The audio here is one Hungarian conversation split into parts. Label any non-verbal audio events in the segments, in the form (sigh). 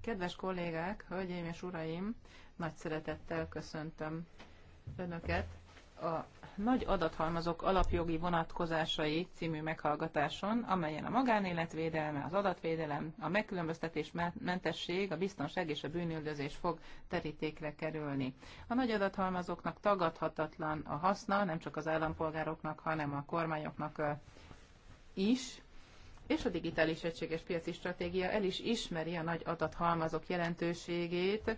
Kedves kollégák, hölgyeim és uraim, nagy szeretettel köszöntöm Önöket a Nagy adathalmazok alapjogi vonatkozásai című meghallgatáson, amelyen a védelme az adatvédelem, a megkülönböztetés mentesség, a biztonság és a bűnüldözés fog terítékre kerülni. A nagy adathalmazoknak tagadhatatlan a haszna, nem csak az állampolgároknak, hanem a kormányoknak is, és a digitális egységes piaci stratégia el is ismeri a nagy adathalmazok jelentőségét,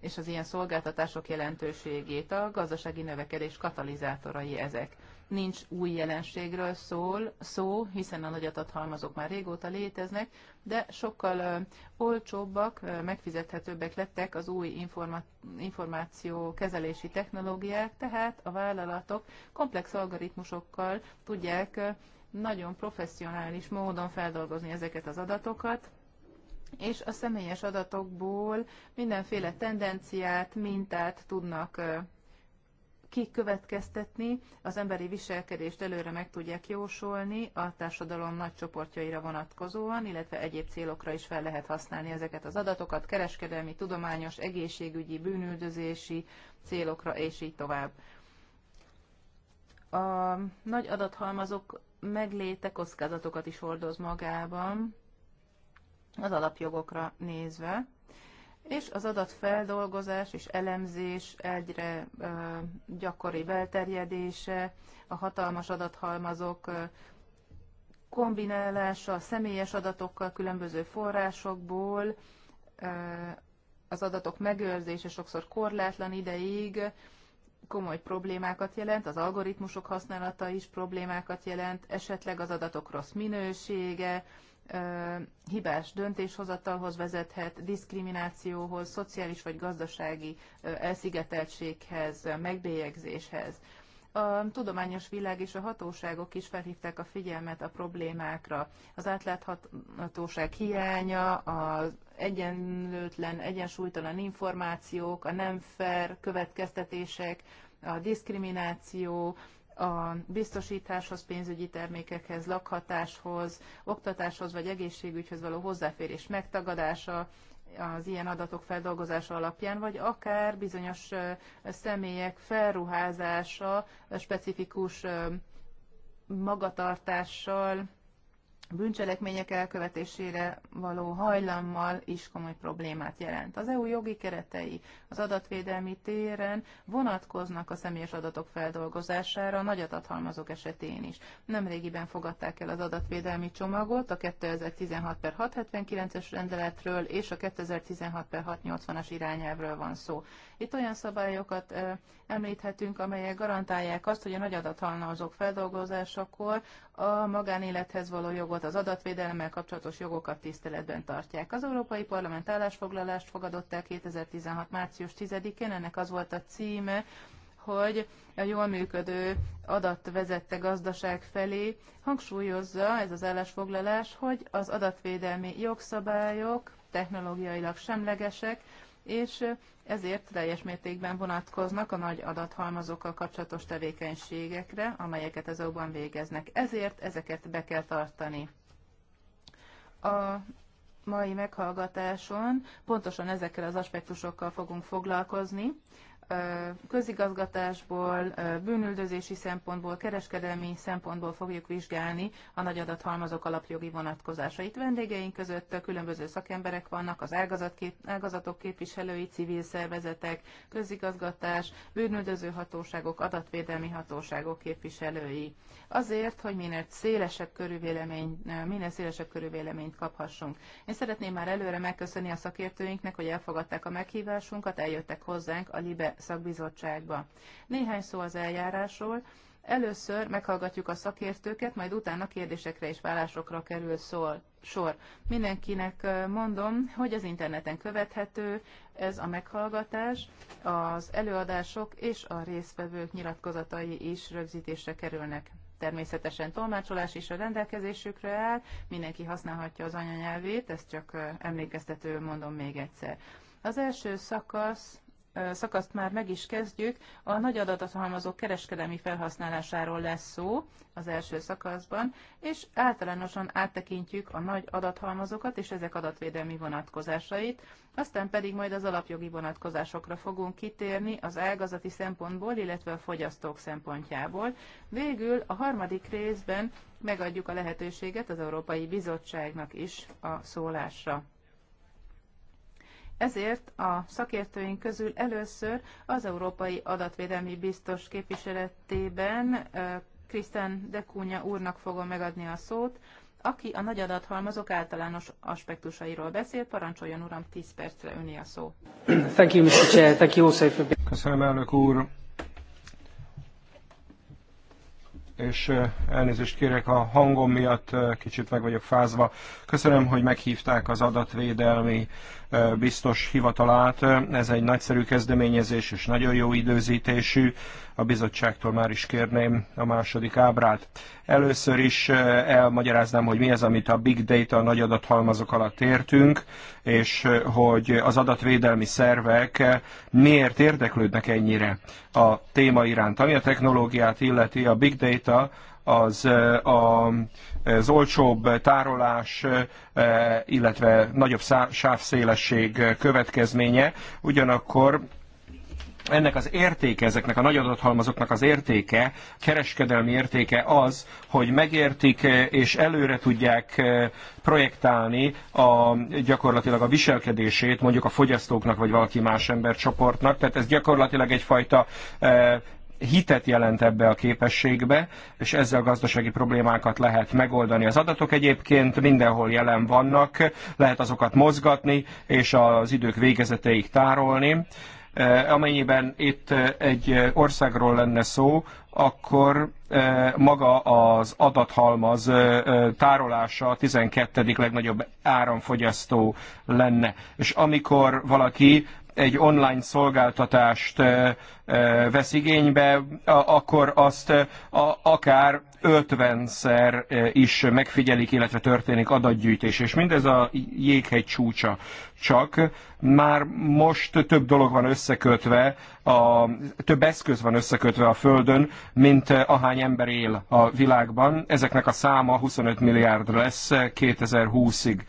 és az ilyen szolgáltatások jelentőségét, a gazdasági növekedés katalizátorai ezek. Nincs új jelenségről szól, szó, hiszen a nagy adathalmazok már régóta léteznek, de sokkal ö, olcsóbbak, ö, megfizethetőbbek lettek az új informa- információ kezelési technológiák, tehát a vállalatok komplex algoritmusokkal tudják ö, nagyon professzionális módon feldolgozni ezeket az adatokat, és a személyes adatokból mindenféle tendenciát, mintát tudnak kikövetkeztetni, az emberi viselkedést előre meg tudják jósolni a társadalom nagy csoportjaira vonatkozóan, illetve egyéb célokra is fel lehet használni ezeket az adatokat, kereskedelmi, tudományos, egészségügyi, bűnüldözési célokra, és így tovább. A nagy adathalmazok megléte kockázatokat is hordoz magában az alapjogokra nézve, és az adatfeldolgozás és elemzés egyre ö, gyakori belterjedése, a hatalmas adathalmazok ö, kombinálása a személyes adatokkal különböző forrásokból, ö, az adatok megőrzése sokszor korlátlan ideig, komoly problémákat jelent, az algoritmusok használata is problémákat jelent, esetleg az adatok rossz minősége, hibás döntéshozatalhoz vezethet, diszkriminációhoz, szociális vagy gazdasági elszigeteltséghez, megbélyegzéshez. A tudományos világ és a hatóságok is felhívták a figyelmet a problémákra. Az átláthatóság hiánya, az egyenlőtlen, egyensúlytalan információk, a nem fair következtetések, a diszkrimináció, a biztosításhoz, pénzügyi termékekhez, lakhatáshoz, oktatáshoz vagy egészségügyhöz való hozzáférés megtagadása, az ilyen adatok feldolgozása alapján, vagy akár bizonyos személyek felruházása specifikus magatartással, bűncselekmények elkövetésére való hajlammal is komoly problémát jelent. Az EU jogi keretei az adatvédelmi téren vonatkoznak a személyes adatok feldolgozására a nagy adathalmazok esetén is. Nemrégiben fogadták el az adatvédelmi csomagot a 2016 per 679-es rendeletről és a 2016 per 680-as irányelvről van szó. Itt olyan szabályokat említhetünk, amelyek garantálják azt, hogy a nagy adathalmazok feldolgozásakor a magánélethez való jogot, az adatvédelemmel kapcsolatos jogokat tiszteletben tartják. Az Európai Parlament állásfoglalást fogadott el 2016. március 10-én, ennek az volt a címe, hogy a jól működő adatvezette gazdaság felé hangsúlyozza ez az állásfoglalás, hogy az adatvédelmi jogszabályok technológiailag semlegesek, és ezért teljes mértékben vonatkoznak a nagy adathalmazokkal kapcsolatos tevékenységekre, amelyeket az EU-ban végeznek. Ezért ezeket be kell tartani. A mai meghallgatáson pontosan ezekkel az aspektusokkal fogunk foglalkozni, közigazgatásból, bűnüldözési szempontból, kereskedelmi szempontból fogjuk vizsgálni a nagy adathalmazok alapjogi vonatkozásait. Vendégeink között különböző szakemberek vannak, az ágazatok képviselői, civil szervezetek, közigazgatás, bűnüldöző hatóságok, adatvédelmi hatóságok képviselői. Azért, hogy minél szélesebb körülvélemény, minél szélesebb körülvéleményt kaphassunk. Én szeretném már előre megköszönni a szakértőinknek, hogy elfogadták a meghívásunkat, eljöttek hozzánk a LIBE szakbizottságba. Néhány szó az eljárásról. Először meghallgatjuk a szakértőket, majd utána kérdésekre és válaszokra kerül szól, sor. Mindenkinek mondom, hogy az interneten követhető ez a meghallgatás, az előadások és a résztvevők nyilatkozatai is rögzítésre kerülnek. Természetesen tolmácsolás is a rendelkezésükre áll, mindenki használhatja az anyanyelvét, ezt csak emlékeztető mondom még egyszer. Az első szakasz szakaszt már meg is kezdjük. A nagy adathalmazók kereskedelmi felhasználásáról lesz szó az első szakaszban, és általánosan áttekintjük a nagy adathalmazokat és ezek adatvédelmi vonatkozásait, aztán pedig majd az alapjogi vonatkozásokra fogunk kitérni az ágazati szempontból, illetve a fogyasztók szempontjából. Végül a harmadik részben megadjuk a lehetőséget az Európai Bizottságnak is a szólásra. Ezért a szakértőink közül először az Európai Adatvédelmi Biztos képviseletében Krisztán Dekúnya úrnak fogom megadni a szót, aki a nagy adathalmazok általános aspektusairól beszél. Parancsoljon, uram, 10 percre öné a szó. Thank you, Mr. Chair. Thank you also for... Köszönöm, elnök úr. és elnézést kérek a hangom miatt, kicsit meg vagyok fázva. Köszönöm, hogy meghívták az adatvédelmi biztos hivatalát. Ez egy nagyszerű kezdeményezés és nagyon jó időzítésű a bizottságtól már is kérném a második ábrát. Először is eh, elmagyaráznám, hogy mi az, amit a big data a nagy adathalmazok alatt értünk, és eh, hogy az adatvédelmi szervek eh, miért érdeklődnek ennyire a téma iránt. Ami a technológiát illeti, a big data az a, az olcsóbb tárolás, illetve nagyobb sávszélesség következménye. Ugyanakkor ennek az értéke, ezeknek a nagy adathalmazoknak az értéke, kereskedelmi értéke az, hogy megértik eh, és előre tudják eh, projektálni a, gyakorlatilag a viselkedését mondjuk a fogyasztóknak vagy valaki más embercsoportnak. Tehát ez gyakorlatilag egyfajta eh, hitet jelent ebbe a képességbe, és ezzel gazdasági problémákat lehet megoldani. Az adatok egyébként mindenhol jelen vannak, lehet azokat mozgatni, és az idők végezeteig tárolni. Eh, amennyiben itt eh, egy eh, országról lenne szó, akkor maga az adathalmaz tárolása a 12. legnagyobb áramfogyasztó lenne. És amikor valaki egy online szolgáltatást vesz igénybe, akkor azt akár 50-szer eh, is megfigyelik, illetve történik adatgyűjtés, és mindez a jéghegy csúcsa csak. Már most több dolog van összekötve, a, több eszköz van összekötve a Földön, mint eh, ahány ember él a világban. Ezeknek a száma 25 milliárd lesz 2020-ig. Eh,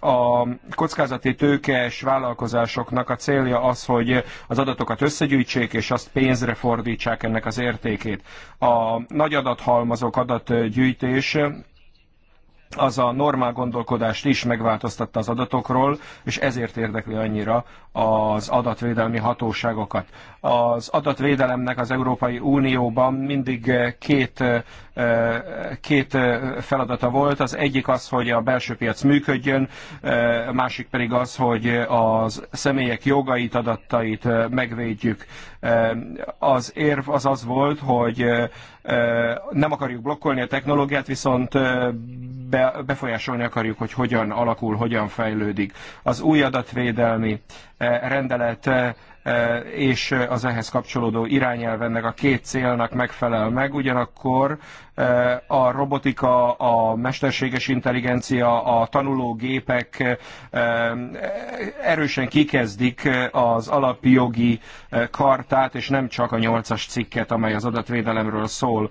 a kockázati tőkes vállalkozásoknak a célja az, hogy az adatokat összegyűjtsék, és azt pénzre fordítsák ennek az értékét. A nagy adathalmazok adatgyűjtés az a normál gondolkodást is megváltoztatta az adatokról, és ezért érdekli annyira az adatvédelmi hatóságokat. Az adatvédelemnek az Európai Unióban mindig két, két feladata volt. Az egyik az, hogy a belső piac működjön, a másik pedig az, hogy az személyek jogait, adatait megvédjük. Az érv az az volt, hogy nem akarjuk blokkolni a technológiát, viszont befolyásolni akarjuk, hogy hogyan alakul, hogyan fejlődik. Az új adatvédelmi rendelet és az ehhez kapcsolódó irányelv ennek a két célnak megfelel meg, ugyanakkor a robotika, a mesterséges intelligencia, a tanulógépek erősen kikezdik az alapjogi kartát, és nem csak a nyolcas cikket, amely az adatvédelemről szól.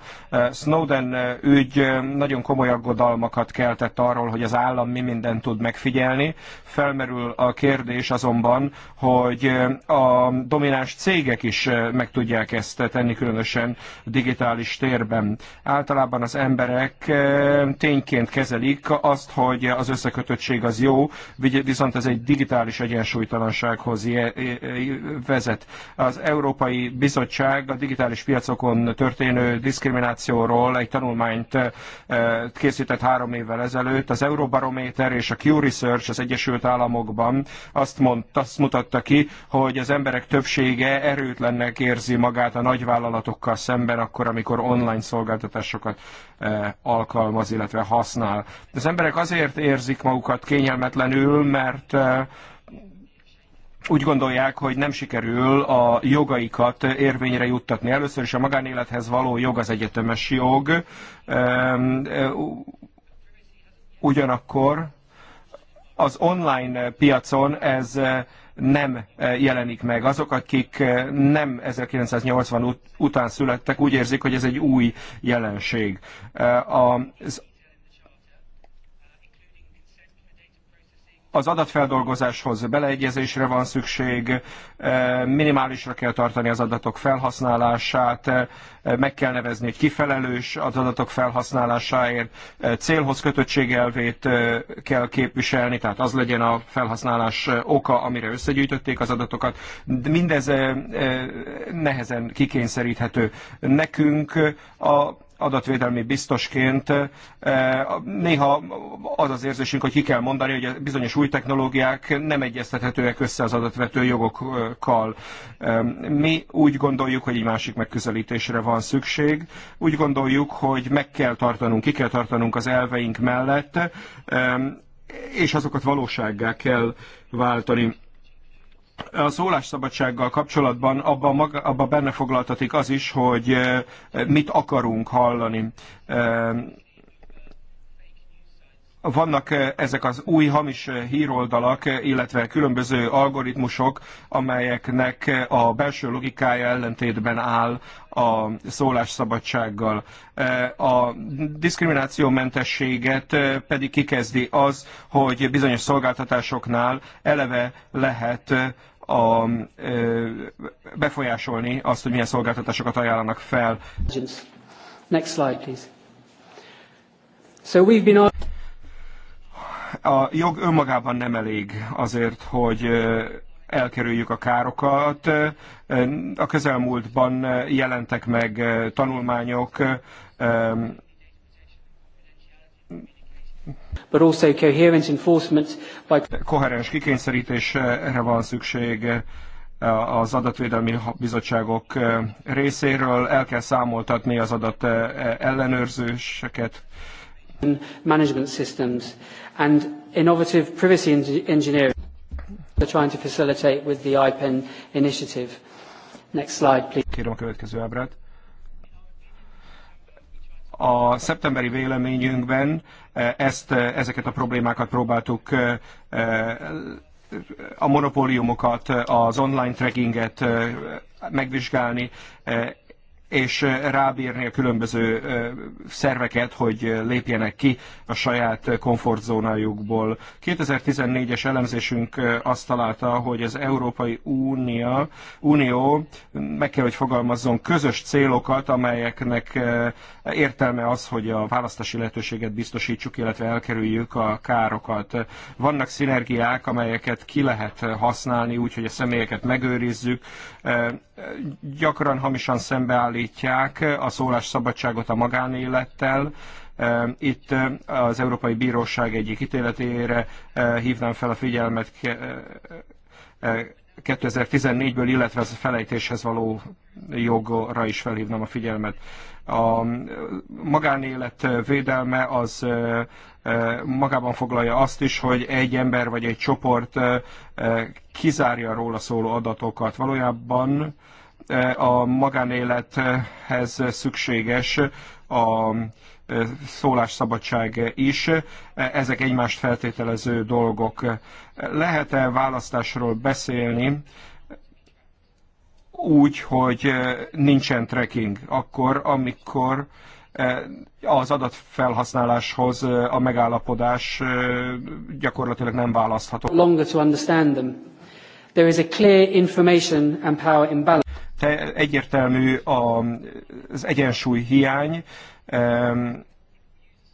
Snowden ügy nagyon komoly aggodalmakat keltett arról, hogy az állam mi mindent tud megfigyelni. Felmerül a kérdés azonban, hogy a domináns cégek is meg tudják ezt tenni, különösen digitális térben. Általában általában az emberek tényként kezelik azt, hogy az összekötöttség az jó, viszont ez egy digitális egyensúlytalansághoz vezet. Az Európai Bizottság a digitális piacokon történő diszkriminációról egy tanulmányt készített három évvel ezelőtt. Az Eurobarométer és a Q Research az Egyesült Államokban azt, mondta, azt mutatta ki, hogy az emberek többsége erőtlennek érzi magát a nagyvállalatokkal szemben, akkor, amikor online szolgáltatások szabályokat eh, alkalmaz, illetve használ. De az emberek azért érzik magukat kényelmetlenül, mert eh, úgy gondolják, hogy nem sikerül a jogaikat érvényre juttatni. Először is a magánélethez való jog az egyetemes jog. Ehm, eh, ugyanakkor az online piacon ez nem e, jelenik meg. Azok, akik e, nem 1980 után születtek, úgy érzik, hogy ez egy új jelenség. E, az az adatfeldolgozáshoz beleegyezésre van szükség, e, minimálisra kell tartani az adatok felhasználását, e, meg kell nevezni egy kifelelős az adatok felhasználásáért, e, célhoz kötöttségelvét kell képviselni, tehát az legyen a felhasználás oka, amire összegyűjtötték az adatokat. Mindez nehezen kikényszeríthető. Nekünk a adatvédelmi biztosként eh, néha az az érzésünk, hogy ki kell mondani, hogy bizonyos új technológiák nem egyeztethetőek össze az adatvető jogokkal. Mi úgy gondoljuk, hogy egy másik megközelítésre van szükség. Úgy gondoljuk, hogy meg kell tartanunk, ki kell tartanunk az elveink mellett, és azokat valósággá kell váltani a szólásszabadsággal kapcsolatban abban abba benne foglaltatik az is, hogy eh, mit akarunk hallani. Eh, vannak eh, ezek az új hamis eh, híroldalak, eh, illetve különböző algoritmusok, amelyeknek a belső logikája ellentétben áll a szólásszabadsággal. A diszkriminációmentességet pedig kikezdi az, hogy bizonyos szolgáltatásoknál eleve lehet a, befolyásolni azt, hogy milyen szolgáltatásokat ajánlanak fel. Next slide, please. So we've been a jog önmagában nem elég azért, hogy elkerüljük a károkat. A közelmúltban jelentek meg tanulmányok, But also coherent enforcement by... Koherens kikényszerítésre van szükség az adatvédelmi bizottságok részéről, el kell számoltatni az adat ellenőrzéseket. Management systems and innovative privacy en- engineering we're trying to facilitate with the IPEN initiative. Next slide, please. Kérem a következő ábrát. A szeptemberi véleményünkben eh, ezt, eh, ezeket a problémákat próbáltuk eh, a monopóliumokat, az online trackinget megvizsgálni, és rábírni a különböző szerveket, hogy lépjenek ki a saját komfortzónájukból. 2014-es elemzésünk azt találta, hogy az Európai Unió meg kell, hogy fogalmazzon közös célokat, amelyeknek értelme az, hogy a választási lehetőséget biztosítsuk, illetve elkerüljük a károkat. Vannak szinergiák, amelyeket ki lehet használni, úgy, hogy a személyeket megőrizzük, gyakran hamisan szembeállítják a szólásszabadságot a magánélettel. Itt az Európai Bíróság egyik ítéletére hívnám fel a figyelmet 2014-ből, illetve az a felejtéshez való jogra is felhívnám a figyelmet. A magánélet védelme az magában foglalja azt is, hogy egy ember vagy egy csoport kizárja róla szóló adatokat. Valójában a magánélethez szükséges a szólásszabadság is. Ezek egymást feltételező dolgok. Lehet-e választásról beszélni úgy, hogy nincsen tracking? Akkor, amikor Eh, az adatfelhasználáshoz eh, a megállapodás eh, gyakorlatilag nem választható. Longer to understand them. There is a clear information and power imbalance. Te egyértelmű az egyensúly hiány,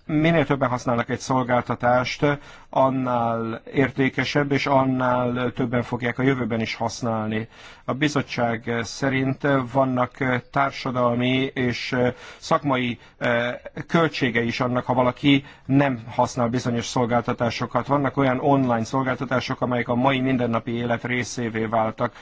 minél többen használnak egy szolgáltatást, annál értékesebb, és annál többen fogják a jövőben is használni. A bizottság szerint vannak társadalmi és szakmai eh, költsége is annak, ha valaki nem használ bizonyos szolgáltatásokat. Vannak olyan online szolgáltatások, amelyek a mai mindennapi élet részévé váltak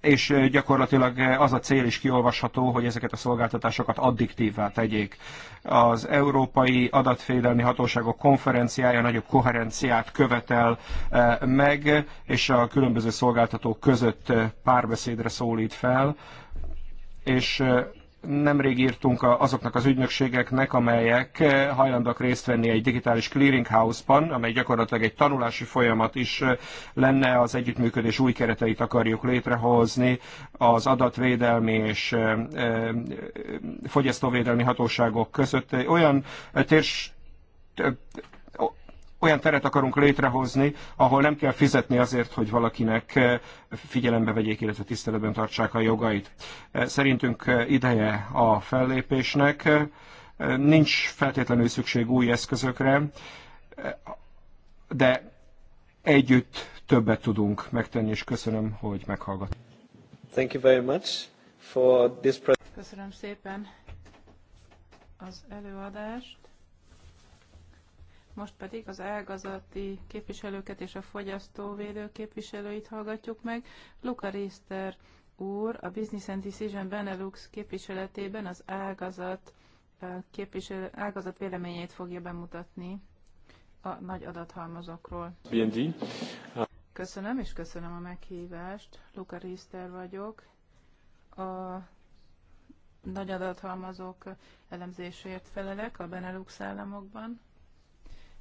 és gyakorlatilag az a cél is kiolvasható, hogy ezeket a szolgáltatásokat addiktívvá tegyék. Az Európai Adatvédelmi Hatóságok konferenciája nagyobb koherenciát követel meg, és a különböző szolgáltatók között párbeszédre szólít fel, és nemrég írtunk azoknak az ügynökségeknek, amelyek eh, hajlandak részt venni egy digitális clearinghouse-ban, amely gyakorlatilag egy tanulási folyamat is eh, lenne, az együttműködés új kereteit akarjuk létrehozni, az adatvédelmi és eh, fogyasztóvédelmi hatóságok között olyan térs olyan teret akarunk létrehozni, ahol nem kell fizetni azért, hogy valakinek eh, figyelembe vegyék, illetve tiszteletben tartsák a jogait. Eh, szerintünk eh, ideje a fellépésnek, nincs feltétlenül szükség új eszközökre, de együtt többet tudunk megtenni, és köszönöm, hogy meghallgat. Thank you very much for this Köszönöm szépen az előadást. Most pedig az ágazati képviselőket és a fogyasztóvédő képviselőit hallgatjuk meg. Luka Riester úr a Business and Decision Benelux képviseletében az ágazat, eh, képviselő, ágazat véleményét fogja bemutatni a nagy adathalmazokról. BND. Köszönöm, és köszönöm a meghívást. Luka Riester vagyok. A nagy adathalmazok elemzésért felelek a Benelux államokban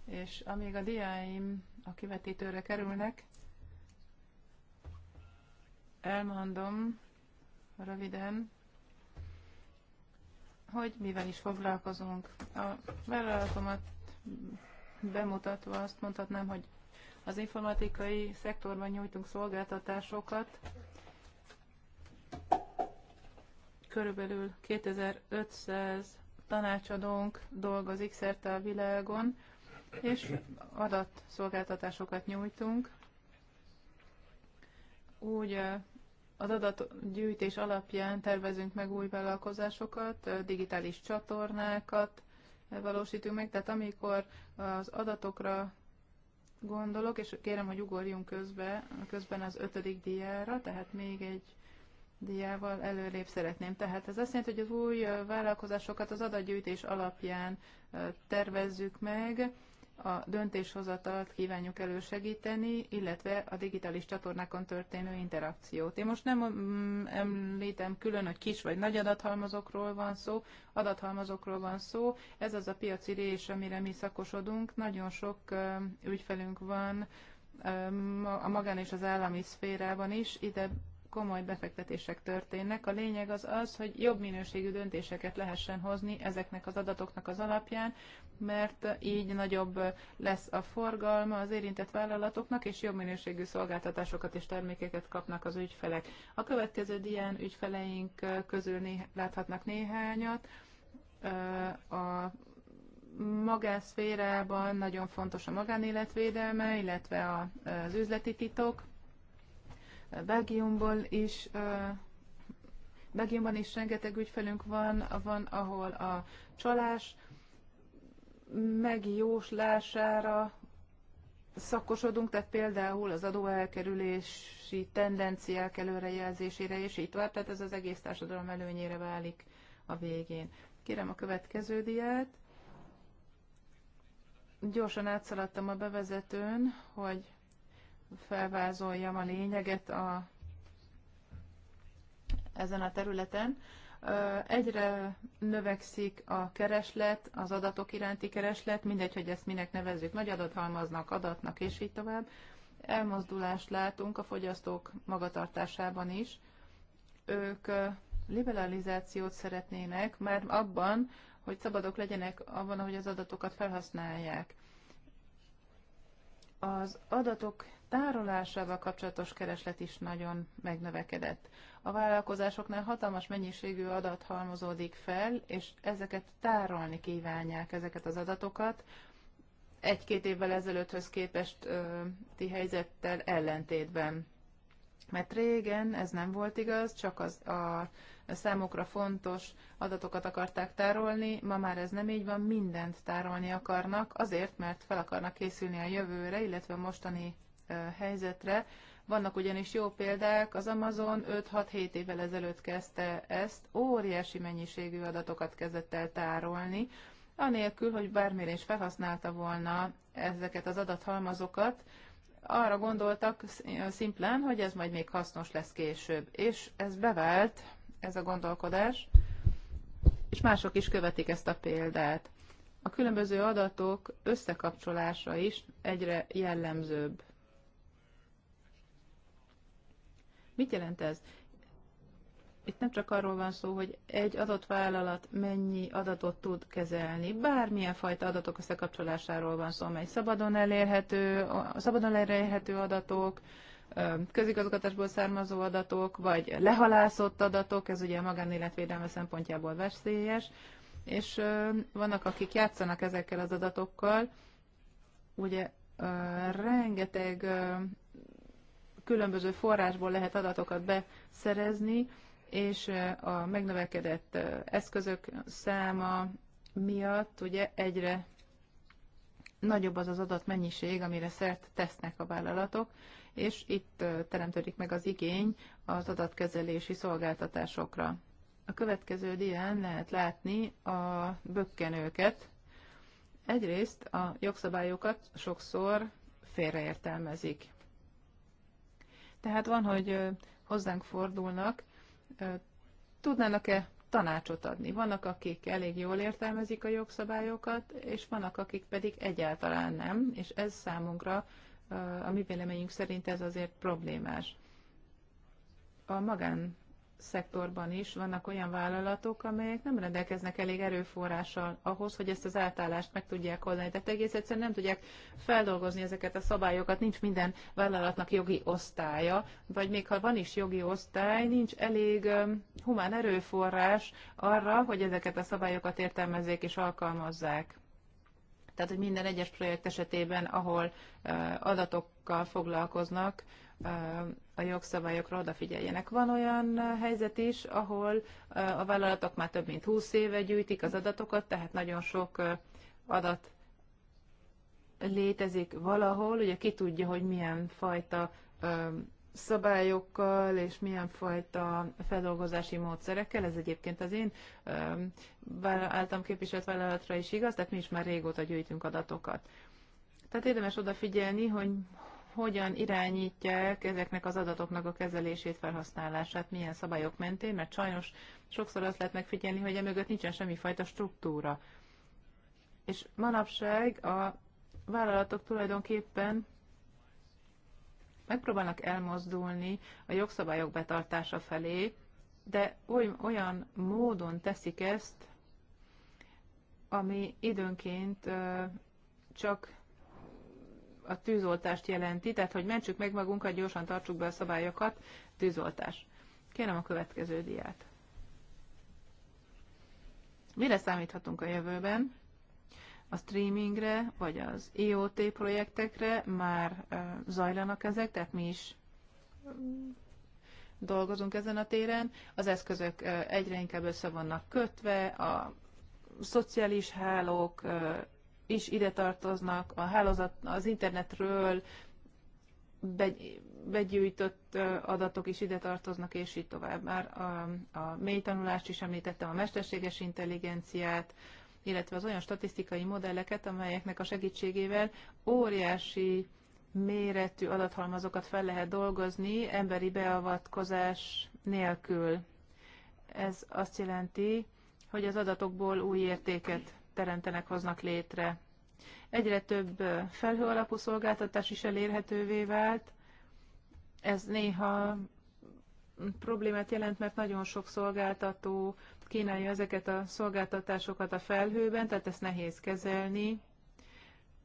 és amíg a diáim a kivetítőre kerülnek, elmondom röviden, hogy mivel is foglalkozunk. A vállalatomat bemutatva azt mondhatnám, hogy az informatikai szektorban nyújtunk szolgáltatásokat, körülbelül 2500 tanácsadónk dolgozik szerte a világon, és adatszolgáltatásokat nyújtunk. Úgy az adatgyűjtés alapján tervezünk meg új vállalkozásokat, digitális csatornákat valósítunk meg, tehát amikor az adatokra gondolok, és kérem, hogy ugorjunk közbe, közben az ötödik diára, tehát még egy diával előrébb szeretném. Tehát ez azt jelenti, hogy az új vállalkozásokat az adatgyűjtés alapján tervezzük meg, a döntéshozatalt kívánjuk elősegíteni, illetve a digitális csatornákon történő interakciót. Én most nem mm, említem külön, hogy kis vagy nagy adathalmazokról van szó, adathalmazokról van szó. Ez az a piaci rés, amire mi szakosodunk. Nagyon sok ügyfelünk van a magán és az állami szférában is. Ide komoly befektetések történnek. A lényeg az az, hogy jobb minőségű döntéseket lehessen hozni ezeknek az adatoknak az alapján, mert így nagyobb lesz a forgalma az érintett vállalatoknak, és jobb minőségű szolgáltatásokat és termékeket kapnak az ügyfelek. A következő dián ügyfeleink közül néh- láthatnak néhányat. A magánszférában nagyon fontos a magánéletvédelme, illetve az üzleti titok Belgiumból is Belgiumban is rengeteg ügyfelünk van, van, ahol a csalás megjóslására szakosodunk, tehát például az adóelkerülési tendenciák előrejelzésére, és így tovább, tehát ez az egész társadalom előnyére válik a végén. Kérem a következő diát. Gyorsan átszaladtam a bevezetőn, hogy felvázoljam a lényeget a, ezen a területen. Egyre növekszik a kereslet, az adatok iránti kereslet, mindegy, hogy ezt minek nevezzük, nagy adathalmaznak, adatnak, és így tovább. Elmozdulást látunk a fogyasztók magatartásában is. Ők liberalizációt szeretnének, már abban, hogy szabadok legyenek abban, hogy az adatokat felhasználják. Az adatok tárolásával kapcsolatos kereslet is nagyon megnövekedett. A vállalkozásoknál hatalmas mennyiségű adat halmozódik fel, és ezeket tárolni kívánják, ezeket az adatokat. Egy-két évvel ezelőtthöz képest ö, ti helyzettel ellentétben. Mert régen ez nem volt igaz, csak az a számokra fontos adatokat akarták tárolni, ma már ez nem így van, mindent tárolni akarnak, azért, mert fel akarnak készülni a jövőre, illetve a mostani helyzetre. Vannak ugyanis jó példák, az Amazon 5-6-7 évvel ezelőtt kezdte ezt, óriási mennyiségű adatokat kezdett el tárolni, anélkül, hogy bármire is felhasználta volna ezeket az adathalmazokat, arra gondoltak szimplán, hogy ez majd még hasznos lesz később. És ez bevált, ez a gondolkodás, és mások is követik ezt a példát. A különböző adatok összekapcsolása is egyre jellemzőbb. Mit jelent ez? Itt nem csak arról van szó, hogy egy adott vállalat mennyi adatot tud kezelni, bármilyen fajta adatok összekapcsolásáról van szó, amely szabadon elérhető, szabadon elérhető adatok, közigazgatásból származó adatok, vagy lehalászott adatok, ez ugye a magánéletvédelme szempontjából veszélyes, és vannak, akik játszanak ezekkel az adatokkal, ugye rengeteg különböző forrásból lehet adatokat beszerezni, és eh, a megnövekedett eh, eszközök száma miatt ugye egyre nagyobb az az adatmennyiség, amire szert tesznek a vállalatok, és itt eh, teremtődik meg az igény az adatkezelési szolgáltatásokra. A következő dián lehet látni a bökkenőket. Egyrészt a jogszabályokat sokszor félreértelmezik. Tehát van, hogy hozzánk fordulnak, tudnának-e tanácsot adni. Vannak, akik elég jól értelmezik a jogszabályokat, és vannak, akik pedig egyáltalán nem, és ez számunkra, a mi véleményünk szerint ez azért problémás. A magán szektorban is vannak olyan vállalatok, amelyek nem rendelkeznek elég erőforrással ahhoz, hogy ezt az átállást meg tudják oldani. Tehát egész egyszerűen nem tudják feldolgozni ezeket a szabályokat, nincs minden vállalatnak jogi osztálya, vagy még ha van is jogi osztály, nincs elég um, humán erőforrás arra, hogy ezeket a szabályokat értelmezzék és alkalmazzák. Tehát, hogy minden egyes projekt esetében, ahol uh, adatokkal foglalkoznak, uh, a jogszabályokra odafigyeljenek. Van olyan helyzet is, ahol eh, a vállalatok már több mint 20 éve gyűjtik az adatokat, tehát nagyon sok eh, adat létezik valahol, ugye ki tudja, hogy milyen fajta eh, szabályokkal és milyen fajta feldolgozási módszerekkel. Ez egyébként az én általam képviselt vállalatra is igaz, tehát mi is már régóta gyűjtünk adatokat. Tehát érdemes odafigyelni, hogy hogyan irányítják ezeknek az adatoknak a kezelését, felhasználását, milyen szabályok mentén, mert sajnos sokszor azt lehet megfigyelni, hogy emögött nincsen semmifajta struktúra. És manapság a vállalatok tulajdonképpen megpróbálnak elmozdulni a jogszabályok betartása felé, de olyan módon teszik ezt, ami időnként csak a tűzoltást jelenti, tehát hogy mentsük meg magunkat, gyorsan tartsuk be a szabályokat, tűzoltás. Kérem a következő diát. Mire számíthatunk a jövőben? A streamingre, vagy az IoT e projektekre már zajlanak ezek, tehát mi is dolgozunk ezen a téren. Az eszközök egyre inkább össze vannak kötve, a szociális hálók is ide tartoznak, a hálózat, az internetről begyűjtött adatok is ide tartoznak, és így tovább. Már a, a mély tanulást is említettem, a mesterséges intelligenciát, illetve az olyan statisztikai modelleket, amelyeknek a segítségével óriási méretű adathalmazokat fel lehet dolgozni emberi beavatkozás nélkül. Ez azt jelenti, hogy az adatokból új értéket teremtenek, hoznak létre. Egyre több felhő alapú szolgáltatás is elérhetővé vált. Ez néha problémát jelent, mert nagyon sok szolgáltató kínálja ezeket a szolgáltatásokat a felhőben, tehát ezt nehéz kezelni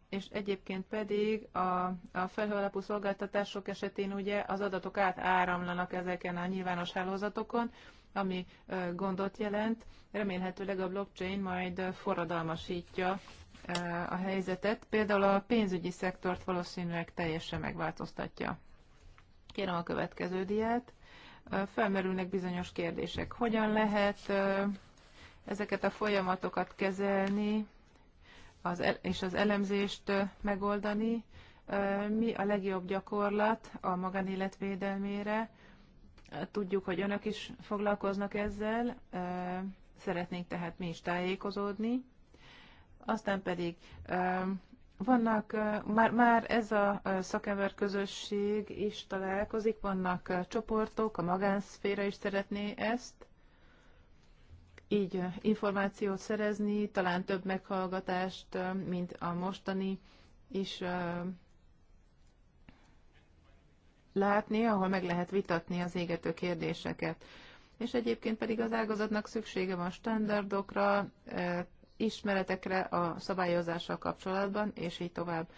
és egyébként pedig a, a felhőalapú szolgáltatások esetén ugye az adatok átáramlanak ezeken a nyilvános hálózatokon, ami gondot jelent. Remélhetőleg a blockchain majd forradalmasítja a helyzetet. Például a pénzügyi szektort valószínűleg teljesen megváltoztatja. Kérem a következő diát. Felmerülnek bizonyos kérdések. Hogyan lehet ezeket a folyamatokat kezelni az, és az elemzést megoldani? Mi a legjobb gyakorlat a magánélet védelmére? Tudjuk, hogy önök is foglalkoznak ezzel, szeretnénk tehát mi is tájékozódni. Aztán pedig vannak, már, már ez a szakember közösség is találkozik, vannak csoportok, a magánszféra is szeretné ezt, így információt szerezni, talán több meghallgatást, mint a mostani is látni, ahol meg lehet vitatni az égető kérdéseket. És egyébként pedig az ágazatnak szüksége van standardokra, ismeretekre a szabályozással kapcsolatban, és így tovább.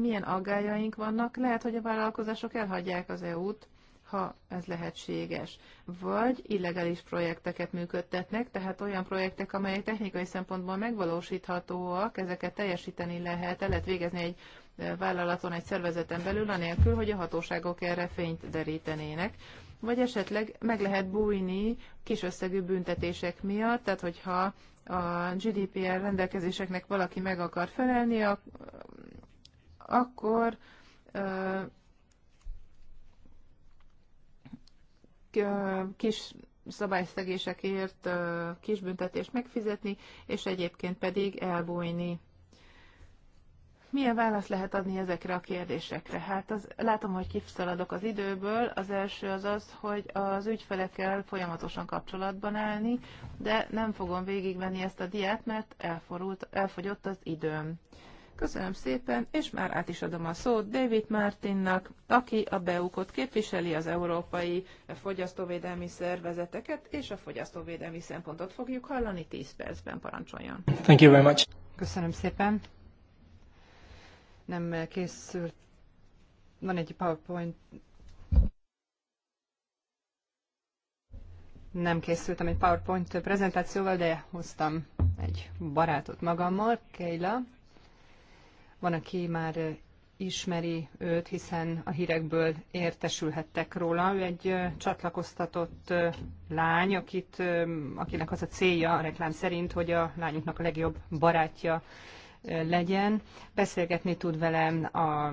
Milyen aggájaink vannak? Lehet, hogy a vállalkozások elhagyják az EU-t, ha ez lehetséges. Vagy illegális projekteket működtetnek, tehát olyan projektek, amelyek technikai szempontból megvalósíthatóak, ezeket teljesíteni lehet, el lehet végezni egy vállalaton, egy szervezeten belül, anélkül, hogy a hatóságok erre fényt derítenének vagy esetleg meg lehet bújni kis összegű büntetések miatt, tehát hogyha a GDPR rendelkezéseknek valaki meg akar felelni, akkor kis szabályszegésekért kis büntetést megfizetni, és egyébként pedig elbújni. Milyen választ lehet adni ezekre a kérdésekre? Hát az, látom, hogy kifszaladok az időből. Az első az az, hogy az ügyfelekkel folyamatosan kapcsolatban állni, de nem fogom végigvenni ezt a diát, mert elforult, elfogyott az időm. Köszönöm szépen, és már át is adom a szót David Martinnak, aki a beukot képviseli, az Európai Fogyasztóvédelmi Szervezeteket, és a fogyasztóvédelmi szempontot fogjuk hallani 10 percben, parancsoljon. Thank you very much. Köszönöm szépen nem készült, van egy PowerPoint, nem készültem egy PowerPoint prezentációval, de hoztam egy barátot magammal, Keila. Van, aki már ismeri őt, hiszen a hírekből értesülhettek róla. Ő egy csatlakoztatott lány, akit, akinek az a célja a reklám szerint, hogy a lányunknak a legjobb barátja legyen. Beszélgetni tud velem a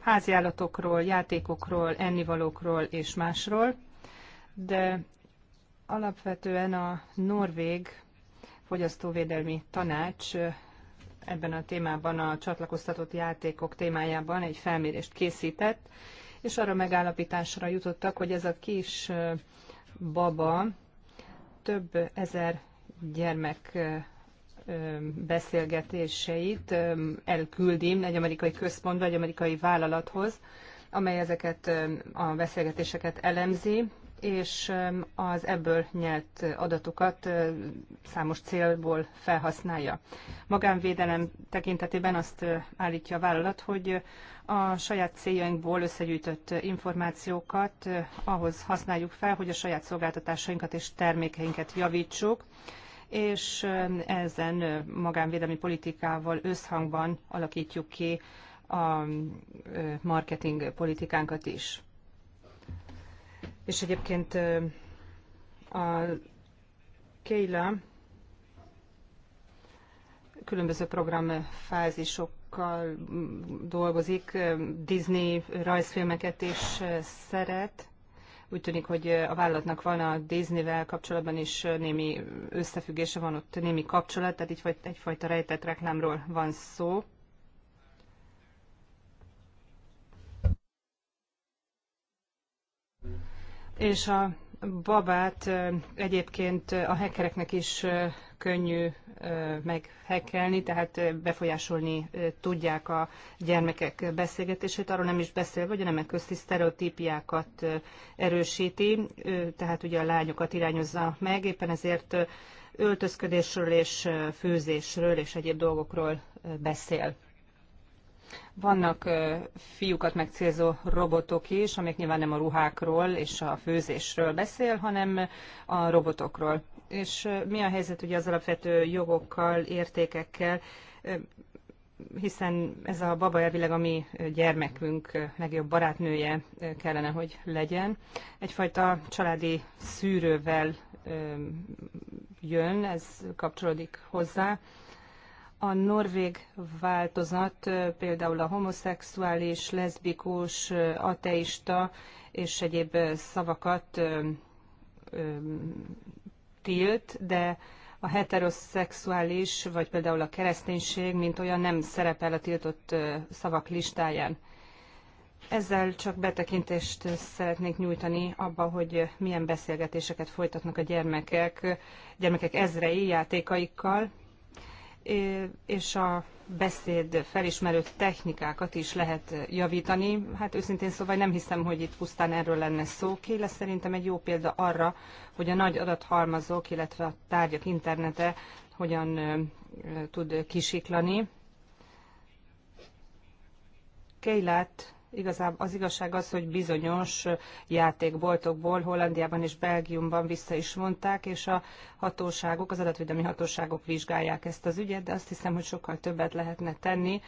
háziállatokról, játékokról, ennivalókról és másról, de alapvetően a Norvég Fogyasztóvédelmi Tanács ebben a témában, a csatlakoztatott játékok témájában egy felmérést készített, és arra megállapításra jutottak, hogy ez a kis baba több ezer gyermek beszélgetéseit elküldi egy amerikai központba, egy amerikai vállalathoz, amely ezeket a beszélgetéseket elemzi, és az ebből nyert adatokat számos célból felhasználja. Magánvédelem tekintetében azt állítja a vállalat, hogy a saját céljainkból összegyűjtött információkat ahhoz használjuk fel, hogy a saját szolgáltatásainkat és termékeinket javítsuk, és ezen magánvédelmi politikával összhangban alakítjuk ki a marketing politikánkat is. És egyébként a Kéla különböző programfázisokkal dolgozik, Disney rajzfilmeket is szeret, úgy tűnik, hogy a vállalatnak van a Disney-vel kapcsolatban is némi összefüggése, van ott némi kapcsolat, tehát így egyfajta rejtett reklámról van szó. És a babát egyébként a hackereknek is könnyű meghekelni, tehát befolyásolni tudják a gyermekek beszélgetését, arról nem is beszél, hogy a nemek közti sztereotípiákat erősíti, tehát ugye a lányokat irányozza meg, éppen ezért öltözködésről és főzésről és egyéb dolgokról beszél. Vannak fiúkat megcélzó robotok is, amik nyilván nem a ruhákról és a főzésről beszél, hanem a robotokról és mi a helyzet ugye az alapvető jogokkal, értékekkel, hiszen ez a baba elvileg a mi gyermekünk legjobb barátnője kellene, hogy legyen. Egyfajta családi szűrővel jön, ez kapcsolódik hozzá. A norvég változat például a homoszexuális, leszbikus, ateista és egyéb szavakat tilt, de a heteroszexuális, vagy például a kereszténység, mint olyan nem szerepel a tiltott szavak listáján. Ezzel csak betekintést szeretnék nyújtani abba, hogy milyen beszélgetéseket folytatnak a gyermekek, gyermekek ezrei játékaikkal, és a beszéd felismerő technikákat is lehet javítani. Hát őszintén szóval nem hiszem, hogy itt pusztán erről lenne szó. Kéle szerintem egy jó példa arra, hogy a nagy adathalmazok, illetve a tárgyak internete hogyan tud kisiklani. Kélát igazából az igazság az, hogy bizonyos játékboltokból Hollandiában és Belgiumban vissza is mondták, és a hatóságok, az adatvédelmi hatóságok vizsgálják ezt az ügyet, de azt hiszem, hogy sokkal többet lehetne tenni,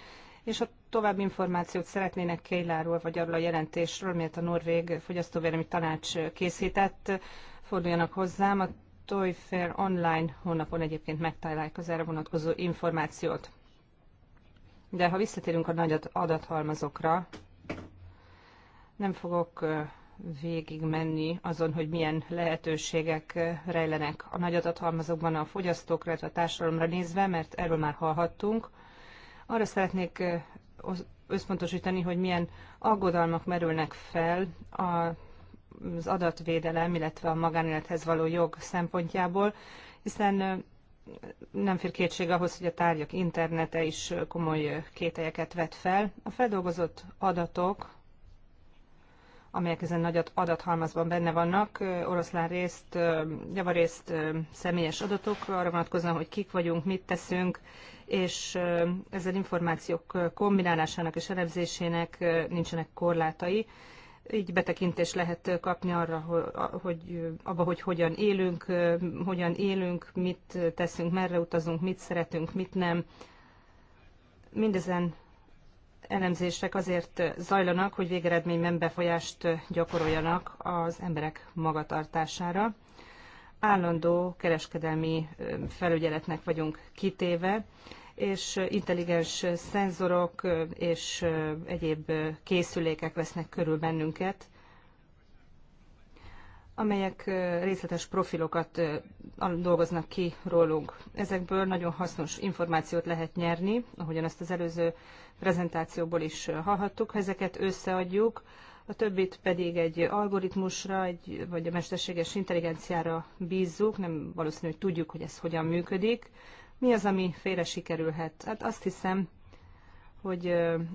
és ha további információt szeretnének Kéláról vagy arról a jelentésről, melyet a Norvég Fogyasztóvédelmi Tanács készített, forduljanak hozzám. A Toy Fair online honlapon egyébként megtalálják az erre vonatkozó információt. De ha visszatérünk a nagy adathalmazokra, nem fogok végig menni azon, hogy milyen lehetőségek rejlenek a nagy adathalmazokban a fogyasztókra, a társadalomra nézve, mert erről már hallhattunk. Arra szeretnék összpontosítani, hogy milyen aggodalmak merülnek fel az adatvédelem, illetve a magánélethez való jog szempontjából, hiszen nem fér kétség ahhoz, hogy a tárgyak internete is komoly kételyeket vet fel. A feldolgozott adatok amelyek ezen nagy adathalmazban benne vannak, oroszlán részt, javarészt személyes adatok, arra vonatkozóan, hogy kik vagyunk, mit teszünk, és ezen információk kombinálásának és elemzésének nincsenek korlátai. Így betekintés lehet kapni arra, hogy abba, hogy hogyan élünk, hogyan élünk, mit teszünk, merre utazunk, mit szeretünk, mit nem. Mindezen elemzések azért zajlanak, hogy végeredményben befolyást gyakoroljanak az emberek magatartására. Állandó kereskedelmi felügyeletnek vagyunk kitéve, és intelligens szenzorok és egyéb készülékek vesznek körül bennünket, amelyek részletes profilokat dolgoznak ki rólunk. Ezekből nagyon hasznos információt lehet nyerni, ahogyan azt az előző prezentációból is hallhattuk. Ha ezeket összeadjuk, a többit pedig egy algoritmusra, egy, vagy a mesterséges intelligenciára bízzuk, nem valószínű, hogy tudjuk, hogy ez hogyan működik. Mi az, ami félre sikerülhet? Hát azt hiszem, hogy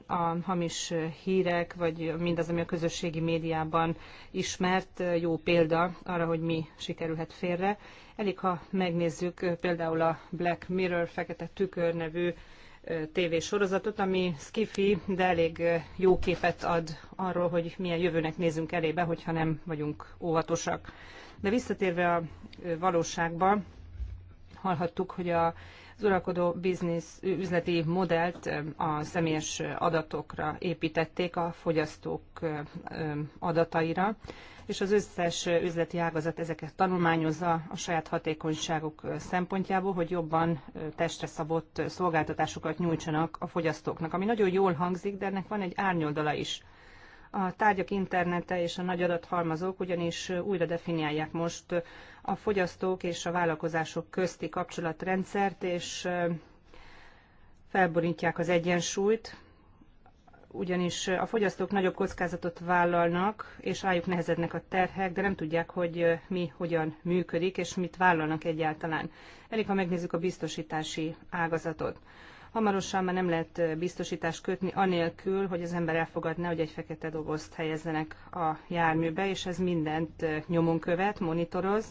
a hamis hírek, vagy mindaz, ami a közösségi médiában ismert, jó példa arra, hogy mi sikerülhet félre. Elég, ha megnézzük például a Black Mirror Fekete Tükör nevű tévésorozatot, ami skifi, de elég jó képet ad arról, hogy milyen jövőnek nézünk elébe, hogyha nem vagyunk óvatosak. De visszatérve a valóságba, hallhattuk, hogy a az uralkodó biznisz üzleti modellt a személyes adatokra építették, a fogyasztók adataira, és az összes üzleti ágazat ezeket tanulmányozza a saját hatékonyságuk szempontjából, hogy jobban testre szabott szolgáltatásokat nyújtsanak a fogyasztóknak, ami nagyon jól hangzik, de ennek van egy árnyoldala is. A tárgyak internete és a nagy adathalmazók ugyanis újra definiálják most a fogyasztók és a vállalkozások közti kapcsolatrendszert, és felborítják az egyensúlyt, ugyanis a fogyasztók nagyobb kockázatot vállalnak, és rájuk nehezednek a terhek, de nem tudják, hogy mi hogyan működik, és mit vállalnak egyáltalán. Elég, ha megnézzük a biztosítási ágazatot. Hamarosan már nem lehet biztosítást kötni anélkül, hogy az ember elfogadná, hogy egy fekete dobozt helyezzenek a járműbe, és ez mindent nyomon követ, monitoroz,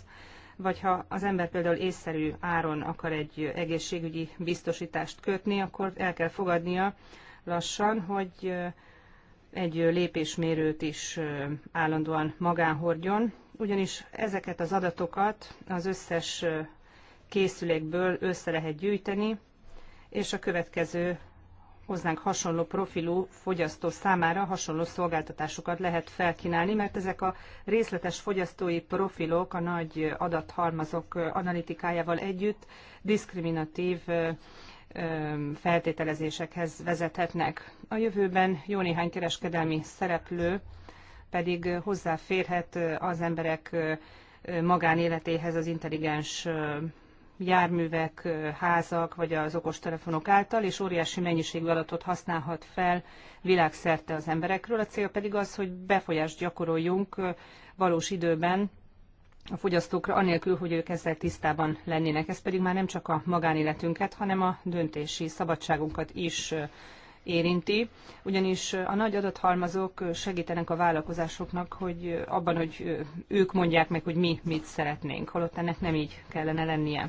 vagy ha az ember például észszerű áron akar egy egészségügyi biztosítást kötni, akkor el kell fogadnia lassan, hogy egy lépésmérőt is állandóan magán hordjon. ugyanis ezeket az adatokat az összes készülékből össze lehet gyűjteni, és a következő hozzánk hasonló profilú fogyasztó számára hasonló szolgáltatásokat lehet felkínálni, mert ezek a részletes fogyasztói profilok a nagy adathalmazok analitikájával együtt diszkriminatív feltételezésekhez vezethetnek. A jövőben jó néhány kereskedelmi szereplő pedig hozzáférhet az emberek magánéletéhez az intelligens járművek, házak vagy az okostelefonok által, és óriási mennyiségű adatot használhat fel világszerte az emberekről. A cél pedig az, hogy befolyást gyakoroljunk valós időben a fogyasztókra, anélkül, hogy ők ezzel tisztában lennének. Ez pedig már nem csak a magánéletünket, hanem a döntési szabadságunkat is érinti, ugyanis a nagy adathalmazok segítenek a vállalkozásoknak, hogy abban, hogy ők mondják meg, hogy mi mit szeretnénk, holott ennek nem így kellene lennie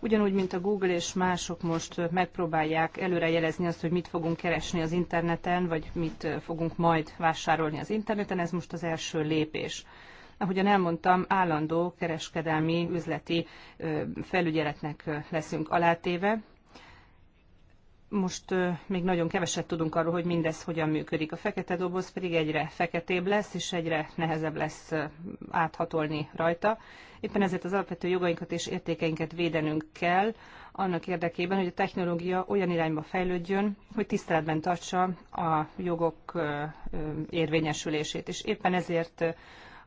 ugyanúgy, mint a Google és mások most megpróbálják előrejelezni azt, hogy mit fogunk keresni az interneten, vagy mit fogunk majd vásárolni az interneten, ez most az első lépés. Ahogyan elmondtam, állandó kereskedelmi, üzleti felügyeletnek leszünk alátéve, most még nagyon keveset tudunk arról, hogy mindez hogyan működik. A fekete doboz pedig egyre feketébb lesz, és egyre nehezebb lesz áthatolni rajta. Éppen ezért az alapvető jogainkat és értékeinket védenünk kell, annak érdekében, hogy a technológia olyan irányba fejlődjön, hogy tiszteletben tartsa a jogok érvényesülését. És éppen ezért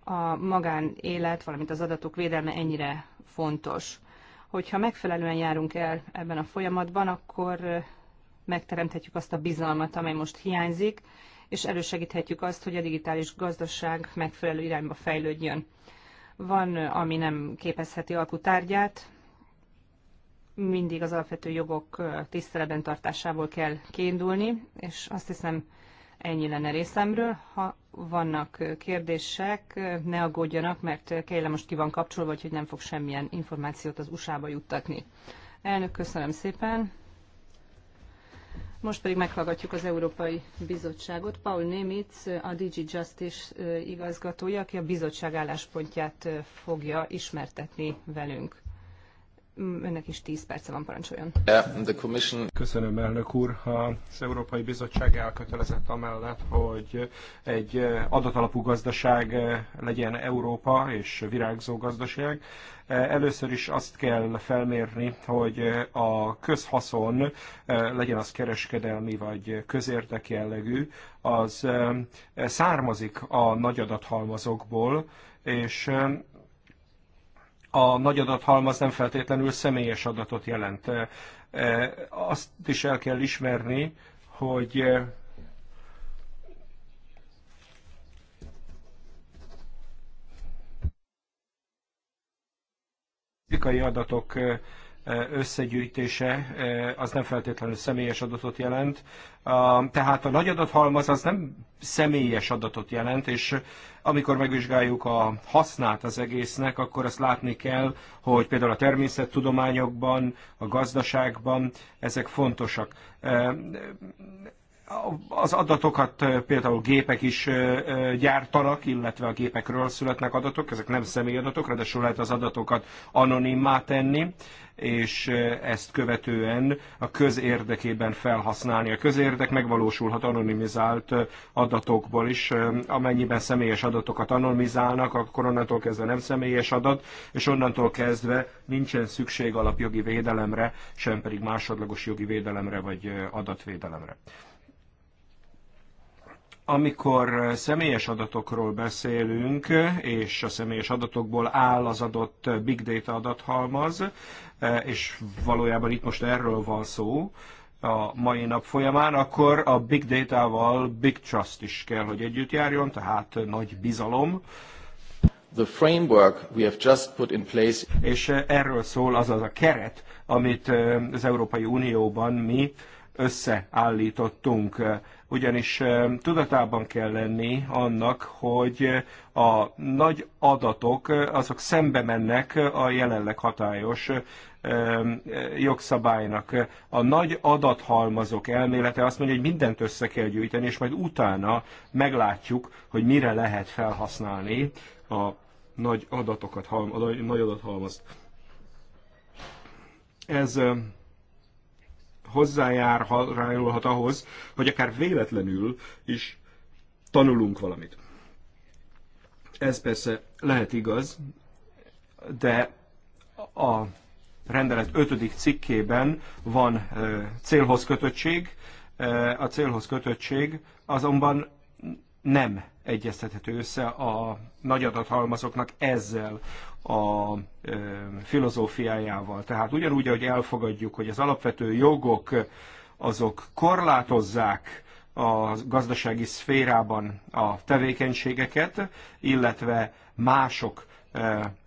a magánélet, valamint az adatok védelme ennyire fontos. Hogyha megfelelően járunk el ebben a folyamatban, akkor megteremthetjük azt a bizalmat, amely most hiányzik, és elősegíthetjük azt, hogy a digitális gazdaság megfelelő irányba fejlődjön. Van, ami nem képezheti alkutárgyát, mindig az alapvető jogok tiszteletben tartásából kell kiindulni, és azt hiszem ennyi lenne részemről. Ha vannak kérdések, ne aggódjanak, mert Kéle most ki van kapcsolva, hogy nem fog semmilyen információt az USA-ba juttatni. Elnök, köszönöm szépen. Most pedig meghallgatjuk az Európai Bizottságot. Paul Nemitz, a DG Justice igazgatója, aki a bizottság álláspontját fogja ismertetni velünk. Önnek mm, is 10 perce van, parancsoljon. Köszönöm, elnök úr. Az Európai Bizottság elkötelezett amellett, hogy egy adatalapú gazdaság legyen Európa és virágzó gazdaság. Először is azt kell felmérni, hogy a közhaszon legyen az kereskedelmi vagy közértek jellegű, az származik a nagy adathalmazokból, és a nagy adathalmaz nem feltétlenül személyes adatot jelent. Azt is el kell ismerni, hogy fizikai adatok összegyűjtése eh, az nem feltétlenül személyes adatot jelent. Tehát a nagy adathalmaz az nem személyes adatot jelent, és amikor megvizsgáljuk a hasznát az egésznek, akkor azt látni kell, hogy például a természettudományokban, a gazdaságban ezek fontosak. Eh, az adatokat például gépek is gyártanak, illetve a gépekről születnek adatok, ezek nem személyadatok, ráadásul lehet az adatokat anonimmá tenni, és ezt követően a közérdekében felhasználni. A közérdek megvalósulhat anonimizált adatokból is, amennyiben személyes adatokat anonimizálnak, akkor onnantól kezdve nem személyes adat, és onnantól kezdve nincsen szükség alapjogi védelemre, sem pedig másodlagos jogi védelemre vagy adatvédelemre amikor személyes adatokról beszélünk, és a személyes adatokból áll az adott big data adathalmaz, és valójában itt most erről van szó a mai nap folyamán, akkor a big data-val big trust is kell, hogy együtt járjon, tehát nagy bizalom. The framework we have just put in place. És erről szól az az a keret, amit az Európai Unióban mi összeállítottunk ugyanis tudatában kell lenni annak, hogy a nagy adatok azok szembe mennek a jelenleg hatályos jogszabálynak. A nagy adathalmazok elmélete azt mondja, hogy mindent össze kell gyűjteni, és majd utána meglátjuk, hogy mire lehet felhasználni a nagy adatokat, a nagy adathalmazt. Ez hozzájárulhat ahhoz, hogy akár véletlenül is tanulunk valamit. Ez persze lehet igaz, de a rendelet 5. cikkében van célhoz kötöttség, a célhoz kötöttség azonban nem egyeztethető össze a nagy adathalmazoknak ezzel a filozófiájával. Tehát ugyanúgy, ahogy elfogadjuk, hogy az alapvető jogok azok korlátozzák a gazdasági szférában a tevékenységeket, illetve mások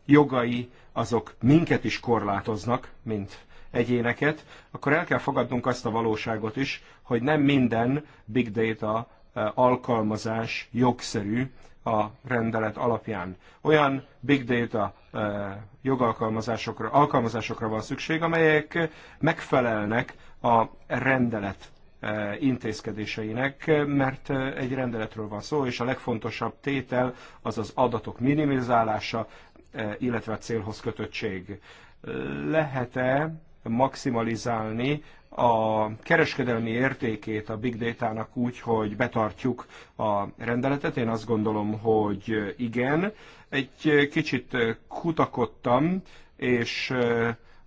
jogai azok minket is korlátoznak, mint egyéneket, akkor el kell fogadnunk azt a valóságot is, hogy nem minden big data alkalmazás jogszerű a rendelet alapján. Olyan big data eh, jogalkalmazásokra, alkalmazásokra van szükség, amelyek megfelelnek a rendelet eh, intézkedéseinek, mert eh, egy rendeletről van szó, és a legfontosabb tétel az az adatok minimizálása, illetve a célhoz kötöttség. Lehet-e maximalizálni a kereskedelmi értékét a big data-nak úgy, hogy betartjuk a rendeletet? Én azt gondolom, hogy igen. Egy kicsit kutakodtam, és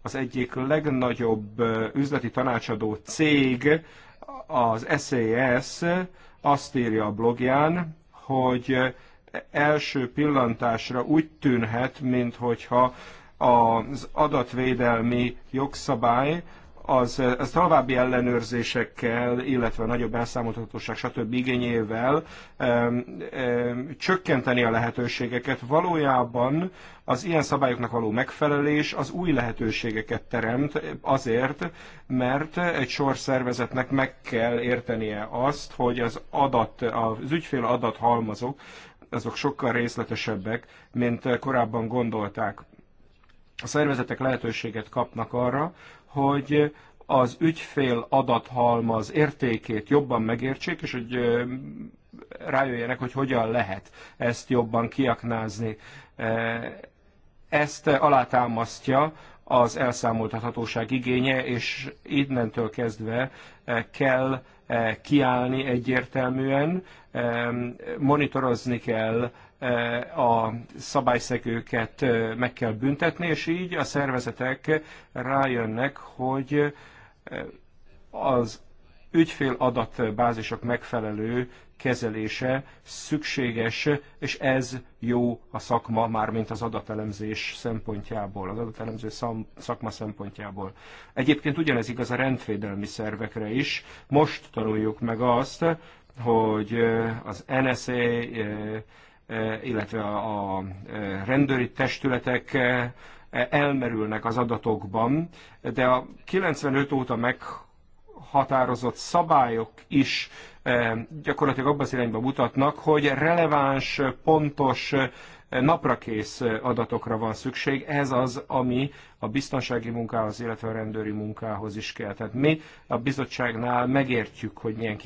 az egyik legnagyobb üzleti tanácsadó cég, az SAS, azt írja a blogján, hogy első pillantásra úgy tűnhet, minthogyha az adatvédelmi jogszabály az, az további ellenőrzésekkel, illetve nagyobb elszámoltatóság, stb. igényével öm, öm, csökkenteni a lehetőségeket. Valójában az ilyen szabályoknak való megfelelés az új lehetőségeket teremt azért, mert egy sor szervezetnek meg kell értenie azt, hogy az adat, az ügyfél adathalmazok, azok sokkal részletesebbek, mint korábban gondolták. A szervezetek lehetőséget kapnak arra, hogy az ügyfél adathalmaz értékét jobban megértsék, és hogy rájöjjenek, hogy hogyan lehet ezt jobban kiaknázni. Ezt alátámasztja az elszámoltathatóság igénye, és innentől kezdve kell kiállni egyértelműen, monitorozni kell Eh, a szabályszegőket eh, meg kell büntetni, és így a szervezetek rájönnek, hogy eh, az ügyfél adatbázisok megfelelő kezelése szükséges, és ez jó a szakma, mármint az adatelemzés szempontjából, az adatelemző szakma szempontjából. Egyébként ugyanez igaz a rendvédelmi szervekre is. Most tanuljuk meg azt, hogy az NSA E, illetve a e, rendőri testületek e, elmerülnek az adatokban, de a 95 óta meghatározott szabályok is gyakorlatilag abban az irányban mutatnak, hogy releváns, pontos naprakész adatokra van szükség. Ez az, ami a biztonsági munkához, illetve a rendőri munkához is kell. Tehát mi a bizottságnál megértjük, hogy milyen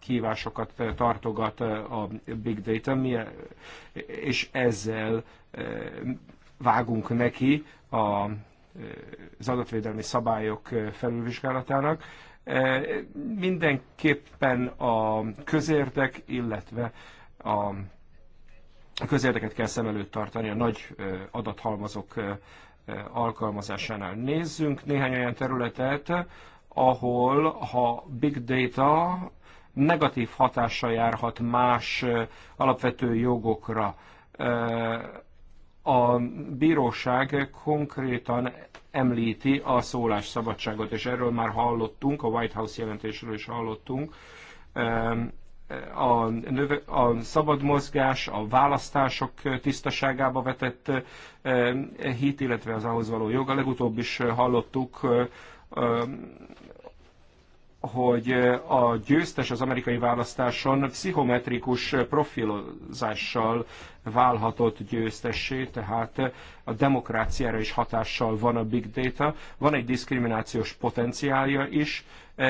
kihívásokat tartogat eh, a big data, és ezzel eh, vágunk neki a eh, az adatvédelmi szabályok felülvizsgálatának. Mindenképpen a közérdek, illetve a a közérdeket kell szem előtt tartani a nagy adathalmazok alkalmazásánál. Nézzünk néhány olyan területet, ahol ha big data negatív hatása járhat más alapvető jogokra. A bíróság konkrétan említi a szólásszabadságot, és erről már hallottunk, a White House jelentésről is hallottunk a, növe, a szabad mozgás, a választások tisztaságába vetett hit, illetve az ahhoz való joga. Legutóbb is hallottuk, hogy a győztes az amerikai választáson pszichometrikus profilozással válhatott győztessé, tehát a demokráciára is hatással van a big data, van egy diszkriminációs potenciálja is,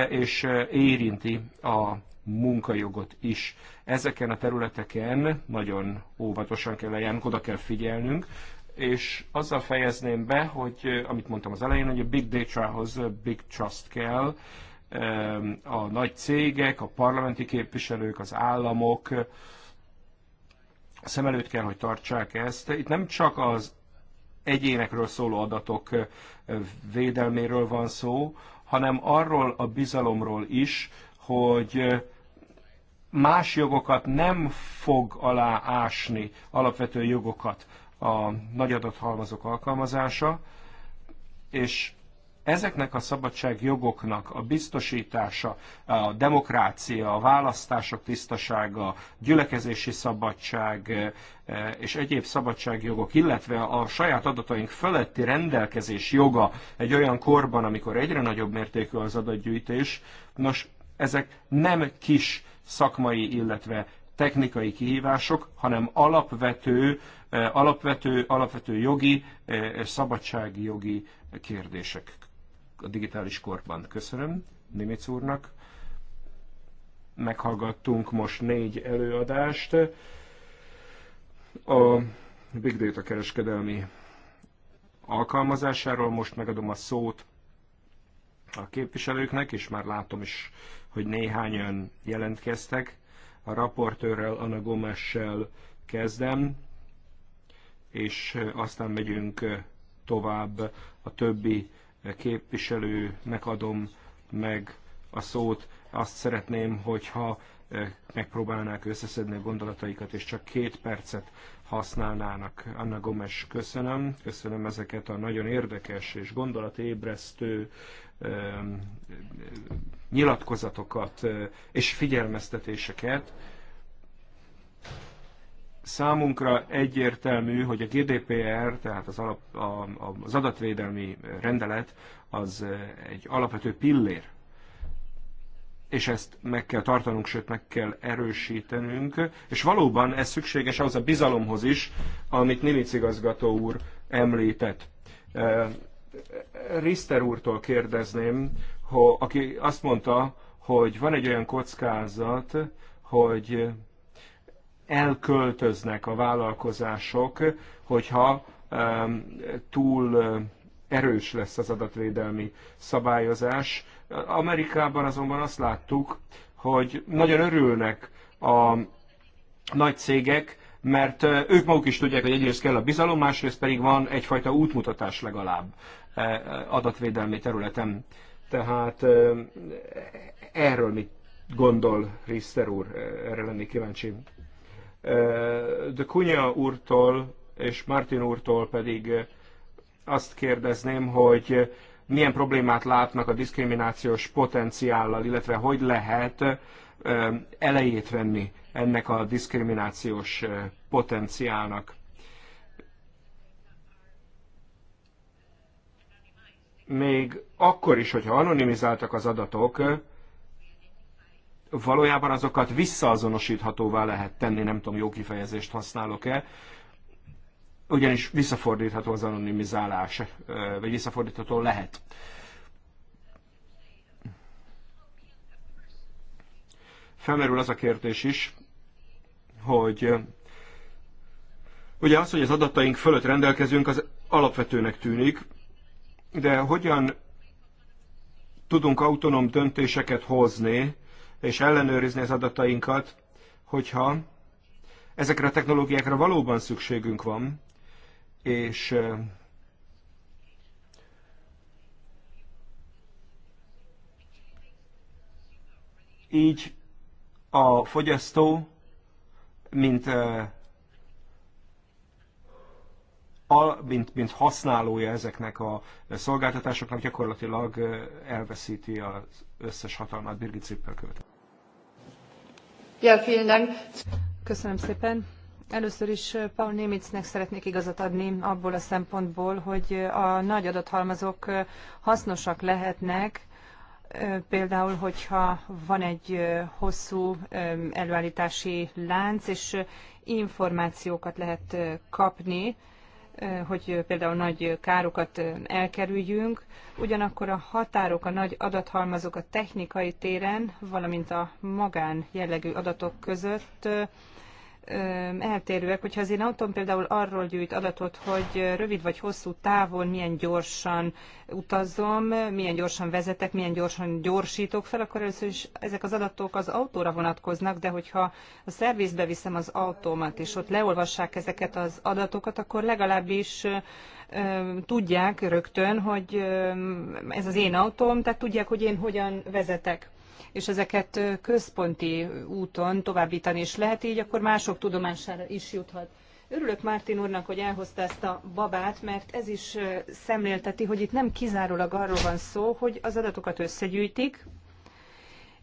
és érinti a munkajogot is. Ezeken a területeken nagyon óvatosan kell eljárnunk, oda kell figyelnünk, és azzal fejezném be, hogy amit mondtam az elején, hogy a Big Data-hoz Big Trust kell, a nagy cégek, a parlamenti képviselők, az államok szem előtt kell, hogy tartsák ezt. Itt nem csak az egyénekről szóló adatok védelméről van szó, hanem arról a bizalomról is, hogy más jogokat nem fog ásni alapvető jogokat a nagy adathalmazok alkalmazása, és ezeknek a szabadságjogoknak a biztosítása, a demokrácia, a választások tisztasága, gyülekezési szabadság e, és egyéb szabadságjogok, illetve a saját adataink feletti rendelkezés joga egy olyan korban, amikor egyre nagyobb mértékű az adatgyűjtés, nos, ezek nem kis szakmai, illetve technikai kihívások, hanem alapvető, eh, alapvető, alapvető jogi eh, és jogi kérdések a digitális korban. Köszönöm Nimic úrnak. Meghallgattunk most négy előadást a Big Data kereskedelmi alkalmazásáról. Most megadom a szót a képviselőknek, és már látom is hogy néhányan jelentkeztek. A raportőrrel, Anna Gomessel kezdem, és aztán megyünk tovább. A többi képviselőnek adom meg a szót. Azt szeretném, hogyha megpróbálnák összeszedni a gondolataikat, és csak két percet használnának. Anna Gomes, köszönöm. Köszönöm ezeket a nagyon érdekes és gondolatébresztő nyilatkozatokat és figyelmeztetéseket. Számunkra egyértelmű, hogy a GDPR, tehát az, alap, a, az adatvédelmi rendelet, az egy alapvető pillér és ezt meg kell tartanunk, sőt meg kell erősítenünk, és valóban ez szükséges ahhoz a bizalomhoz is, amit Nimic igazgató úr említett. Rister úrtól kérdezném, ho, aki azt mondta, hogy van egy olyan kockázat, hogy elköltöznek a vállalkozások, hogyha túl eh, erős lesz az adatvédelmi szabályozás. Amerikában azonban azt láttuk, hogy nagyon örülnek a nagy cégek, mert ők maguk is tudják, hogy egyrészt kell a bizalom, másrészt pedig van egyfajta útmutatás legalább e, e, adatvédelmi területen. Tehát erről mit gondol Riszter úr, erre lennék kíváncsi. De Kunya úrtól és Martin úrtól pedig azt kérdezném, hogy milyen problémát látnak a diszkriminációs potenciállal, illetve hogy lehet elejét venni ennek a diszkriminációs eh, potenciálnak. Még akkor is, hogyha anonimizáltak az adatok, valójában azokat visszaazonosíthatóvá lehet tenni, nem tudom, jó kifejezést használok-e, ugyanis visszafordítható az anonimizálás, eh, vagy visszafordítható lehet. Felmerül az a kérdés is, hogy ugye az, hogy az adataink fölött rendelkezünk, az alapvetőnek tűnik, de hogyan tudunk autonóm döntéseket hozni, és ellenőrizni az adatainkat, hogyha ezekre a technológiákra valóban szükségünk van, és így a fogyasztó mint, mint, mint használója ezeknek a szolgáltatásoknak gyakorlatilag elveszíti az összes hatalmát. Birgit Zippel Ja, vielen Dank. Köszönöm szépen. Először is Paul Némicnek szeretnék igazat adni abból a szempontból, hogy a nagy adathalmazok hasznosak lehetnek például, hogyha van egy hosszú előállítási lánc, és információkat lehet kapni, hogy például nagy károkat elkerüljünk, ugyanakkor a határok, a nagy adathalmazok a technikai téren, valamint a magán jellegű adatok között eltérőek. Hogyha az én autóm például arról gyűjt adatot, hogy rövid vagy hosszú távon milyen gyorsan utazom, milyen gyorsan vezetek, milyen gyorsan gyorsítok fel, akkor először is ezek az adatok az autóra vonatkoznak, de hogyha a szervizbe viszem az autómat, és ott leolvassák ezeket az adatokat, akkor legalábbis tudják rögtön, hogy ez az én autóm, tehát tudják, hogy én hogyan vezetek és ezeket központi úton továbbítani is lehet, így akkor mások tudomására is juthat. Örülök Mártin úrnak, hogy elhozta ezt a babát, mert ez is szemlélteti, hogy itt nem kizárólag arról van szó, hogy az adatokat összegyűjtik,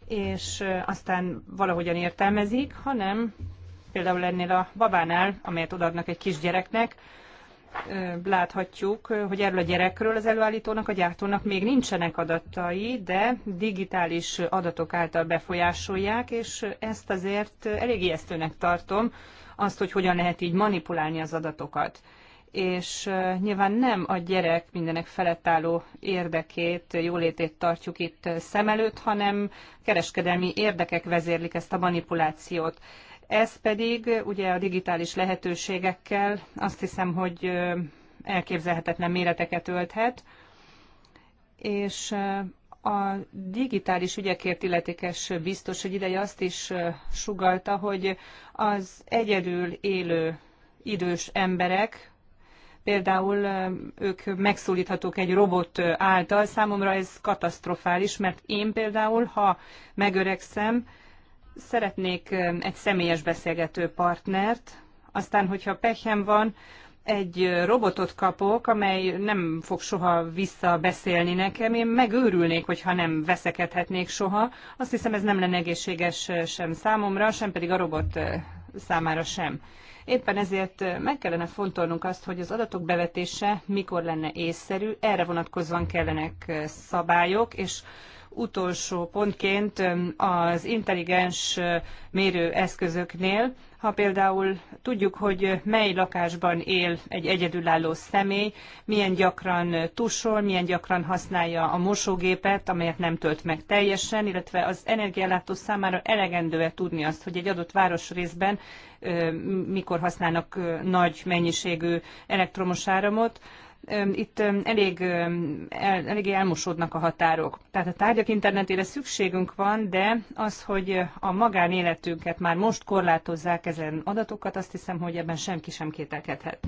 és aztán valahogyan értelmezik, hanem például ennél a babánál, amelyet odaadnak egy kisgyereknek, láthatjuk, hogy erről a gyerekről az előállítónak, a gyártónak még nincsenek adatai, de digitális adatok által befolyásolják, és ezt azért elég ijesztőnek tartom, azt, hogy hogyan lehet így manipulálni az adatokat és nyilván nem a gyerek mindenek felett álló érdekét, jólétét tartjuk itt szem előtt, hanem kereskedelmi érdekek vezérlik ezt a manipulációt. Ez pedig ugye a digitális lehetőségekkel azt hiszem, hogy elképzelhetetlen méreteket ölthet, és a digitális ügyekért illetékes biztos, hogy ideje azt is sugalta, hogy az egyedül élő idős emberek, például ők megszólíthatók egy robot által, számomra ez katasztrofális, mert én például, ha megöregszem, szeretnék egy személyes beszélgető partnert, aztán, hogyha pehem van, egy robotot kapok, amely nem fog soha vissza beszélni nekem, én megőrülnék, hogyha nem veszekedhetnék soha. Azt hiszem, ez nem lenne egészséges sem számomra, sem pedig a robot számára sem. Éppen ezért meg kellene fontolnunk azt, hogy az adatok bevetése mikor lenne észszerű, erre vonatkozóan kellenek szabályok, és utolsó pontként az intelligens mérőeszközöknél, ha például tudjuk, hogy mely lakásban él egy egyedülálló személy, milyen gyakran tusol, milyen gyakran használja a mosógépet, amelyet nem tölt meg teljesen, illetve az energiállátó számára elegendő-e tudni azt, hogy egy adott városrészben mikor használnak nagy mennyiségű elektromos áramot, itt elég, el, elmosódnak a határok. Tehát a tárgyak internetére szükségünk van, de az, hogy a magánéletünket már most korlátozzák ezen adatokat, azt hiszem, hogy ebben senki sem kételkedhet.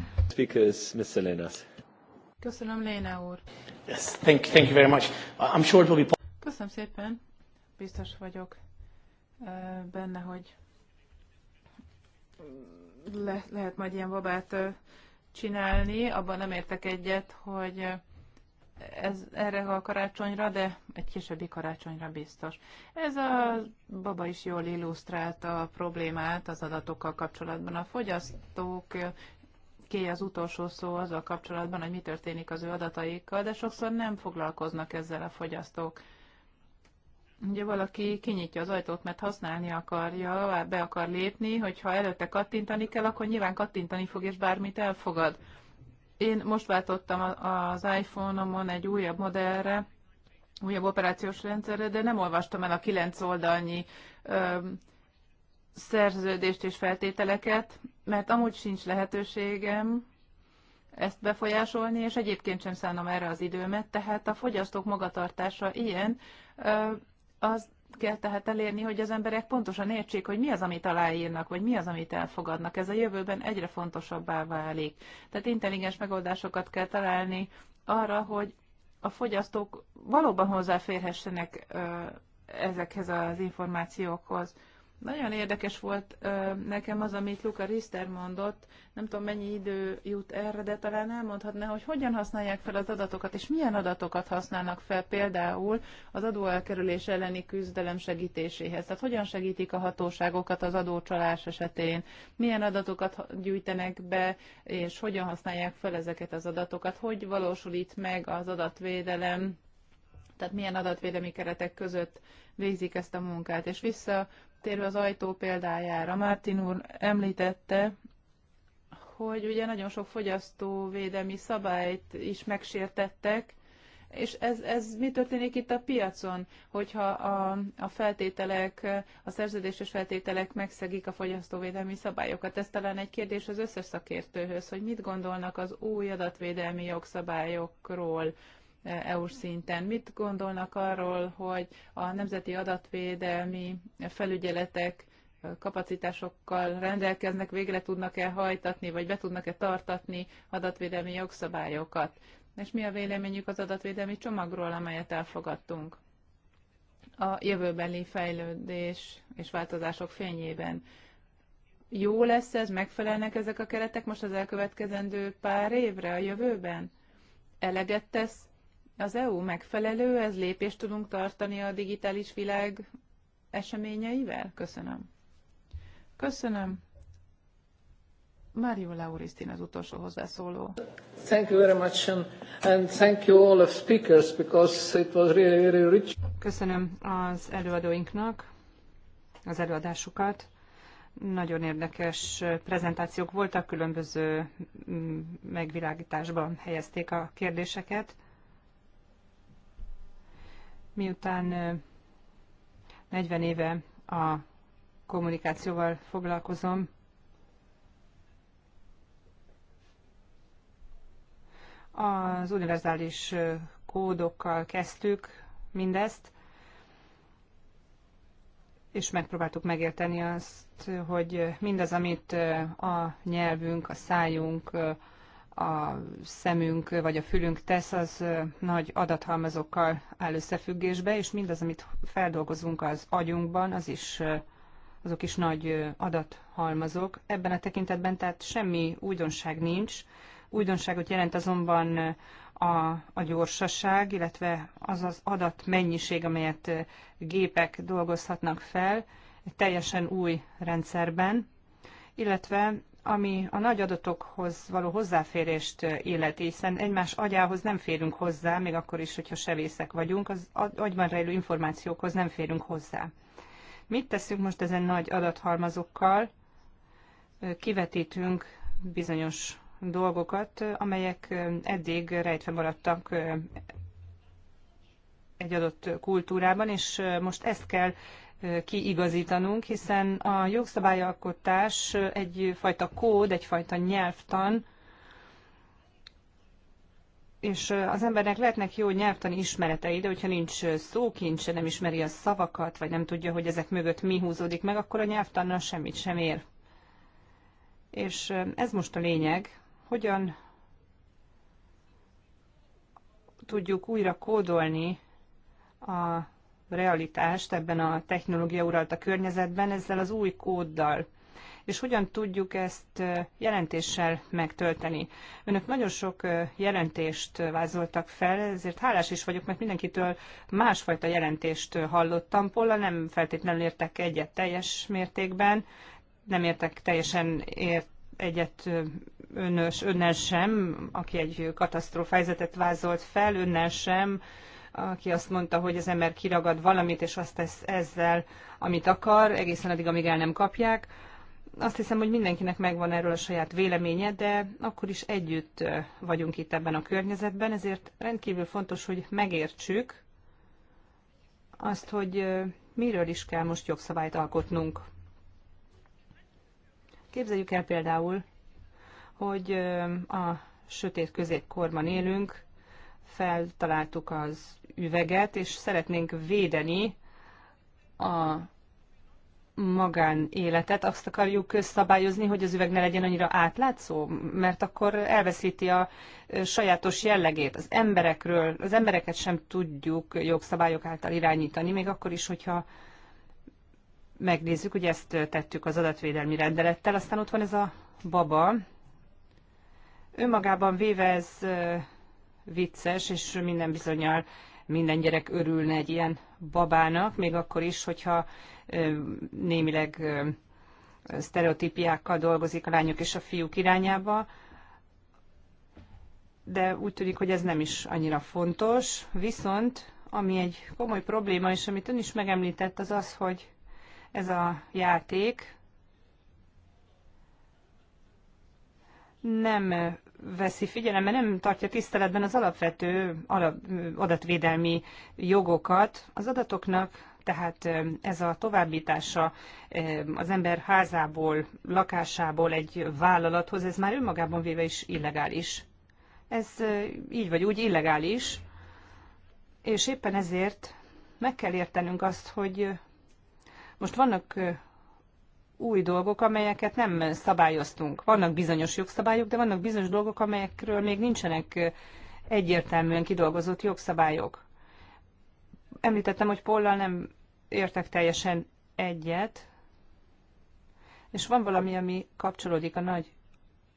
Köszönöm, Léna úr. Yes, thank, thank you very much. I'm sure it will be... Köszönöm szépen. Biztos vagyok benne, hogy le, lehet majd ilyen babát csinálni, abban nem értek egyet, hogy ez erre a karácsonyra, de egy későbbi karácsonyra biztos. Ez a baba is jól illusztrálta a problémát az adatokkal kapcsolatban. A fogyasztók ki az utolsó szó azzal kapcsolatban, hogy mi történik az ő adataikkal, de sokszor nem foglalkoznak ezzel a fogyasztók ugye valaki kinyitja az ajtót, mert használni akarja, be akar lépni, hogyha előtte kattintani kell, akkor nyilván kattintani fog, és bármit elfogad. Én most váltottam az iPhone-omon egy újabb modellre, újabb operációs rendszerre, de nem olvastam el a kilenc oldalnyi öm, szerződést és feltételeket, mert amúgy sincs lehetőségem ezt befolyásolni, és egyébként sem szánom erre az időmet, tehát a fogyasztók magatartása ilyen, az kell tehát elérni, hogy az emberek pontosan értsék, hogy mi az, amit aláírnak, vagy mi az, amit elfogadnak. Ez a jövőben egyre fontosabbá válik. Tehát intelligens megoldásokat kell találni arra, hogy a fogyasztók valóban hozzáférhessenek ezekhez az információkhoz. Nagyon érdekes volt ö, nekem az, amit Luca Rister mondott, nem tudom mennyi idő jut erre, de talán elmondhatná, hogy hogyan használják fel az adatokat, és milyen adatokat használnak fel például az adóelkerülés elleni küzdelem segítéséhez. Tehát hogyan segítik a hatóságokat az adócsalás esetén, milyen adatokat gyűjtenek be, és hogyan használják fel ezeket az adatokat, hogy valósul itt meg az adatvédelem, tehát milyen adatvédelmi keretek között végzik ezt a munkát. És visszatérve az ajtó példájára, Martin úr említette, hogy ugye nagyon sok fogyasztóvédelmi szabályt is megsértettek, és ez, ez mi történik itt a piacon, hogyha a, a feltételek, a szerződéses feltételek megszegik a fogyasztóvédelmi szabályokat? Ez talán egy kérdés az összes szakértőhöz, hogy mit gondolnak az új adatvédelmi jogszabályokról, eu szinten. Mit gondolnak arról, hogy a nemzeti adatvédelmi felügyeletek kapacitásokkal rendelkeznek, végre tudnak-e hajtatni, vagy be tudnak-e tartatni adatvédelmi jogszabályokat? És mi a véleményük az adatvédelmi csomagról, amelyet elfogadtunk? A jövőbeli fejlődés és változások fényében jó lesz ez, megfelelnek ezek a keretek most az elkövetkezendő pár évre a jövőben? Eleget tesz az EU megfelelő, ez lépést tudunk tartani a digitális világ eseményeivel? Köszönöm. Köszönöm. Mario Lauristin az utolsó hozzászóló. Thank you very much and thank you all of speakers because it was really very rich. Köszönöm az előadóinknak az előadásukat. Nagyon érdekes prezentációk voltak, különböző mm, megvilágításban helyezték a kérdéseket. Miután 40 éve a kommunikációval foglalkozom, az univerzális kódokkal kezdtük mindezt, és megpróbáltuk megérteni azt, hogy mindaz, amit a nyelvünk, a szájunk, a szemünk vagy a fülünk tesz, az nagy adathalmazokkal áll összefüggésbe, és mindaz, amit feldolgozunk az agyunkban, az is azok is nagy adathalmazok. Ebben a tekintetben tehát semmi újdonság nincs. Újdonságot jelent azonban a, a gyorsaság, illetve az az adatmennyiség, amelyet gépek dolgozhatnak fel egy teljesen új rendszerben, illetve ami a nagy adatokhoz való hozzáférést illeti, hiszen egymás agyához nem férünk hozzá, még akkor is, hogyha sevészek vagyunk, az agyban rejlő információkhoz nem férünk hozzá. Mit teszünk most ezen nagy adathalmazokkal? Kivetítünk bizonyos dolgokat, amelyek eddig rejtve maradtak egy adott kultúrában, és most ezt kell kiigazítanunk, hiszen a jogszabályalkotás egyfajta kód, egyfajta nyelvtan, és az embernek lehetnek jó nyelvtani ismeretei, de hogyha nincs szókincse, nem ismeri a szavakat, vagy nem tudja, hogy ezek mögött mi húzódik meg, akkor a nyelvtannal semmit sem ér. És ez most a lényeg, hogyan tudjuk újra kódolni a realitást ebben a technológia uralta környezetben ezzel az új kóddal és hogyan tudjuk ezt jelentéssel megtölteni. Önök nagyon sok jelentést vázoltak fel, ezért hálás is vagyok, mert mindenkitől másfajta jelentést hallottam. Polla nem feltétlenül értek egyet teljes mértékben, nem értek teljesen ért egyet önös, önnel sem, aki egy katasztrófa helyzetet vázolt fel, önnel sem, aki azt mondta, hogy az ember kiragad valamit, és azt tesz ezzel, amit akar, egészen addig, amíg el nem kapják. Azt hiszem, hogy mindenkinek megvan erről a saját véleménye, de akkor is együtt vagyunk itt ebben a környezetben, ezért rendkívül fontos, hogy megértsük azt, hogy miről is kell most jogszabályt alkotnunk. Képzeljük el például, hogy a sötét középkorban élünk, feltaláltuk az üveget, és szeretnénk védeni a magánéletet, azt akarjuk szabályozni, hogy az üveg ne legyen annyira átlátszó, mert akkor elveszíti a sajátos jellegét. Az emberekről, az embereket sem tudjuk jogszabályok által irányítani, még akkor is, hogyha megnézzük, hogy ezt tettük az adatvédelmi rendelettel. Aztán ott van ez a baba. Önmagában véve ez vicces, és minden bizonyal minden gyerek örülne egy ilyen babának, még akkor is, hogyha némileg sztereotípiákkal dolgozik a lányok és a fiúk irányába, de úgy tűnik, hogy ez nem is annyira fontos. Viszont, ami egy komoly probléma, és amit ön is megemlített, az az, hogy ez a játék nem veszi figyelembe, nem tartja tiszteletben az alapvető adatvédelmi jogokat. Az adatoknak tehát ez a továbbítása az ember házából, lakásából egy vállalathoz, ez már önmagában véve is illegális. Ez így vagy úgy illegális, és éppen ezért meg kell értenünk azt, hogy most vannak új dolgok, amelyeket nem szabályoztunk. Vannak bizonyos jogszabályok, de vannak bizonyos dolgok, amelyekről még nincsenek egyértelműen kidolgozott jogszabályok. Említettem, hogy Pollal nem értek teljesen egyet, és van valami, ami kapcsolódik a nagy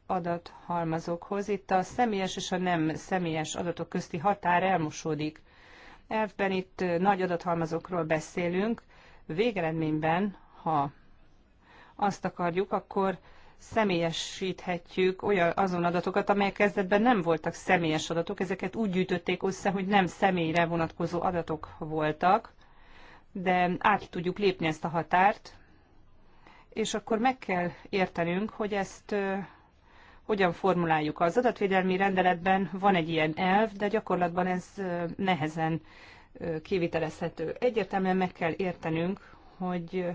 adathalmazokhoz. Itt a személyes és a nem személyes adatok közti határ elmosódik. Elvben itt nagy adathalmazokról beszélünk, végeredményben, ha azt akarjuk, akkor személyesíthetjük olyan, azon adatokat, amelyek kezdetben nem voltak személyes adatok, ezeket úgy gyűjtötték össze, hogy nem személyre vonatkozó adatok voltak, de át tudjuk lépni ezt a határt, és akkor meg kell értenünk, hogy ezt hogyan formuláljuk. Az adatvédelmi rendeletben van egy ilyen elv, de gyakorlatban ez nehezen kivitelezhető. Egyértelműen meg kell értenünk, hogy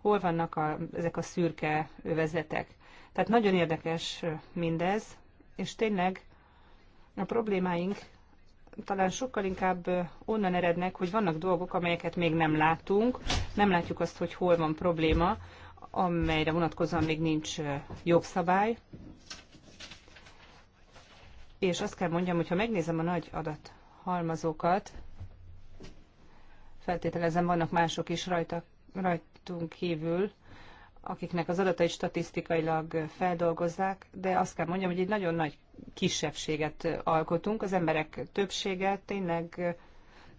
hol vannak a, ezek a szürke övezetek. Tehát nagyon érdekes mindez, és tényleg a problémáink talán sokkal inkább onnan erednek, hogy vannak dolgok, amelyeket még nem látunk, nem látjuk azt, hogy hol van probléma, amelyre vonatkozóan még nincs jogszabály. És azt kell mondjam, hogy ha megnézem a nagy adathalmazókat, feltételezem vannak mások is rajta, rajt, rajtunk kívül, akiknek az adatai statisztikailag feldolgozzák, de azt kell mondjam, hogy egy nagyon nagy kisebbséget alkotunk. Az emberek többsége tényleg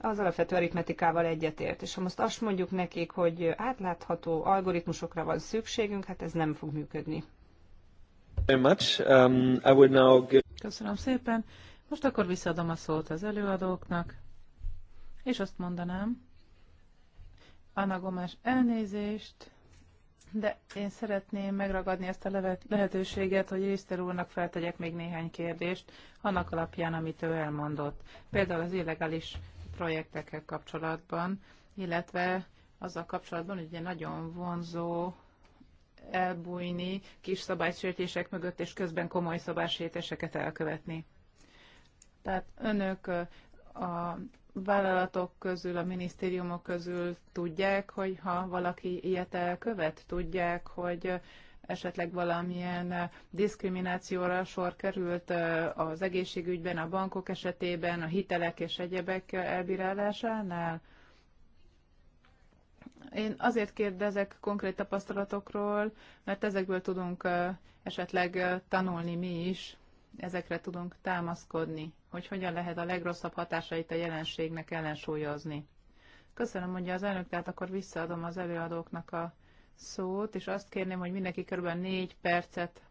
az alapvető aritmetikával egyetért. És ha most azt mondjuk nekik, hogy átlátható algoritmusokra van szükségünk, hát ez nem fog működni. Um, Köszönöm szépen. Most akkor visszaadom a szót az előadóknak, és azt mondanám, Anna Gomes elnézést, de én szeretném megragadni ezt a lehetőséget, hogy Riszter úrnak feltegyek még néhány kérdést, annak alapján, amit ő elmondott. Például az illegális projektekkel kapcsolatban, illetve azzal kapcsolatban, hogy ugye nagyon vonzó elbújni kis szabálysértések mögött, és közben komoly szabálysértéseket elkövetni. Tehát önök a vállalatok közül, a minisztériumok közül tudják, hogy ha valaki ilyet elkövet, tudják, hogy esetleg valamilyen diszkriminációra sor került az egészségügyben, a bankok esetében, a hitelek és egyebek elbírálásánál? Én azért kérdezek konkrét tapasztalatokról, mert ezekből tudunk esetleg tanulni mi is, ezekre tudunk támaszkodni hogy hogyan lehet a legrosszabb hatásait a jelenségnek ellensúlyozni. Köszönöm, mondja az elnök, tehát akkor visszaadom az előadóknak a szót, és azt kérném, hogy mindenki kb. négy percet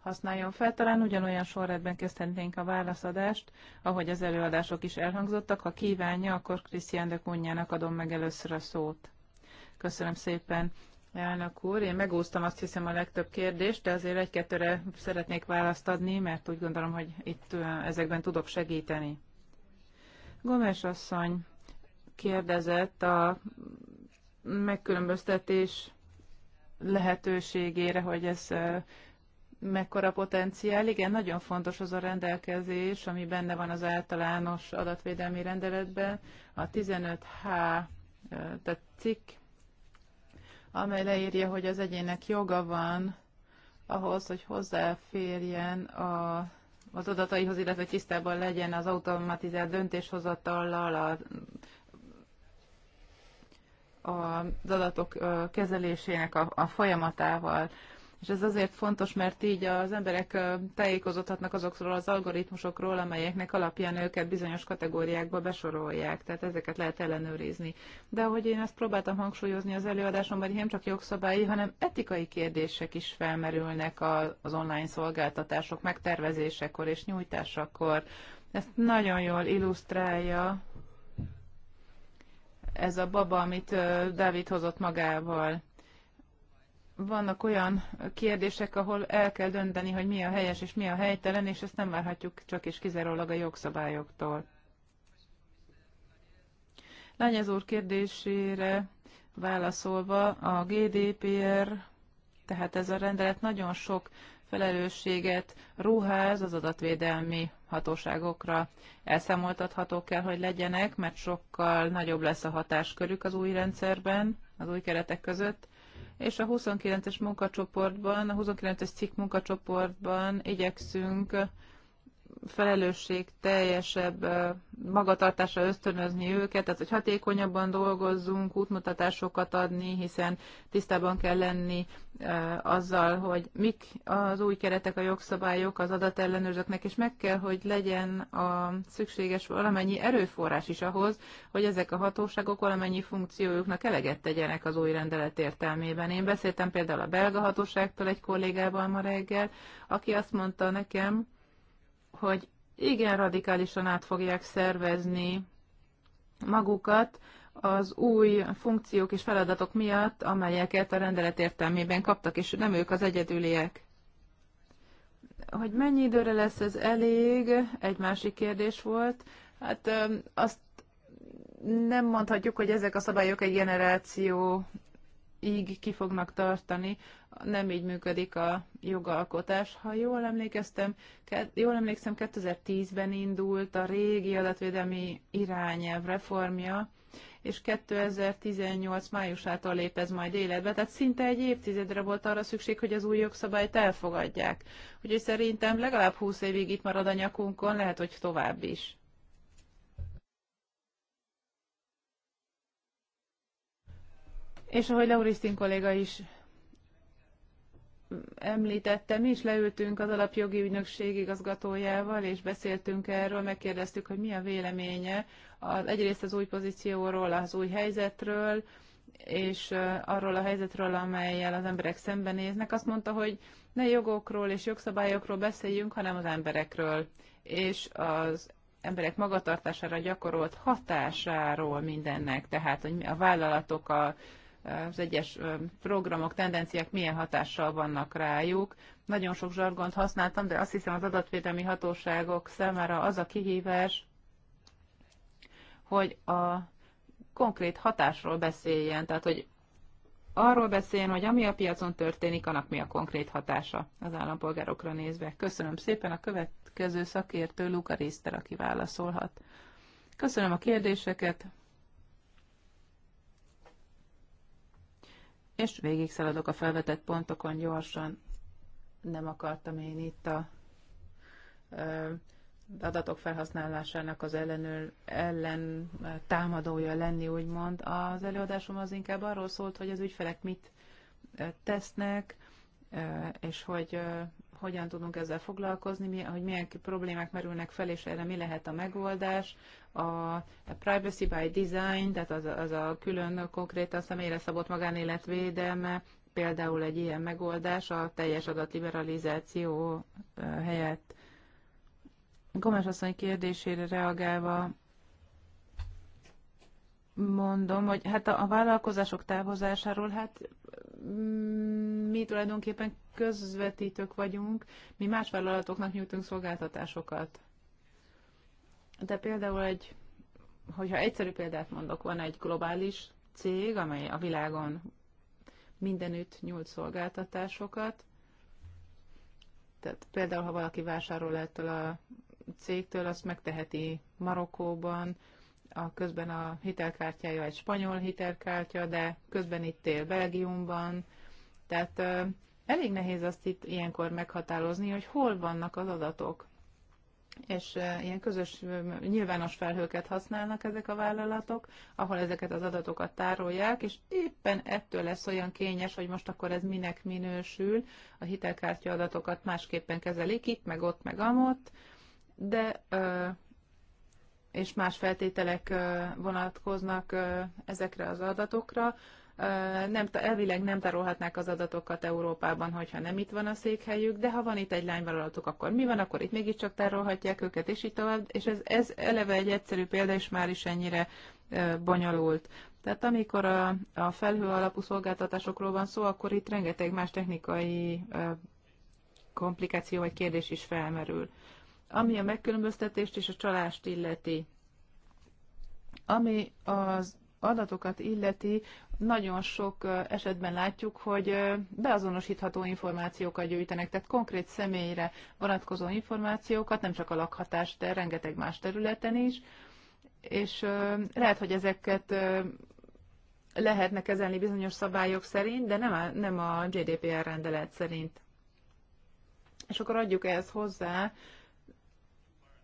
használjon fel. Talán ugyanolyan sorrendben kezdhetnénk a válaszadást, ahogy az előadások is elhangzottak. Ha kívánja, akkor Krisztián de Kunyának adom meg először a szót. Köszönöm szépen, Elnök úr, én megúztam azt hiszem a legtöbb kérdést, de azért egy-kettőre szeretnék választ adni, mert úgy gondolom, hogy itt ezekben tudok segíteni. Gomes asszony kérdezett a megkülönböztetés lehetőségére, hogy ez mekkora potenciál. Igen, nagyon fontos az a rendelkezés, ami benne van az általános adatvédelmi rendeletben. A 15H, tehát cikk amely leírja, hogy az egyének joga van ahhoz, hogy hozzáférjen a, az adataihoz, illetve tisztában legyen az automatizált döntéshozatallal, a, az adatok kezelésének a, a folyamatával. És ez azért fontos, mert így az emberek tájékozódhatnak azokról az algoritmusokról, amelyeknek alapján őket bizonyos kategóriákba besorolják, tehát ezeket lehet ellenőrizni. De ahogy én ezt próbáltam hangsúlyozni az előadásomban, hogy nem csak jogszabályi, hanem etikai kérdések is felmerülnek az online szolgáltatások megtervezésekor és nyújtásakor. Ezt nagyon jól illusztrálja ez a baba, amit Dávid hozott magával vannak olyan kérdések, ahol el kell dönteni, hogy mi a helyes és mi a helytelen, és ezt nem várhatjuk csak és kizárólag a jogszabályoktól. Lányez úr kérdésére válaszolva, a GDPR, tehát ez a rendelet nagyon sok felelősséget ruház az adatvédelmi hatóságokra. Elszámoltatható kell, hogy legyenek, mert sokkal nagyobb lesz a hatáskörük az új rendszerben, az új keretek között és a 29-es munkacsoportban, a 29-es cikk munkacsoportban igyekszünk felelősség teljesebb magatartásra ösztönözni őket, tehát hogy hatékonyabban dolgozzunk, útmutatásokat adni, hiszen tisztában kell lenni azzal, hogy mik az új keretek, a jogszabályok az adatellenőrzőknek, és meg kell, hogy legyen a szükséges valamennyi erőforrás is ahhoz, hogy ezek a hatóságok valamennyi funkciójuknak eleget tegyenek az új rendelet értelmében. Én beszéltem például a belga hatóságtól egy kollégával ma reggel, aki azt mondta nekem, hogy igen radikálisan át fogják szervezni magukat az új funkciók és feladatok miatt, amelyeket a rendelet értelmében kaptak, és nem ők az egyedüliek. Hogy mennyi időre lesz ez elég, egy másik kérdés volt. Hát azt nem mondhatjuk, hogy ezek a szabályok egy így ki fognak tartani nem így működik a jogalkotás. Ha jól, emlékeztem, jól emlékszem, 2010-ben indult a régi adatvédelmi irányelv reformja, és 2018 májusától lép ez majd életbe, tehát szinte egy évtizedre volt arra szükség, hogy az új jogszabályt elfogadják. Úgyhogy szerintem legalább 20 évig itt marad a nyakunkon, lehet, hogy tovább is. És ahogy Laurisztin kolléga is említettem is, leültünk az alapjogi ügynökség igazgatójával, és beszéltünk erről, megkérdeztük, hogy mi a véleménye az, egyrészt az új pozícióról, az új helyzetről, és arról a helyzetről, amelyel az emberek szembenéznek. Azt mondta, hogy ne jogokról és jogszabályokról beszéljünk, hanem az emberekről, és az emberek magatartására gyakorolt hatásáról mindennek, tehát hogy a vállalatok, a, az egyes programok, tendenciák milyen hatással vannak rájuk. Nagyon sok zsargont használtam, de azt hiszem az adatvédelmi hatóságok számára az a kihívás, hogy a konkrét hatásról beszéljen, tehát hogy arról beszéljen, hogy ami a piacon történik, annak mi a konkrét hatása az állampolgárokra nézve. Köszönöm szépen a következő szakértő Luka Részter, aki válaszolhat. Köszönöm a kérdéseket. és végig szaladok a felvetett pontokon gyorsan. Nem akartam én itt a ö, adatok felhasználásának az ellenőr, ellen támadója lenni, úgymond. Az előadásom az inkább arról szólt, hogy az ügyfelek mit tesznek, és hogy hogyan tudunk ezzel foglalkozni, hogy milyen problémák merülnek fel, és erre mi lehet a megoldás. A privacy by design, tehát az, az a külön konkrétan személyre szabott magánélet védelme, például egy ilyen megoldás a teljes adatliberalizáció helyett. Gomes asszony kérdésére reagálva mondom, hogy hát a, a vállalkozások távozásáról, hát mm, mi tulajdonképpen közvetítők vagyunk, mi más vállalatoknak nyújtunk szolgáltatásokat. De például egy, hogyha egyszerű példát mondok, van egy globális cég, amely a világon mindenütt nyújt szolgáltatásokat. Tehát például, ha valaki vásárol ettől a cégtől, azt megteheti Marokkóban, a közben a hitelkártyája egy spanyol hitelkártya, de közben itt él Belgiumban, tehát elég nehéz azt itt ilyenkor meghatározni, hogy hol vannak az adatok. És ilyen közös nyilvános felhőket használnak ezek a vállalatok, ahol ezeket az adatokat tárolják, és éppen ettől lesz olyan kényes, hogy most akkor ez minek minősül, a hitelkártya adatokat másképpen kezelik itt, meg ott, meg amott, de és más feltételek vonatkoznak ezekre az adatokra, nem, elvileg nem tarolhatnák az adatokat Európában, hogyha nem itt van a székhelyük, de ha van itt egy lányvállalatuk, akkor mi van, akkor itt mégiscsak tárolhatják őket, és így tovább. És ez, ez eleve egy egyszerű példa, és már is ennyire bonyolult. Tehát amikor a, a felhő alapú szolgáltatásokról van szó, akkor itt rengeteg más technikai komplikáció vagy kérdés is felmerül. Ami a megkülönböztetést és a csalást illeti. Ami az adatokat illeti, nagyon sok esetben látjuk, hogy beazonosítható információkat gyűjtenek, tehát konkrét személyre vonatkozó információkat, nem csak a lakhatás, de rengeteg más területen is, és lehet, hogy ezeket lehetne kezelni bizonyos szabályok szerint, de nem a, nem a GDPR rendelet szerint. És akkor adjuk ehhez hozzá,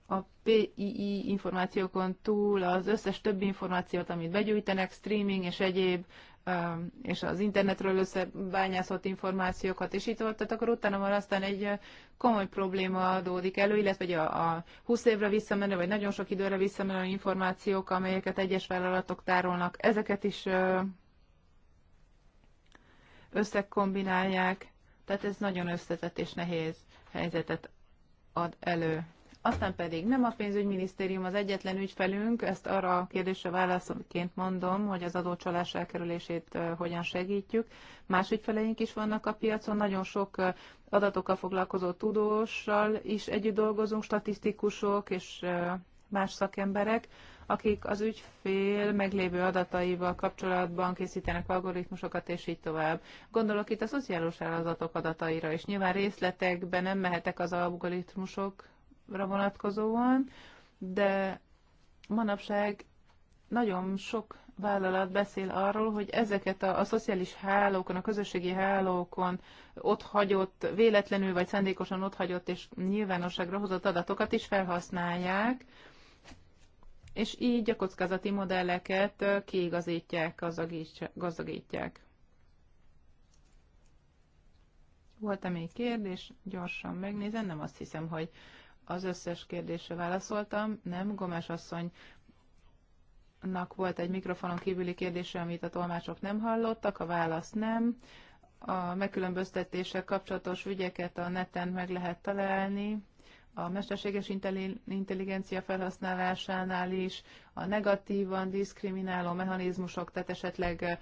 a PII információkon túl az összes többi információt, amit begyűjtenek, streaming és egyéb, um, és az internetről összebányászott információkat, és itt volt, akkor utána van aztán egy uh, komoly probléma adódik elő, illetve hogy a, a 20 évre visszamenő, vagy nagyon sok időre visszamenő információk, amelyeket egyes vállalatok tárolnak, ezeket is uh, összekombinálják, tehát ez nagyon összetett és nehéz helyzetet ad elő. Aztán pedig nem a pénzügyminisztérium az egyetlen ügyfelünk, ezt arra a kérdésre válaszként mondom, hogy az adócsalás elkerülését hogyan segítjük. Más ügyfeleink is vannak a piacon, nagyon sok adatokkal foglalkozó tudóssal is együtt dolgozunk, statisztikusok és más szakemberek, akik az ügyfél meglévő adataival kapcsolatban készítenek algoritmusokat, és így tovább. Gondolok itt a szociális állazatok adataira, és nyilván részletekben nem mehetek az algoritmusok vonatkozóan, de manapság nagyon sok vállalat beszél arról, hogy ezeket a, a szociális hálókon, a közösségi hálókon ott hagyott, véletlenül vagy szándékosan ott hagyott és nyilvánosságra hozott adatokat is felhasználják, és így a kockázati modelleket kiigazítják, gazdagítják. Volt-e még kérdés? Gyorsan megnézem, nem azt hiszem, hogy az összes kérdésre válaszoltam. Nem, Gomes asszony volt egy mikrofonon kívüli kérdése, amit a tolmácsok nem hallottak, a válasz nem. A megkülönböztetéssel kapcsolatos ügyeket a neten meg lehet találni, a mesterséges intelligencia felhasználásánál is, a negatívan diszkrimináló mechanizmusok, tehát esetleg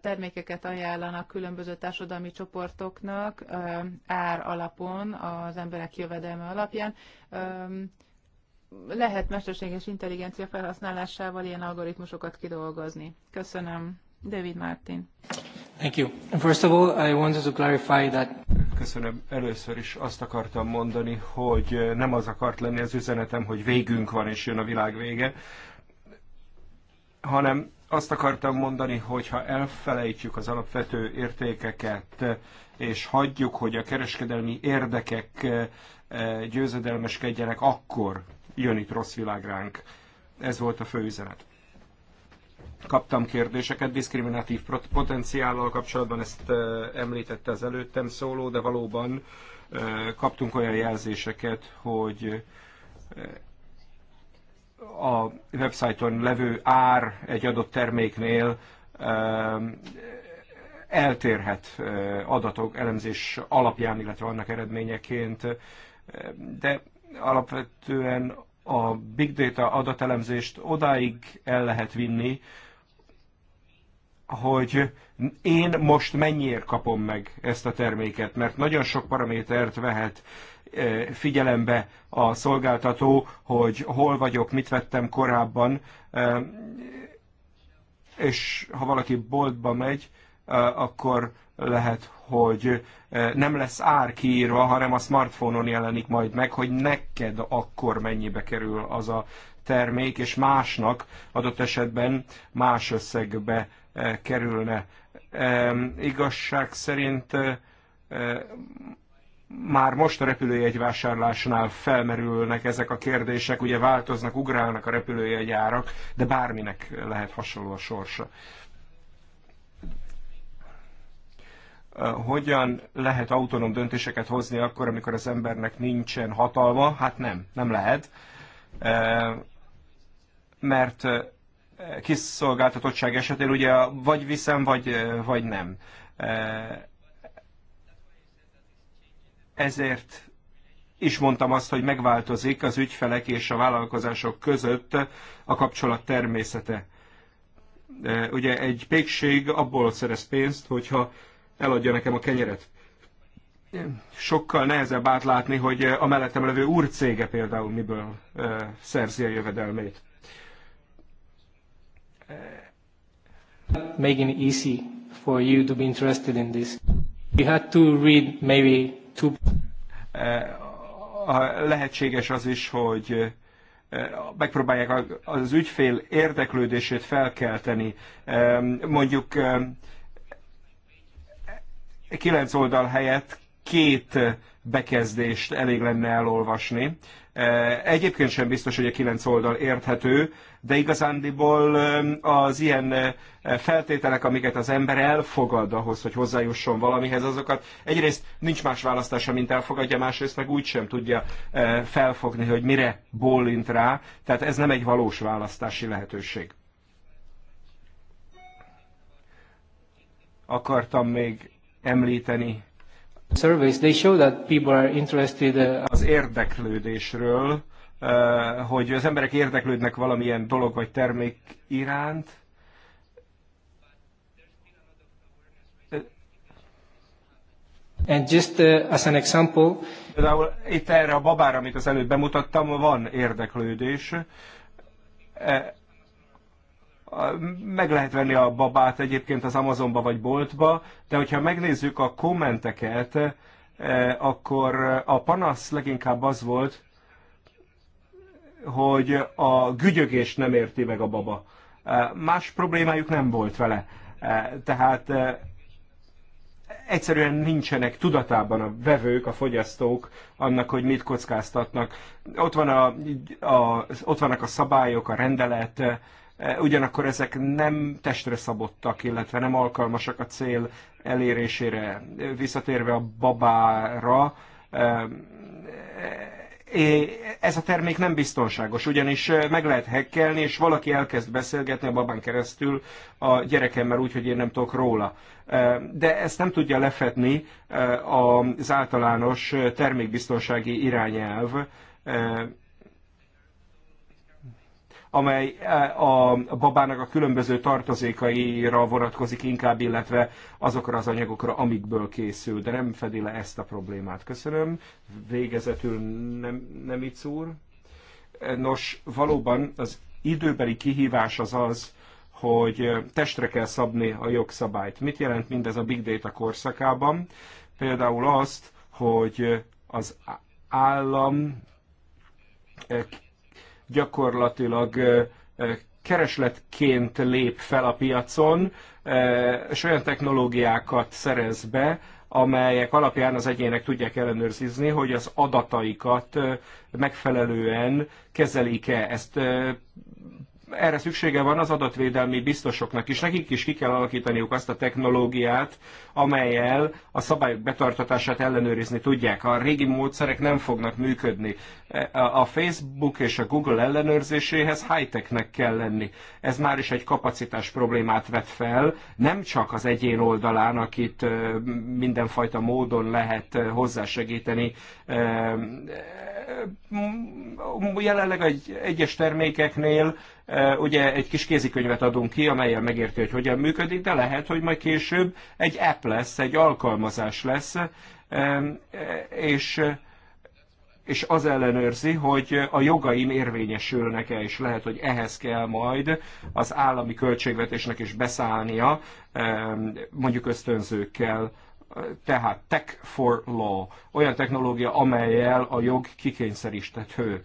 termékeket ajánlanak különböző társadalmi csoportoknak ár alapon, az emberek jövedelme alapján. Lehet mesterséges intelligencia felhasználásával ilyen algoritmusokat kidolgozni. Köszönöm. David Martin. Thank you. First of all, I wanted to clarify that Köszönöm. Először is azt akartam mondani, hogy nem az akart lenni az üzenetem, hogy végünk van és jön a világ vége, hanem azt akartam mondani, hogy ha elfelejtjük az alapvető értékeket, és hagyjuk, hogy a kereskedelmi érdekek eh, győzedelmeskedjenek, akkor jön itt rossz világ ránk. Ez volt a fő üzenet. Kaptam kérdéseket diszkriminatív potenciállal kapcsolatban, ezt eh, említette az előttem szóló, de valóban eh, kaptunk olyan jelzéseket, hogy a websájton levő ár egy adott terméknél um, eltérhet uh, adatok elemzés alapján, illetve annak eredményeként, uh, de alapvetően a big data adatelemzést odáig el lehet vinni, hogy én most mennyiért kapom meg ezt a terméket, mert nagyon sok paramétert vehet figyelembe a szolgáltató, hogy hol vagyok, mit vettem korábban, és ha valaki boltba megy, akkor lehet, hogy nem lesz ár kiírva, hanem a smartphone-on jelenik majd meg, hogy neked akkor mennyibe kerül az a termék, és másnak adott esetben más összegbe kerülne. Igazság szerint már most a repülőjegyvásárlásnál felmerülnek ezek a kérdések, ugye változnak, ugrálnak a repülőjegyárak, de bárminek lehet hasonló a sorsa. Hogyan lehet autonóm döntéseket hozni akkor, amikor az embernek nincsen hatalma? Hát nem, nem lehet. Mert kiszolgáltatottság esetén ugye vagy viszem, vagy, vagy nem ezért is mondtam azt, hogy megváltozik az ügyfelek és a vállalkozások között a kapcsolat természete. Ugye egy pékség abból szerez pénzt, hogyha eladja nekem a kenyeret. Sokkal nehezebb átlátni, hogy a mellettem levő úr cége például miből szerzi a jövedelmét. Making it easy for you to be interested in this. You had to read maybe Eh, lehetséges az is, hogy eh, megpróbálják az ügyfél érdeklődését felkelteni. Mondjuk kilenc oldal helyett két bekezdést elég lenne elolvasni. Eh, egyébként sem biztos, hogy a kilenc oldal érthető, de igazándiból az ilyen feltételek, amiket az ember elfogad ahhoz, hogy hozzájusson valamihez, azokat egyrészt nincs más választása, mint elfogadja, másrészt meg úgy sem tudja felfogni, hogy mire bólint rá, tehát ez nem egy valós választási lehetőség. Akartam még említeni. Surveys, they show that people are interested, uh, Az érdeklődésről Eh, hogy az emberek érdeklődnek valamilyen dolog vagy termék iránt, And just uh, as an example, Például itt erre a babára, amit az előbb bemutattam, van érdeklődés. Eh, meg lehet venni a babát egyébként az Amazonba vagy boltba, de hogyha megnézzük a kommenteket, akkor a panasz leginkább az volt, hogy a gügyögést nem érti meg a baba. Más problémájuk nem volt vele. Tehát egyszerűen nincsenek tudatában a vevők, a fogyasztók annak, hogy mit kockáztatnak. Ott, van a, a, ott vannak a szabályok, a rendelet, ugyanakkor ezek nem testre szabottak, illetve nem alkalmasak a cél elérésére. Visszatérve a babára, ez a termék nem biztonságos, ugyanis meg lehet hekkelni, és valaki elkezd beszélgetni a babán keresztül a gyerekemmel úgy, hogy én nem tudok róla. De ezt nem tudja lefedni az általános termékbiztonsági irányelv, amely e, a babának a különböző tartozékaira vonatkozik inkább, illetve azokra az anyagokra, amikből készül, de nem fedi le ezt a problémát. Köszönöm. Végezetül nem, nem itt úr. Nos, valóban az időbeli kihívás az az, hogy testre kell szabni a jogszabályt. Mit jelent mindez a big data korszakában? Például azt, hogy az állam gyakorlatilag keresletként lép fel a piacon, és olyan technológiákat szerez be, amelyek alapján az egyének tudják ellenőrzni, hogy az adataikat megfelelően kezelik-e. Ezt erre szüksége van az adatvédelmi biztosoknak is. Nekik is ki kell alakítaniuk azt a technológiát, amelyel a szabályok betartatását ellenőrizni tudják. A régi módszerek nem fognak működni. E, a Facebook és a Google ellenőrzéséhez high-technek kell lenni. Ez már is egy kapacitás problémát vet fel, nem csak az egyén oldalán, akit e, mindenfajta módon lehet e, hozzásegíteni. Jelenleg egy, egyes termékeknél Eh, ugye egy kis kézikönyvet adunk ki, amelyen megérti, hogy hogyan működik, de lehet, hogy majd később egy app lesz, egy alkalmazás lesz, eh, és és az ellenőrzi, hogy a jogaim érvényesülnek-e, és lehet, hogy ehhez kell majd az állami költségvetésnek is beszállnia, mondjuk ösztönzőkkel, tehát tech for law, olyan technológia, amelyel a jog kikényszeríthető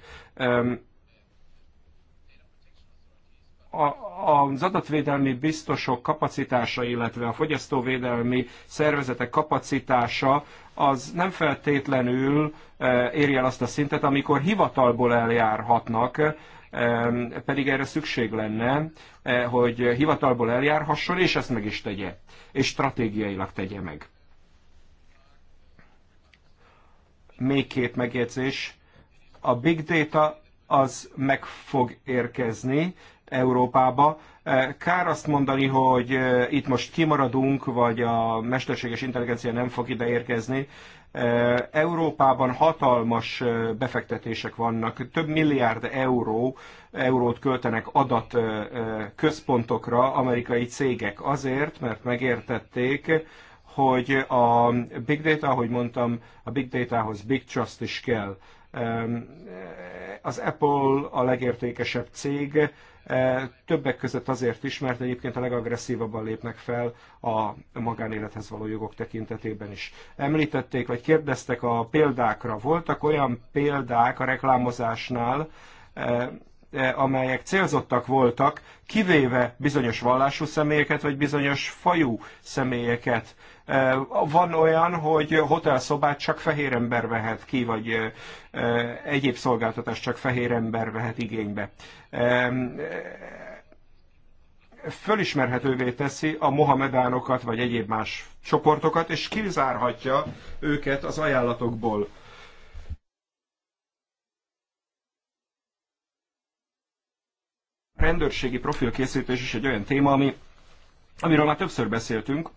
az adatvédelmi biztosok kapacitása, illetve a fogyasztóvédelmi szervezetek kapacitása az nem feltétlenül e, éri el azt a szintet, amikor hivatalból eljárhatnak, e, pedig erre szükség lenne, e, hogy hivatalból eljárhasson, és ezt meg is tegye, és stratégiailag tegye meg. Még két megjegyzés. A big data az meg fog érkezni, Európába. Eh, kár azt mondani, hogy eh, itt most kimaradunk, vagy a mesterséges intelligencia nem fog ide érkezni. Eh, Európában hatalmas befektetések vannak, több milliárd euró, eurót költenek adat központokra amerikai cégek azért, mert megértették, hogy a big data, ahogy mondtam, a big datahoz big trust is kell. Az Apple a legértékesebb cég, eh, többek között azért is, mert egyébként a legagresszívabban lépnek fel a magánélethez való jogok tekintetében is. Említették, vagy kérdeztek a példákra. Voltak olyan példák a reklámozásnál, eh, eh, amelyek célzottak voltak, kivéve bizonyos vallású személyeket, vagy bizonyos fajú személyeket van olyan, hogy hotelszobát csak fehér ember vehet ki, vagy egyéb szolgáltatást csak fehér ember vehet igénybe fölismerhetővé teszi a mohamedánokat vagy egyéb más csoportokat, és kizárhatja őket az ajánlatokból. Rendőrségi profilkészítés is egy olyan téma, ami, amiről már többször beszéltünk,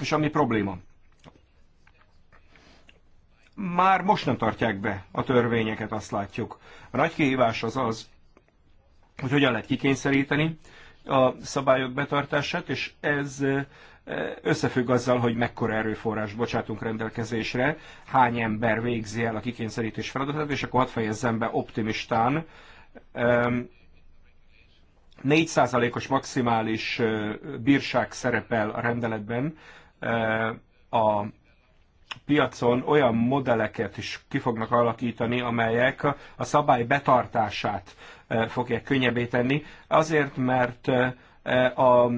és ami probléma. Már most nem tartják be a törvényeket, azt látjuk. A nagy kihívás az az, hogy hogyan lehet kikényszeríteni a szabályok betartását, és ez összefügg azzal, hogy mekkora erőforrás bocsátunk rendelkezésre, hány ember végzi el a kikényszerítés feladatát, és akkor hadd fejezzem be optimistán. 4%-os maximális bírság szerepel a rendeletben, a piacon olyan modelleket is ki fognak alakítani, amelyek a szabály betartását fogják könnyebbé tenni, azért mert a,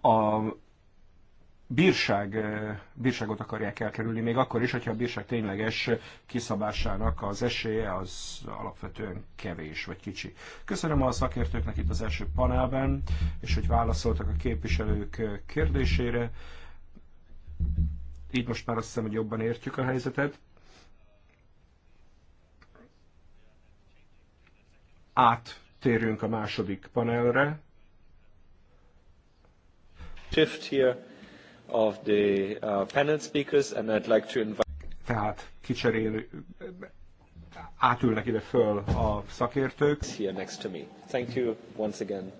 a, bírság, eh, bírságot akarják elkerülni, még akkor is, hogyha a bírság tényleges kiszabásának az esélye az alapvetően kevés vagy kicsi. Köszönöm a szakértőknek itt az első panelben, és hogy válaszoltak a képviselők eh, kérdésére. Így most már azt hiszem, hogy jobban értjük a helyzetet. Áttérünk a második panelre. Shift here of the uh, panel speakers, and I'd like to invite... Tehát kicserél, átülnek ide föl a szakértők. Here next to me. Thank you once again.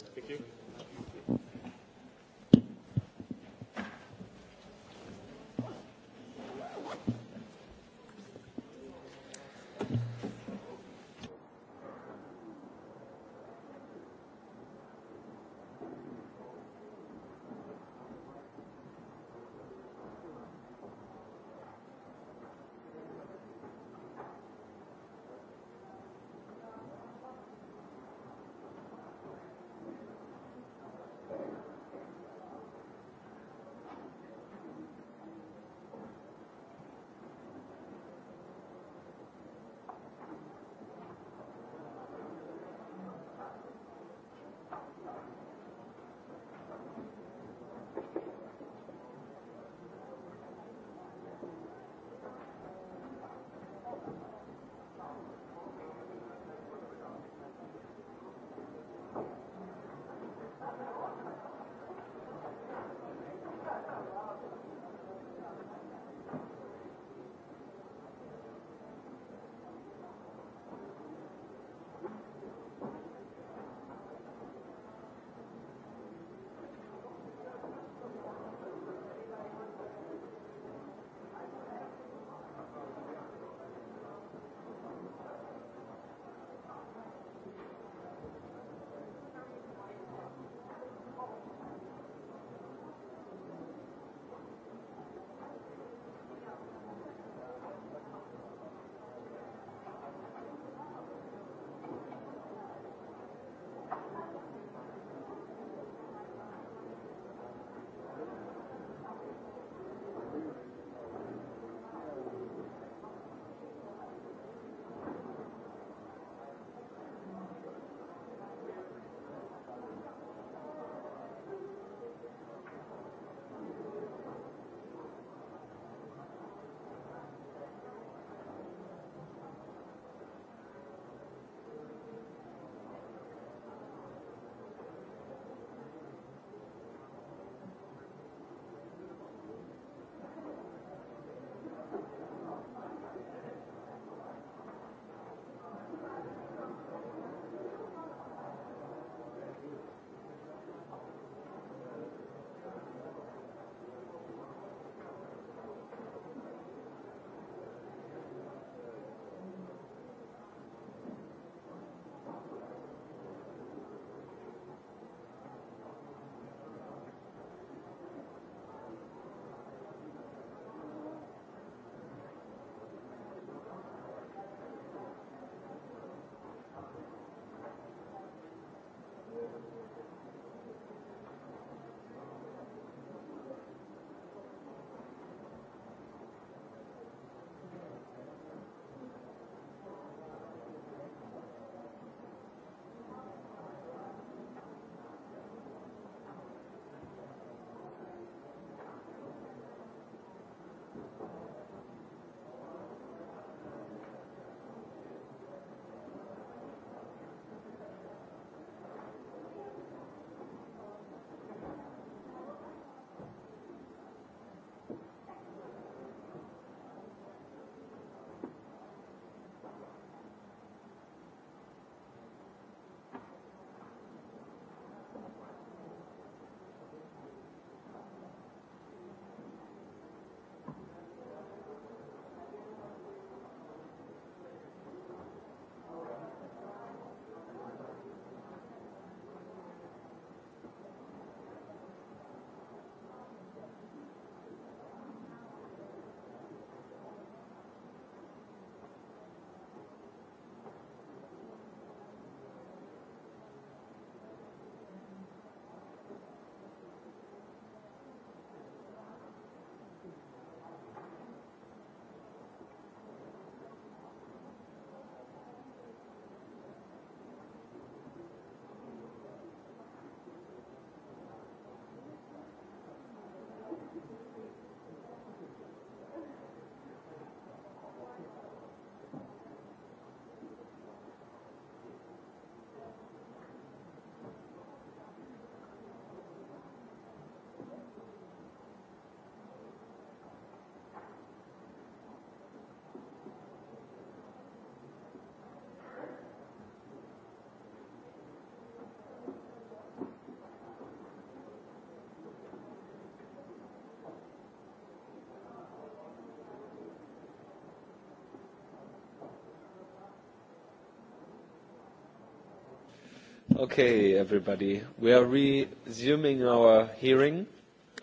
Okay, everybody. We are resuming our hearing.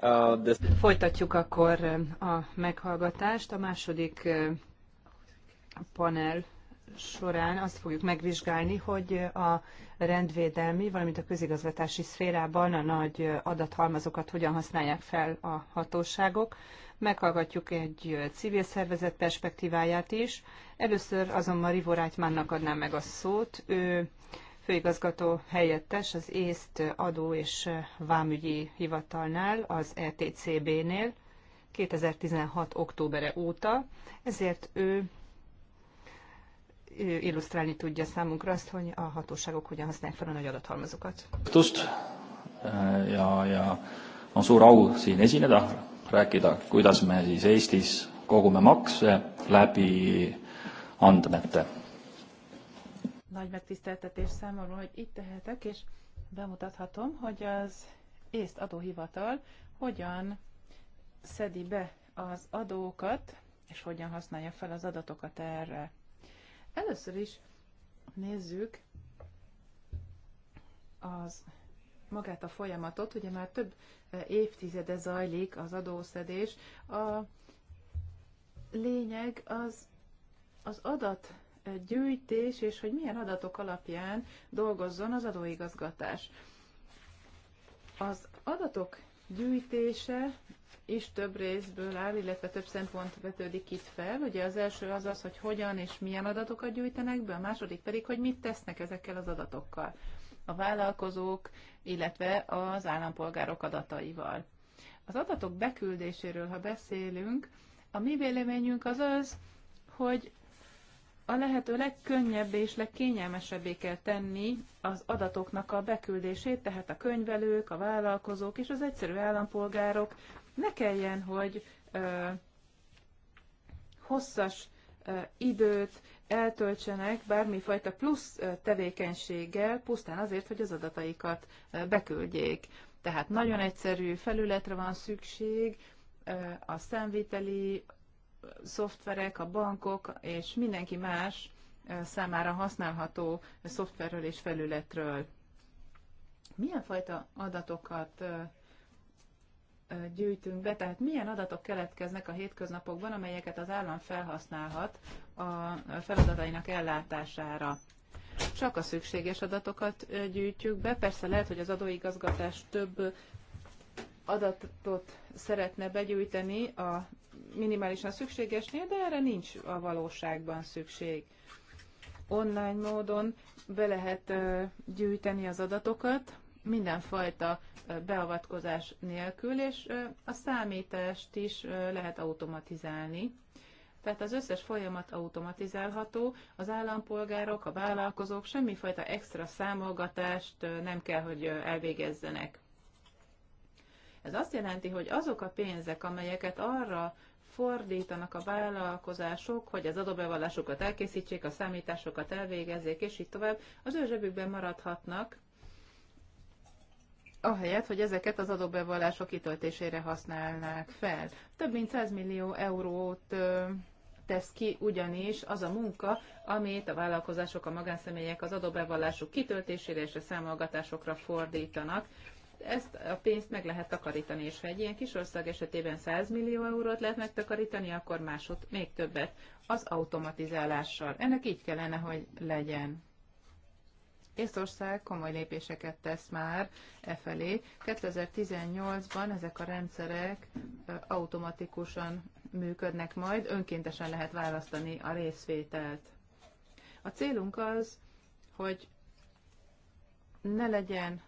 Uh, Folytatjuk akkor um, a meghallgatást. A második um, panel során azt fogjuk megvizsgálni, hogy a rendvédelmi, valamint a közigazgatási szférában a nagy adathalmazokat hogyan használják fel a hatóságok. Meghallgatjuk egy civil szervezet perspektíváját is. Először azonban Rivó Rájtmánnak adnám meg a szót. Ő főigazgató helyettes az észt adó és vámügyi hivatalnál, az ETCB-nél 2016. októbere óta, ezért ő illusztrálni tudja számunkra azt, hogy a hatóságok hogyan használják fel a nagy adathalmazokat. Tust eh, ja, ja on suur au siin esineda, rääkida, kuidas me siis Eestis kogume makse läbi andmete nagy megtiszteltetés számomra, hogy itt tehetek, és bemutathatom, hogy az észt adóhivatal hogyan szedi be az adókat, és hogyan használja fel az adatokat erre. Először is nézzük az magát a folyamatot, ugye már több e, évtizede zajlik az adószedés. A lényeg az az adat gyűjtés, és hogy milyen adatok alapján dolgozzon az adóigazgatás. Az adatok gyűjtése is több részből áll, illetve több szempont vetődik itt fel. Ugye az első az az, hogy hogyan és milyen adatokat gyűjtenek be, a második pedig, hogy mit tesznek ezekkel az adatokkal. A vállalkozók, illetve az állampolgárok adataival. Az adatok beküldéséről, ha beszélünk, a mi véleményünk az az, hogy a lehető legkönnyebb és legkényelmesebbé kell tenni az adatoknak a beküldését, tehát a könyvelők, a vállalkozók és az egyszerű állampolgárok ne kelljen, hogy ö, hosszas ö, időt eltöltsenek bármifajta plusz tevékenységgel, pusztán azért, hogy az adataikat beküldjék. Tehát nagyon egyszerű felületre van szükség, a számviteli, szoftverek, a bankok és mindenki más számára használható szoftverről és felületről. Milyen fajta adatokat gyűjtünk be, tehát milyen adatok keletkeznek a hétköznapokban, amelyeket az állam felhasználhat a feladatainak ellátására. Csak a szükséges adatokat gyűjtjük be, persze lehet, hogy az adóigazgatás több adatot szeretne begyűjteni a minimálisan szükségesnél, de erre nincs a valóságban szükség. Online módon be lehet gyűjteni az adatokat mindenfajta beavatkozás nélkül, és a számítást is lehet automatizálni. Tehát az összes folyamat automatizálható, az állampolgárok, a vállalkozók semmifajta extra számolgatást nem kell, hogy elvégezzenek. Ez azt jelenti, hogy azok a pénzek, amelyeket arra fordítanak a vállalkozások, hogy az adóbevallásokat elkészítsék, a számításokat elvégezzék, és így tovább, az ő zsebükben maradhatnak, ahelyett, hogy ezeket az adóbevallások kitöltésére használnák fel. Több mint 100 millió eurót tesz ki ugyanis az a munka, amit a vállalkozások, a magánszemélyek az adóbevallások kitöltésére és a számolgatásokra fordítanak ezt a pénzt meg lehet takarítani, és ha egy ilyen kis ország esetében 100 millió eurót lehet megtakarítani, akkor másod még többet az automatizálással. Ennek így kellene, hogy legyen. Észország komoly lépéseket tesz már e felé. 2018-ban ezek a rendszerek automatikusan működnek majd, önkéntesen lehet választani a részvételt. A célunk az, hogy ne legyen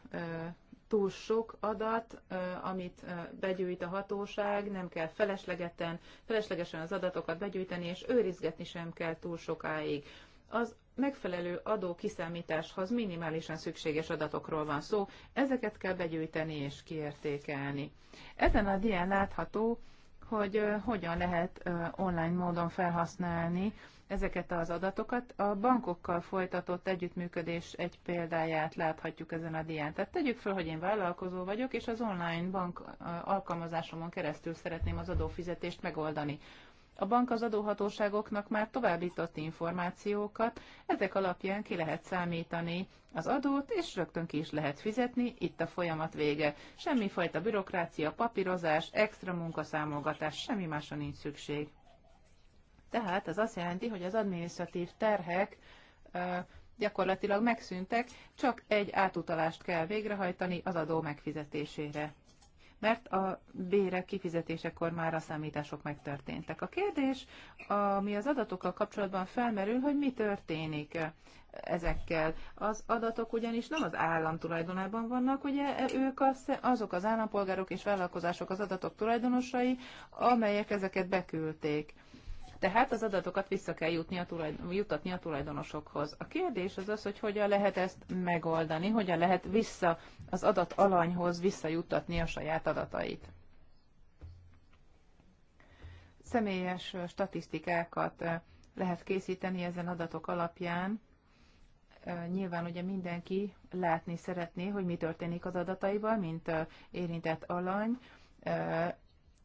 túl sok adat, amit begyűjt a hatóság, nem kell feleslegeten, feleslegesen az adatokat begyűjteni, és őrizgetni sem kell túl sokáig. Az megfelelő adó kiszámításhoz minimálisan szükséges adatokról van szó, ezeket kell begyűjteni és kiértékelni. Ezen a dián látható, hogy hogyan lehet online módon felhasználni ezeket az adatokat. A bankokkal folytatott együttműködés egy példáját láthatjuk ezen a dián. Tehát tegyük fel, hogy én vállalkozó vagyok, és az online bank alkalmazásomon keresztül szeretném az adófizetést megoldani. A bank az adóhatóságoknak már továbbított információkat, ezek alapján ki lehet számítani az adót, és rögtön ki is lehet fizetni, itt a folyamat vége. Semmifajta bürokrácia, papírozás, extra munkaszámolgatás, semmi másra nincs szükség. Tehát ez azt jelenti, hogy az administratív terhek gyakorlatilag megszűntek, csak egy átutalást kell végrehajtani az adó megfizetésére. Mert a bérek kifizetésekor már a számítások megtörténtek. A kérdés, ami az adatokkal kapcsolatban felmerül, hogy mi történik ezekkel. Az adatok ugyanis nem az állam tulajdonában vannak, ugye ők az, azok az állampolgárok és vállalkozások az adatok tulajdonosai, amelyek ezeket beküldték. Tehát az adatokat vissza kell jutni a tulajdon, jutatni a tulajdonosokhoz. A kérdés az az, hogy hogyan lehet ezt megoldani, hogyan lehet vissza az adat alanyhoz visszajuttatni a saját adatait. Személyes statisztikákat lehet készíteni ezen adatok alapján. Nyilván ugye mindenki látni szeretné, hogy mi történik az adataival, mint érintett alany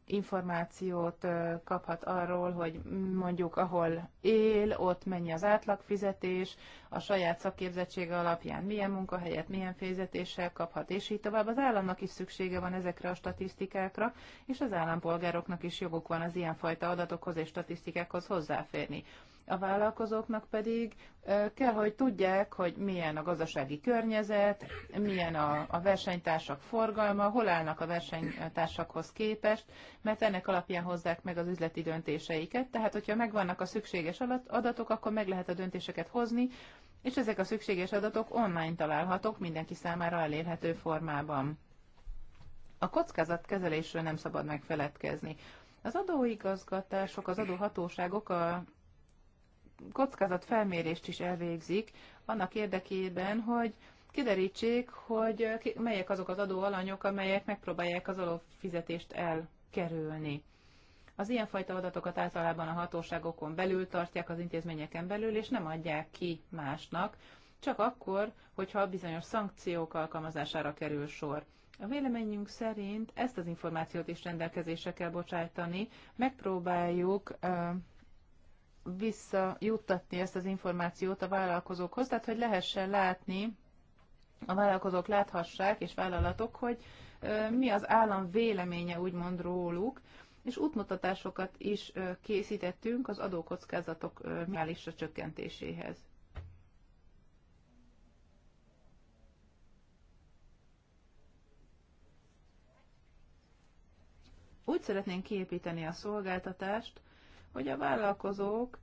információt kaphat arról, hogy mondjuk ahol él, ott mennyi az átlagfizetés, a saját szakképzettsége alapján milyen munkahelyet, milyen fizetéssel kaphat, és így tovább. Az államnak is szüksége van ezekre a statisztikákra, és az állampolgároknak is joguk van az ilyenfajta adatokhoz és statisztikákhoz hozzáférni a vállalkozóknak pedig kell, hogy tudják, hogy milyen a gazdasági környezet, milyen a, a versenytársak forgalma, hol állnak a versenytársakhoz képest, mert ennek alapján hozzák meg az üzleti döntéseiket. Tehát, hogyha megvannak a szükséges adatok, akkor meg lehet a döntéseket hozni, és ezek a szükséges adatok online találhatók mindenki számára elérhető formában. A kockázatkezelésről nem szabad megfeledkezni. Az adóigazgatások, az adóhatóságok a kockázatfelmérést is elvégzik annak érdekében, hogy kiderítsék, hogy melyek azok az adóalanyok, amelyek megpróbálják az adófizetést elkerülni. Az ilyenfajta adatokat általában a hatóságokon belül tartják az intézményeken belül, és nem adják ki másnak, csak akkor, hogyha bizonyos szankciók alkalmazására kerül sor. A véleményünk szerint ezt az információt is rendelkezésre kell bocsájtani, megpróbáljuk visszajuttatni ezt az információt a vállalkozókhoz, tehát hogy lehessen látni, a vállalkozók láthassák, és vállalatok, hogy mi az állam véleménye úgymond róluk, és útmutatásokat is készítettünk az adókockázatok minimálisra csökkentéséhez. Úgy szeretnénk kiépíteni a szolgáltatást, hogy a vállalkozók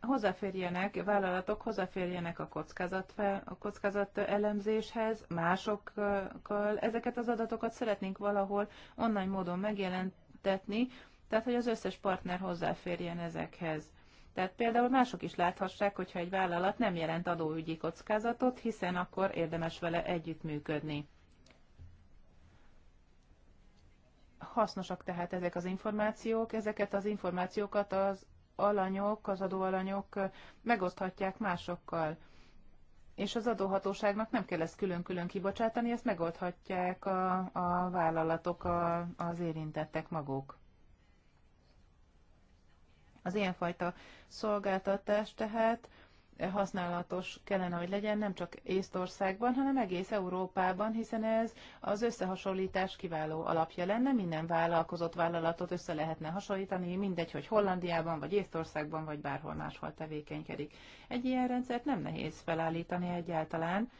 hozzáférjenek, a vállalatok hozzáférjenek a, kockázat fel, a kockázat elemzéshez másokkal. Ezeket az adatokat szeretnénk valahol online módon megjelentetni, tehát hogy az összes partner hozzáférjen ezekhez. Tehát például mások is láthassák, hogyha egy vállalat nem jelent adóügyi kockázatot, hiszen akkor érdemes vele együttműködni. Hasznosak tehát ezek az információk. Ezeket az információkat az alanyok, az adóalanyok megoszthatják másokkal. És az adóhatóságnak nem kell ezt külön-külön kibocsátani, ezt megoldhatják a, a vállalatok, a, az érintettek maguk. Az ilyenfajta szolgáltatás tehát használatos kellene, hogy legyen nem csak Észtországban, hanem egész Európában, hiszen ez az összehasonlítás kiváló alapja lenne, minden vállalkozott vállalatot össze lehetne hasonlítani, mindegy, hogy Hollandiában, vagy Észtországban, vagy bárhol máshol tevékenykedik. Egy ilyen rendszert nem nehéz felállítani egyáltalán,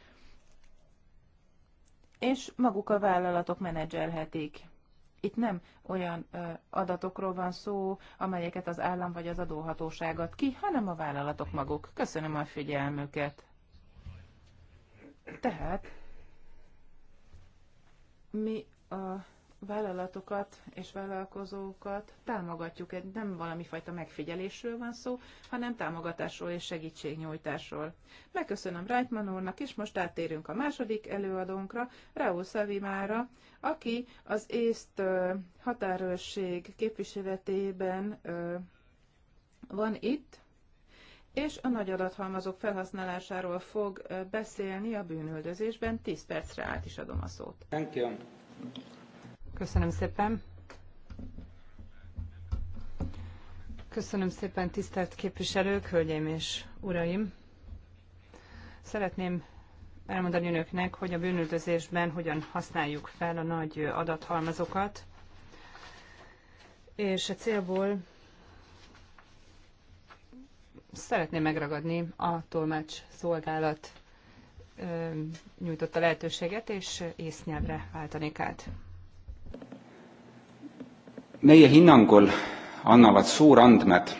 és maguk a vállalatok menedzselhetik itt nem olyan adatokról van szó, amelyeket az állam vagy az adóhatóság ad ki, hanem a vállalatok maguk. Köszönöm a figyelmüket. Tehát mi a vállalatokat és vállalkozókat támogatjuk. Egy nem valami fajta megfigyelésről van szó, hanem támogatásról és segítségnyújtásról. Megköszönöm Reitman úrnak, és most áttérünk a második előadónkra, Raúl Szavimára, aki az észt határőrség képviseletében van itt, és a nagy adathalmazok felhasználásáról fog beszélni a bűnöldözésben. 10 percre át is adom a szót. Thank you. Köszönöm szépen. Köszönöm szépen, tisztelt képviselők, hölgyeim és uraim! Szeretném elmondani önöknek, hogy a bűnöldözésben hogyan használjuk fel a nagy adathalmazokat, és a célból szeretném megragadni a tolmács szolgálat nyújtotta lehetőséget, és észnyelvre váltanék át meie hinnangul annavad suurandmed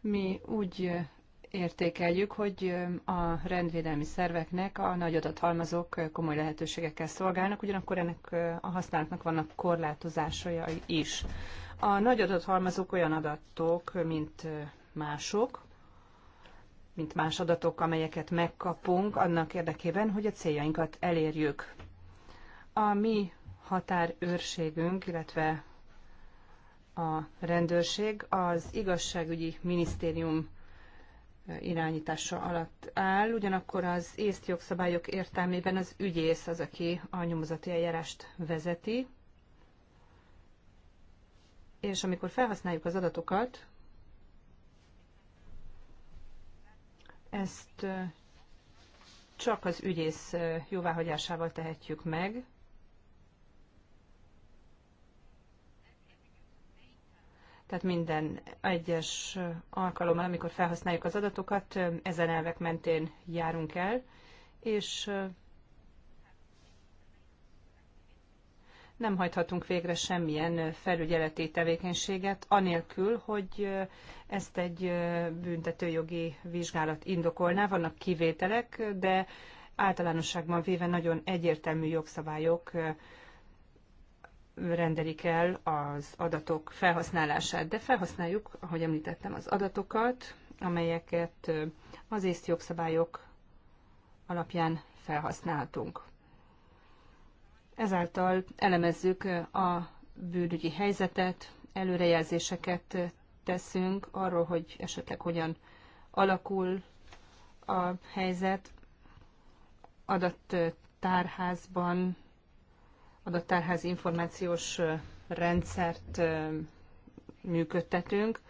mi úgy értékeljük, hogy a rendvédelmi szerveknek a nagy adathalmazok komoly lehetőségekkel szolgálnak, ugyanakkor ennek a használatnak vannak korlátozásai is. A nagy adathalmazok olyan adatok, mint mások, mint más adatok, amelyeket megkapunk annak érdekében, hogy a céljainkat elérjük. A mi határőrségünk, illetve a rendőrség az igazságügyi minisztérium irányítása alatt áll, ugyanakkor az észt jogszabályok értelmében az ügyész az, aki a nyomozati eljárást vezeti, és amikor felhasználjuk az adatokat, ezt csak az ügyész jóváhagyásával tehetjük meg, Tehát minden egyes alkalommal, amikor felhasználjuk az adatokat, ezen elvek mentén járunk el, és nem hajthatunk végre semmilyen felügyeleti tevékenységet, anélkül, hogy ezt egy büntetőjogi vizsgálat indokolná. Vannak kivételek, de általánosságban véve nagyon egyértelmű jogszabályok rendelik el az adatok felhasználását, de felhasználjuk, ahogy említettem, az adatokat, amelyeket az észt jogszabályok alapján felhasználtunk. Ezáltal elemezzük a bűnügyi helyzetet, előrejelzéseket teszünk arról, hogy esetleg hogyan alakul a helyzet adattárházban, adattárház információs rendszert működtetünk.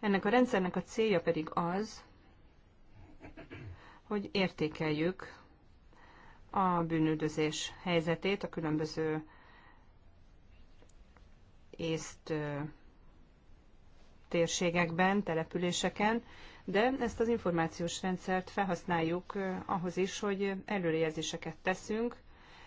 Ennek a rendszernek a célja pedig az, hogy értékeljük a bűnüldözés helyzetét, a különböző észt térségekben, településeken, de ezt az információs rendszert felhasználjuk ahhoz is, hogy előrejelzéseket teszünk,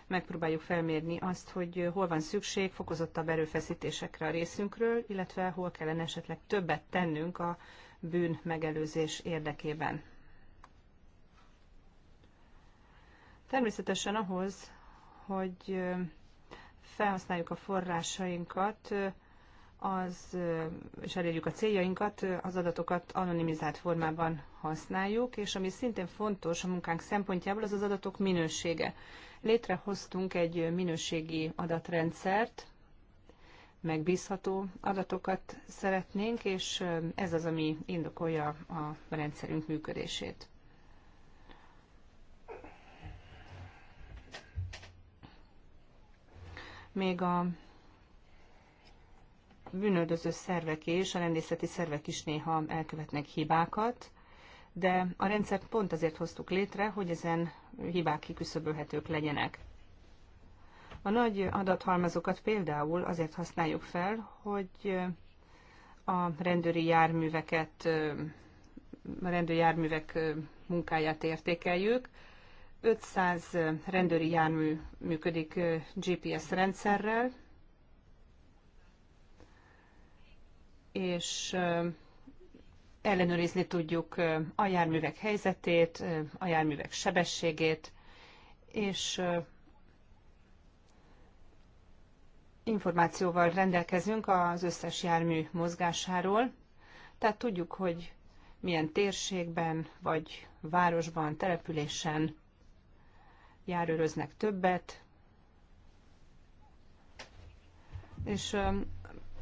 megpróbáljuk felmérni azt, hogy hol van szükség fokozottabb erőfeszítésekre a részünkről, illetve hol kellene esetleg többet tennünk a bűn megelőzés érdekében. Természetesen ahhoz, hogy felhasználjuk a forrásainkat, az, és elérjük a céljainkat, az adatokat anonimizált formában használjuk, és ami szintén fontos a munkánk szempontjából, az az adatok minősége. Létrehoztunk egy minőségi adatrendszert, megbízható adatokat szeretnénk, és ez az, ami indokolja a rendszerünk működését. Még a bűnöldöző szervek és a rendészeti szervek is néha elkövetnek hibákat, de a rendszert pont azért hoztuk létre, hogy ezen hibák kiküszöbölhetők legyenek. A nagy adathalmazokat például azért használjuk fel, hogy a rendőri járműveket, a rendőri járművek munkáját értékeljük. 500 rendőri jármű működik GPS rendszerrel, és ellenőrizni tudjuk a járművek helyzetét, a járművek sebességét, és információval rendelkezünk az összes jármű mozgásáról, tehát tudjuk, hogy milyen térségben, vagy városban, településen járőröznek többet, és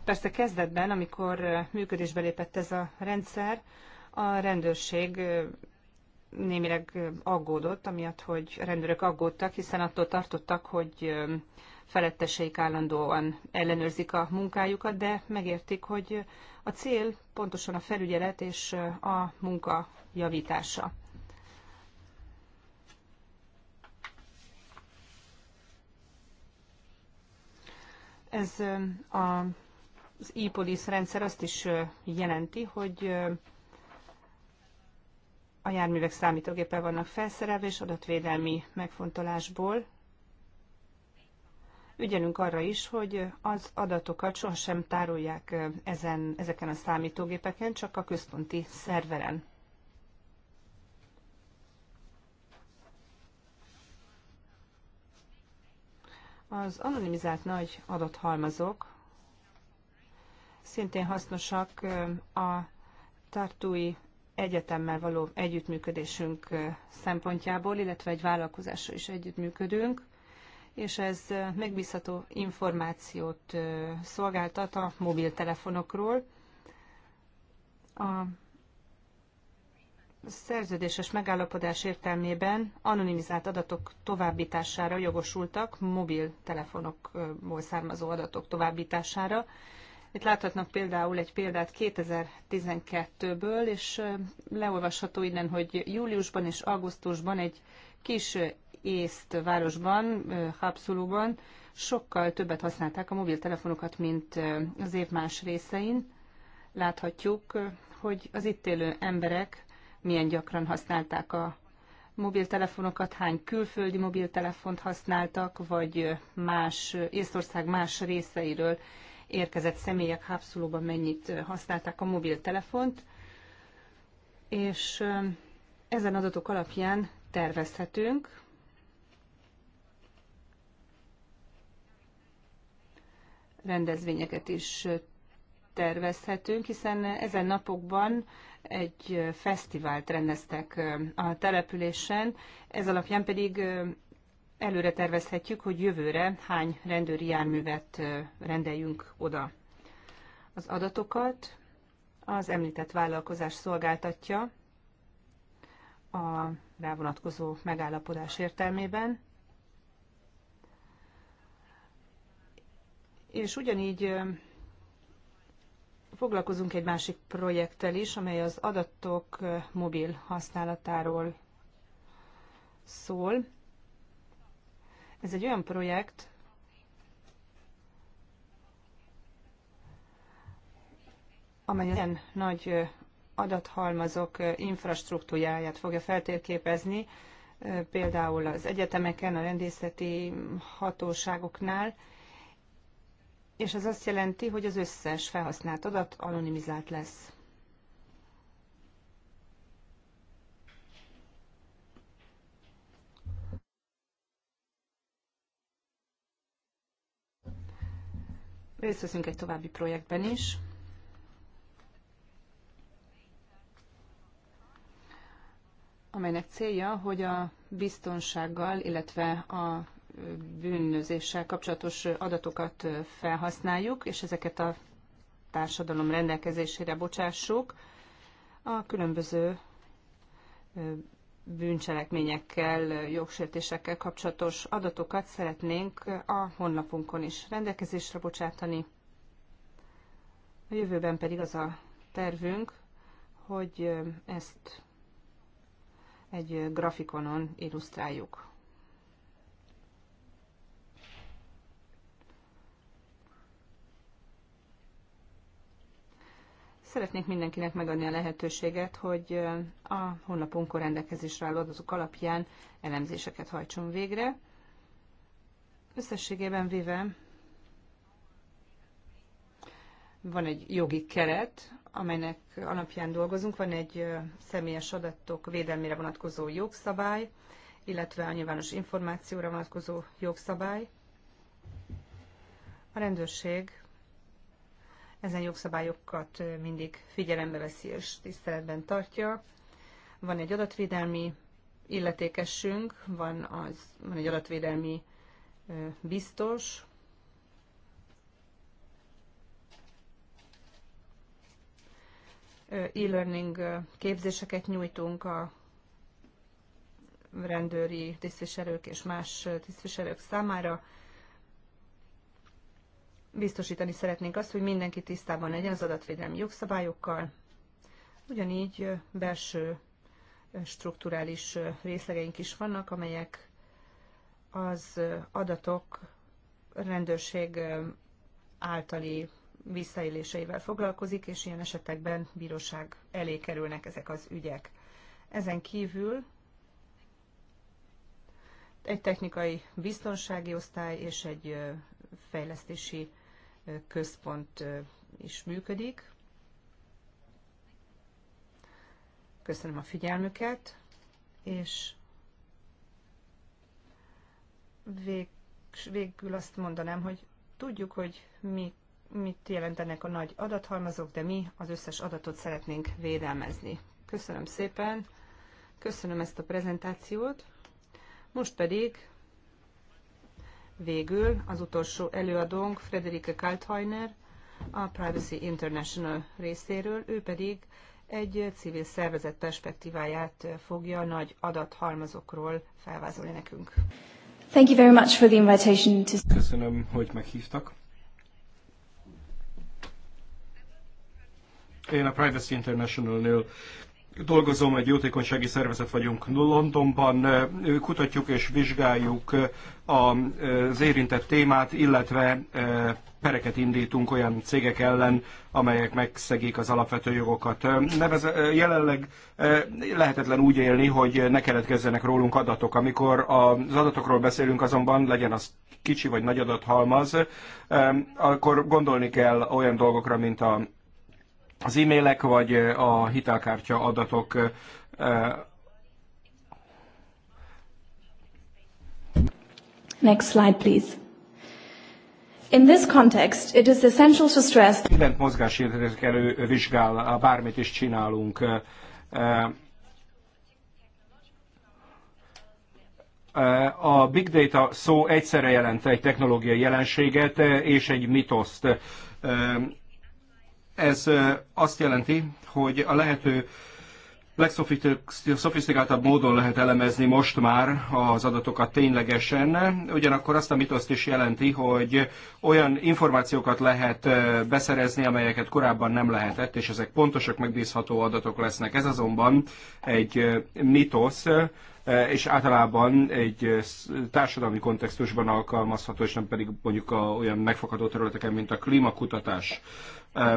Persze kezdetben, amikor működésbe lépett ez a rendszer, a rendőrség némileg aggódott, amiatt, hogy a rendőrök aggódtak, hiszen attól tartottak, hogy feletteseik állandóan ellenőrzik a munkájukat, de megértik, hogy a cél pontosan a felügyelet és a munka javítása. Ez a az e rendszer azt is jelenti, hogy a járművek számítógépe vannak felszerelve, és adatvédelmi megfontolásból ügyelünk arra is, hogy az adatokat sohasem tárolják ezen, ezeken a számítógépeken, csak a központi szerveren. Az anonimizált nagy adathalmazok Szintén hasznosak a Tartui Egyetemmel való együttműködésünk szempontjából, illetve egy vállalkozással is együttműködünk, és ez megbízható információt szolgáltat a mobiltelefonokról. A szerződéses megállapodás értelmében anonimizált adatok továbbítására jogosultak, mobiltelefonokból származó adatok továbbítására, itt láthatnak például egy példát 2012-ből, és leolvasható innen, hogy júliusban és augusztusban egy kis észt városban, Hapszulóban sokkal többet használták a mobiltelefonokat, mint az év más részein. Láthatjuk, hogy az itt élő emberek milyen gyakran használták a mobiltelefonokat, hány külföldi mobiltelefont használtak, vagy más Észország más részeiről érkezett személyek hápszulóban mennyit használták a mobiltelefont, és ezen adatok alapján tervezhetünk, rendezvényeket is tervezhetünk, hiszen ezen napokban egy fesztivált rendeztek a településen, ez alapján pedig előre tervezhetjük, hogy jövőre hány rendőri járművet rendeljünk oda. Az adatokat az említett vállalkozás szolgáltatja a rávonatkozó megállapodás értelmében, és ugyanígy foglalkozunk egy másik projekttel is, amely az adatok mobil használatáról szól. Ez egy olyan projekt, amely ilyen nagy adathalmazok infrastruktúráját fogja feltérképezni, például az egyetemeken, a rendészeti hatóságoknál, és ez azt jelenti, hogy az összes felhasznált adat anonimizált lesz. Részt veszünk egy további projektben is. amelynek célja, hogy a biztonsággal, illetve a bűnözéssel kapcsolatos adatokat felhasználjuk, és ezeket a társadalom rendelkezésére bocsássuk a különböző bűncselekményekkel, jogsértésekkel kapcsolatos adatokat szeretnénk a honlapunkon is rendelkezésre bocsátani. A jövőben pedig az a tervünk, hogy ezt egy grafikonon illusztráljuk. Szeretnék mindenkinek megadni a lehetőséget, hogy a honlapunkon rendelkezésre álló adatok alapján elemzéseket hajtson végre. Összességében véve van egy jogi keret, amelynek alapján dolgozunk, van egy személyes adatok védelmére vonatkozó jogszabály, illetve a nyilvános információra vonatkozó jogszabály. A rendőrség ezen jogszabályokat mindig figyelembe veszi és tiszteletben tartja. Van egy adatvédelmi illetékesünk, van, az, van egy adatvédelmi biztos, e-learning képzéseket nyújtunk a rendőri tisztviselők és más tisztviselők számára biztosítani szeretnénk azt, hogy mindenki tisztában legyen az adatvédelmi jogszabályokkal, ugyanígy belső strukturális részlegeink is vannak, amelyek az adatok rendőrség általi visszaéléseivel foglalkozik, és ilyen esetekben bíróság elé kerülnek ezek az ügyek. Ezen kívül egy technikai biztonsági osztály és egy fejlesztési központ is működik. Köszönöm a figyelmüket, és vég, végül azt mondanám, hogy tudjuk, hogy mi, mit jelentenek a nagy adathalmazok, de mi az összes adatot szeretnénk védelmezni. Köszönöm szépen, köszönöm ezt a prezentációt, most pedig Végül az utolsó előadónk Frederike Kaltheiner a Privacy International részéről, ő pedig egy civil szervezet perspektíváját fogja nagy adathalmazokról felvázolni nekünk. Thank you very much for the invitation to... Köszönöm, hogy meghívtak. Én a Privacy International-nél dolgozom, egy jótékonysági szervezet vagyunk Londonban, kutatjuk és vizsgáljuk az érintett témát, illetve pereket indítunk olyan cégek ellen, amelyek megszegik az alapvető jogokat. Nevez, jelenleg lehetetlen úgy élni, hogy ne keletkezzenek rólunk adatok. Amikor az adatokról beszélünk azonban, legyen az kicsi vagy nagy adathalmaz, akkor gondolni kell olyan dolgokra, mint a az e-mailek vagy a hitelkártya adatok Next slide, please. In this context, it is essential to stress... Mindent mozgásérzékelő vizsgál, bármit is csinálunk. A big data szó egyszerre jelent egy technológiai jelenséget és egy mitoszt. Ez azt jelenti, hogy a lehető legszofisztikáltabb módon lehet elemezni most már az adatokat ténylegesen, ugyanakkor azt a mitoszt is jelenti, hogy olyan információkat lehet beszerezni, amelyeket korábban nem lehetett, és ezek pontosak, megbízható adatok lesznek. Ez azonban egy mitosz, és általában egy társadalmi kontextusban alkalmazható, és nem pedig mondjuk a, olyan megfogható területeken, mint a klímakutatás. A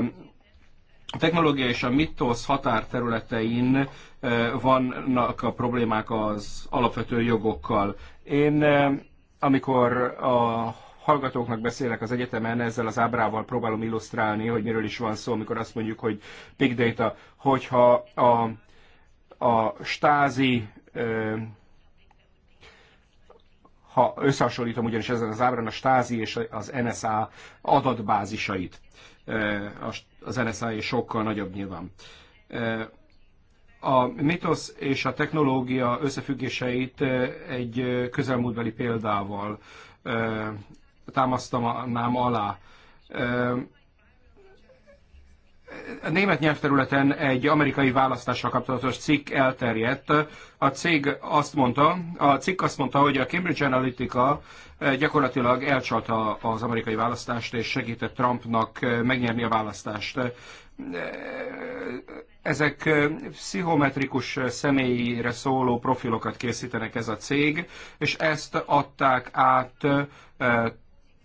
technológia és a mitosz határterületein eh, vannak a problémák az alapvető jogokkal. Én, eh, amikor a hallgatóknak beszélek az egyetemen, ezzel az ábrával próbálom illusztrálni, hogy miről is van szó, amikor azt mondjuk, hogy big data, hogyha a, a stázi eh, ha összehasonlítom ugyanis ezen az ábrán a stázi és az NSA adatbázisait az NSA és sokkal nagyobb nyilván. A mitosz és a technológia összefüggéseit egy közelmúltbeli példával támasztanám alá a német nyelvterületen egy amerikai választással kapcsolatos cikk elterjedt. A cég azt mondta, a cikk azt mondta, hogy a Cambridge Analytica eh, gyakorlatilag elcsalta az amerikai választást, és segített Trumpnak eh, megnyerni a választást. Eh, ezek pszichometrikus személyre szóló profilokat készítenek ez a cég, és ezt adták át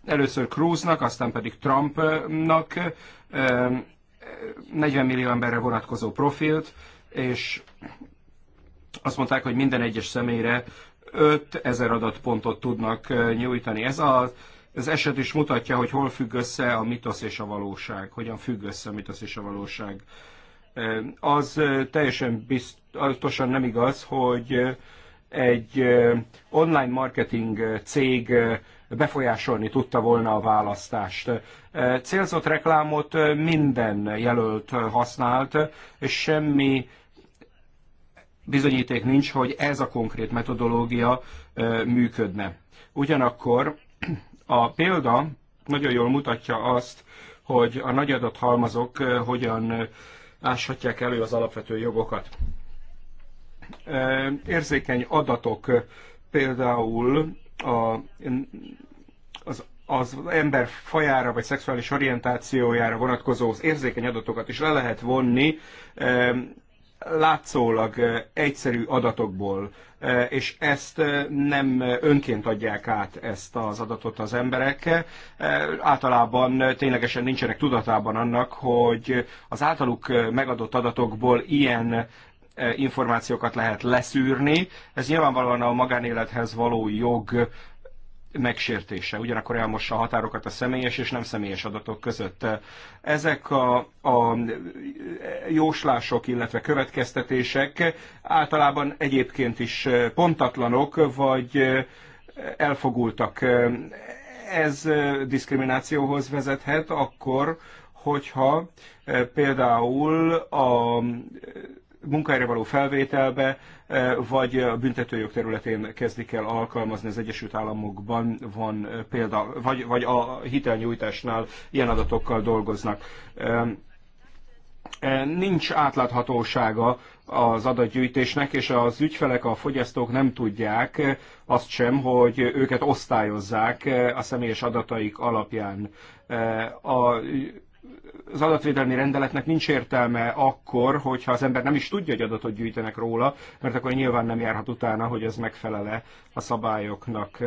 először Cruznak, aztán pedig Trumpnak 40 millió emberre vonatkozó profilt, és azt mondták, hogy minden egyes személyre 5000 adatpontot tudnak nyújtani. Ez a, az eset is mutatja, hogy hol függ össze a mitosz és a valóság, hogyan függ össze a mitosz és a valóság. Az teljesen biztosan nem igaz, hogy egy online marketing cég befolyásolni tudta volna a választást. E, célzott reklámot e, minden jelölt használt, és semmi bizonyíték nincs, hogy ez a konkrét metodológia e, működne. Ugyanakkor a példa nagyon jól mutatja azt, hogy a nagy adathalmazok hogyan áshatják elő az alapvető jogokat. Érzékeny adatok például a, az, az ember fajára vagy szexuális orientációjára vonatkozó érzékeny adatokat is le lehet vonni eh, látszólag eh, egyszerű adatokból, eh, és ezt nem önként adják át ezt az adatot az emberek. Általában ténylegesen nincsenek tudatában annak, hogy az általuk megadott adatokból ilyen információkat lehet leszűrni. Ez nyilvánvalóan a magánélethez való jog megsértése. Ugyanakkor elmossa a határokat a személyes és nem személyes adatok között. Ezek a, a jóslások, illetve következtetések általában egyébként is pontatlanok, vagy elfogultak. Ez diszkriminációhoz vezethet akkor, hogyha például a munkára való felvételbe, e, vagy a büntetőjog területén kezdik el alkalmazni. Az Egyesült Államokban van e, példa, vagy, vagy a hitelnyújtásnál ilyen adatokkal dolgoznak. E, nincs átláthatósága az adatgyűjtésnek, és az ügyfelek, a fogyasztók nem tudják azt sem, hogy őket osztályozzák a személyes adataik alapján. A az adatvédelmi rendeletnek nincs értelme akkor, hogyha az ember nem is tudja, hogy adatot gyűjtenek róla, mert akkor nyilván nem járhat utána, hogy ez megfelele a szabályoknak.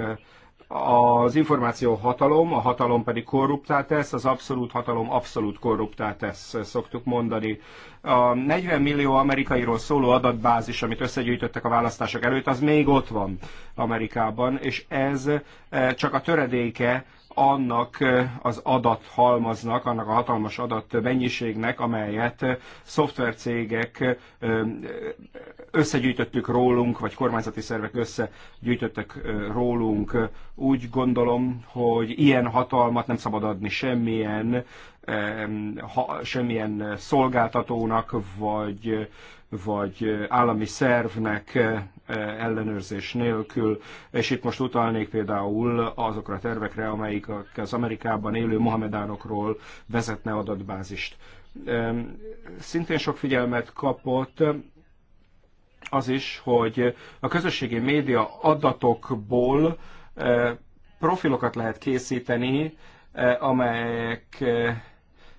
Az információ hatalom, a hatalom pedig korruptá tesz, az abszolút hatalom abszolút korruptá tesz, szoktuk mondani. A 40 millió amerikairól szóló adatbázis, amit összegyűjtöttek a választások előtt, az még ott van Amerikában, és ez eh, csak a töredéke annak az adathalmaznak, annak a hatalmas mennyiségnek, amelyet szoftvercégek összegyűjtöttük rólunk, vagy kormányzati szervek összegyűjtöttek rólunk. Úgy gondolom, hogy ilyen hatalmat nem szabad adni semmilyen, semmilyen szolgáltatónak, vagy vagy állami szervnek ellenőrzés nélkül, és itt most utalnék például azokra a tervekre, amelyik az Amerikában élő mohamedánokról vezetne adatbázist. Szintén sok figyelmet kapott az is, hogy a közösségi média adatokból profilokat lehet készíteni, amelyek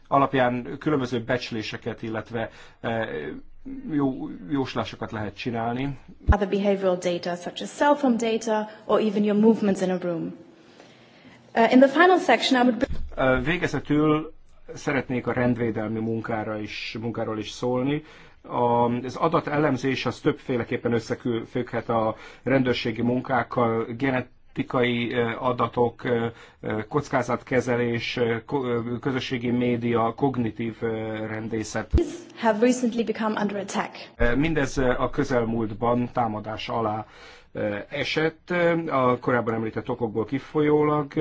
alapján különböző becsléseket, illetve jó jóslásokat lehet csinálni. Other behavioral data, such as cell phone data, or even your movements in a room. Uh, in the final section, I would... Uh, végezetül szeretnék a rendvédelmi munkára is, munkáról is szólni. A, az adatelemzés az többféleképpen összefügghet a rendőrségi munkákkal, genet, statisztikai adatok, kockázatkezelés, közösségi média, kognitív rendészet. Have recently become under attack. Mindez a közelmúltban támadás alá esett, a korábban említett okokból kifolyólag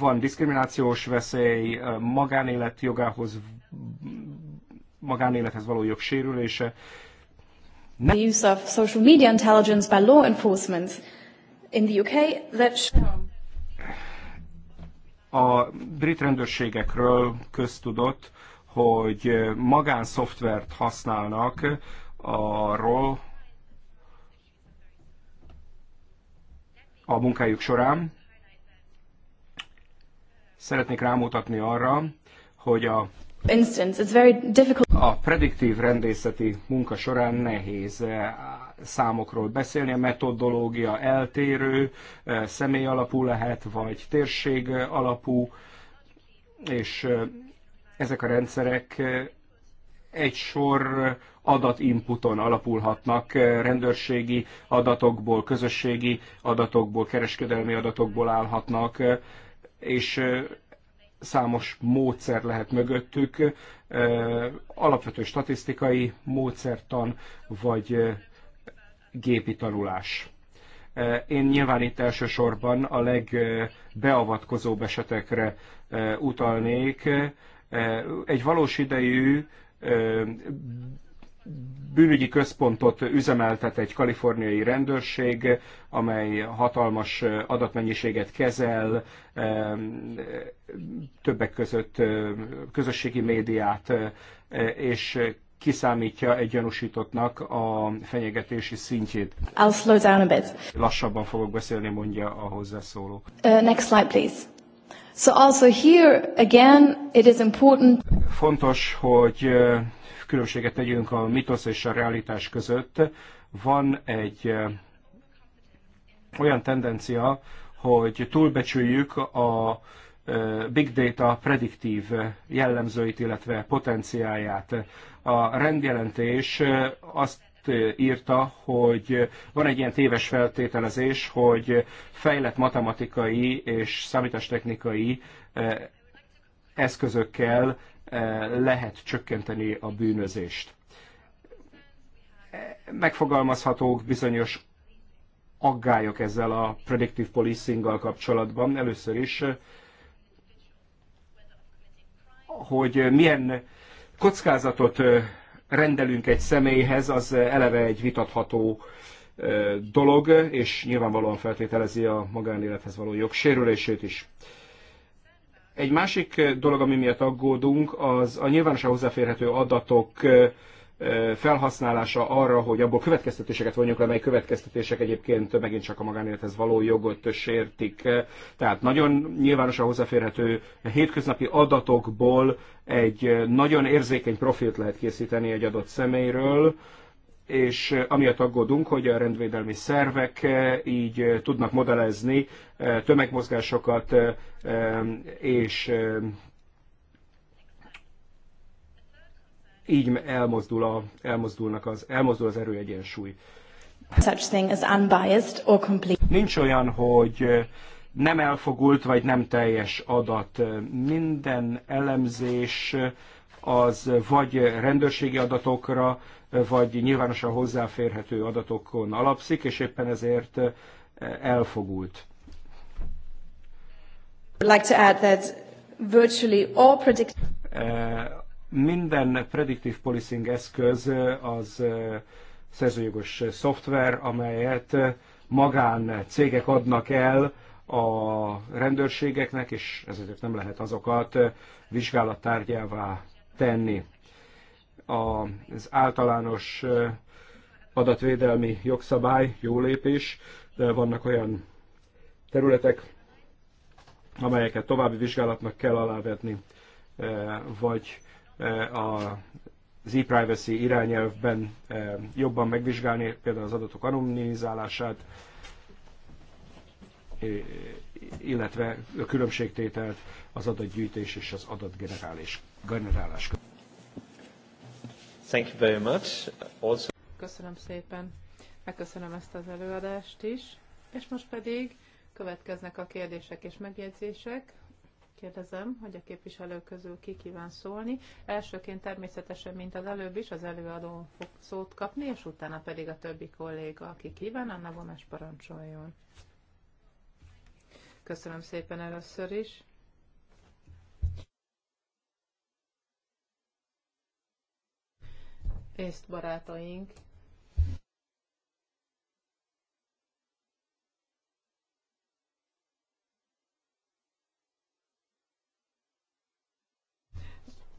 van diszkriminációs veszély, magánélet jogához, magánélethez való jog sérülése. The use of social media intelligence by law enforcement in the UK that a brit rendőrségekről köztudott, hogy magánszoftvert használnak arról a munkájuk során. Szeretnék rámutatni arra, hogy a a prediktív rendészeti munka során nehéz számokról beszélni. A metodológia eltérő, személy alapú lehet, vagy térség alapú, és ezek a rendszerek egy sor adatinputon alapulhatnak, rendőrségi adatokból, közösségi adatokból, kereskedelmi adatokból állhatnak, és számos módszer lehet mögöttük, alapvető statisztikai módszertan, vagy gépi tanulás. E, én nyilván itt elsősorban a legbeavatkozóbb esetekre e, utalnék. E, egy valós idejű bűnügyi központot üzemeltet egy kaliforniai rendőrség, amely hatalmas adatmennyiséget kezel, többek között közösségi médiát, és kiszámítja egy gyanúsítottnak a fenyegetési szintjét. I'll slow down a bit. Lassabban fogok beszélni, mondja a hozzászóló. Uh, next slide, please. So also here again it is important. Fontos, hogy uh, különbséget tegyünk a mitosz és a realitás között. Van egy uh, olyan tendencia, hogy túlbecsüljük a uh, big data prediktív jellemzőit, illetve potenciáját. A rendjelentés azt írta, hogy van egy ilyen téves feltételezés, hogy fejlett matematikai és számítástechnikai eszközökkel lehet csökkenteni a bűnözést. Megfogalmazhatók bizonyos aggályok ezzel a predictive policing kapcsolatban. Először is, hogy milyen kockázatot rendelünk egy személyhez, az eleve egy vitatható dolog, és nyilvánvalóan feltételezi a magánélethez való jogsérülését is. Egy másik dolog, ami miatt aggódunk, az a nyilvánosan hozzáférhető adatok felhasználása arra, hogy abból következtetéseket vonjunk le, mely következtetések egyébként megint csak a magánélethez való jogot sértik. Tehát nagyon nyilvánosan hozzáférhető hétköznapi adatokból egy nagyon érzékeny profilt lehet készíteni egy adott személyről, és amiatt aggódunk, hogy a rendvédelmi szervek így tudnak modellezni tömegmozgásokat és így elmozdul, a, elmozdulnak az, elmozdul az erőegyensúly. Such thing as unbiased or complete. Nincs olyan, hogy nem elfogult vagy nem teljes adat. Minden elemzés az vagy rendőrségi adatokra, vagy nyilvánosan hozzáférhető adatokon alapszik, és éppen ezért elfogult. Like to add that virtually all predict- minden prediktív policing eszköz az szerzőjogos szoftver, amelyet magán cégek adnak el a rendőrségeknek, és ezért nem lehet azokat vizsgálattárgyává tenni. Az általános adatvédelmi jogszabály jó lépés, de vannak olyan területek, amelyeket további vizsgálatnak kell alávetni, vagy az e-privacy irányelvben e, jobban megvizsgálni, például az adatok anonimizálását, e, illetve a különbségtételt az adatgyűjtés és az adatgenerálás generálás. Thank you very much. Also... Köszönöm szépen. Megköszönöm ezt az előadást is. És most pedig következnek a kérdések és megjegyzések megkérdezem, hogy a képviselők közül ki kíván szólni. Elsőként természetesen, mint az előbb is, az előadó fog szót kapni, és utána pedig a többi kolléga, aki kíván, Anna Gomes parancsoljon. Köszönöm szépen először is. Észt barátaink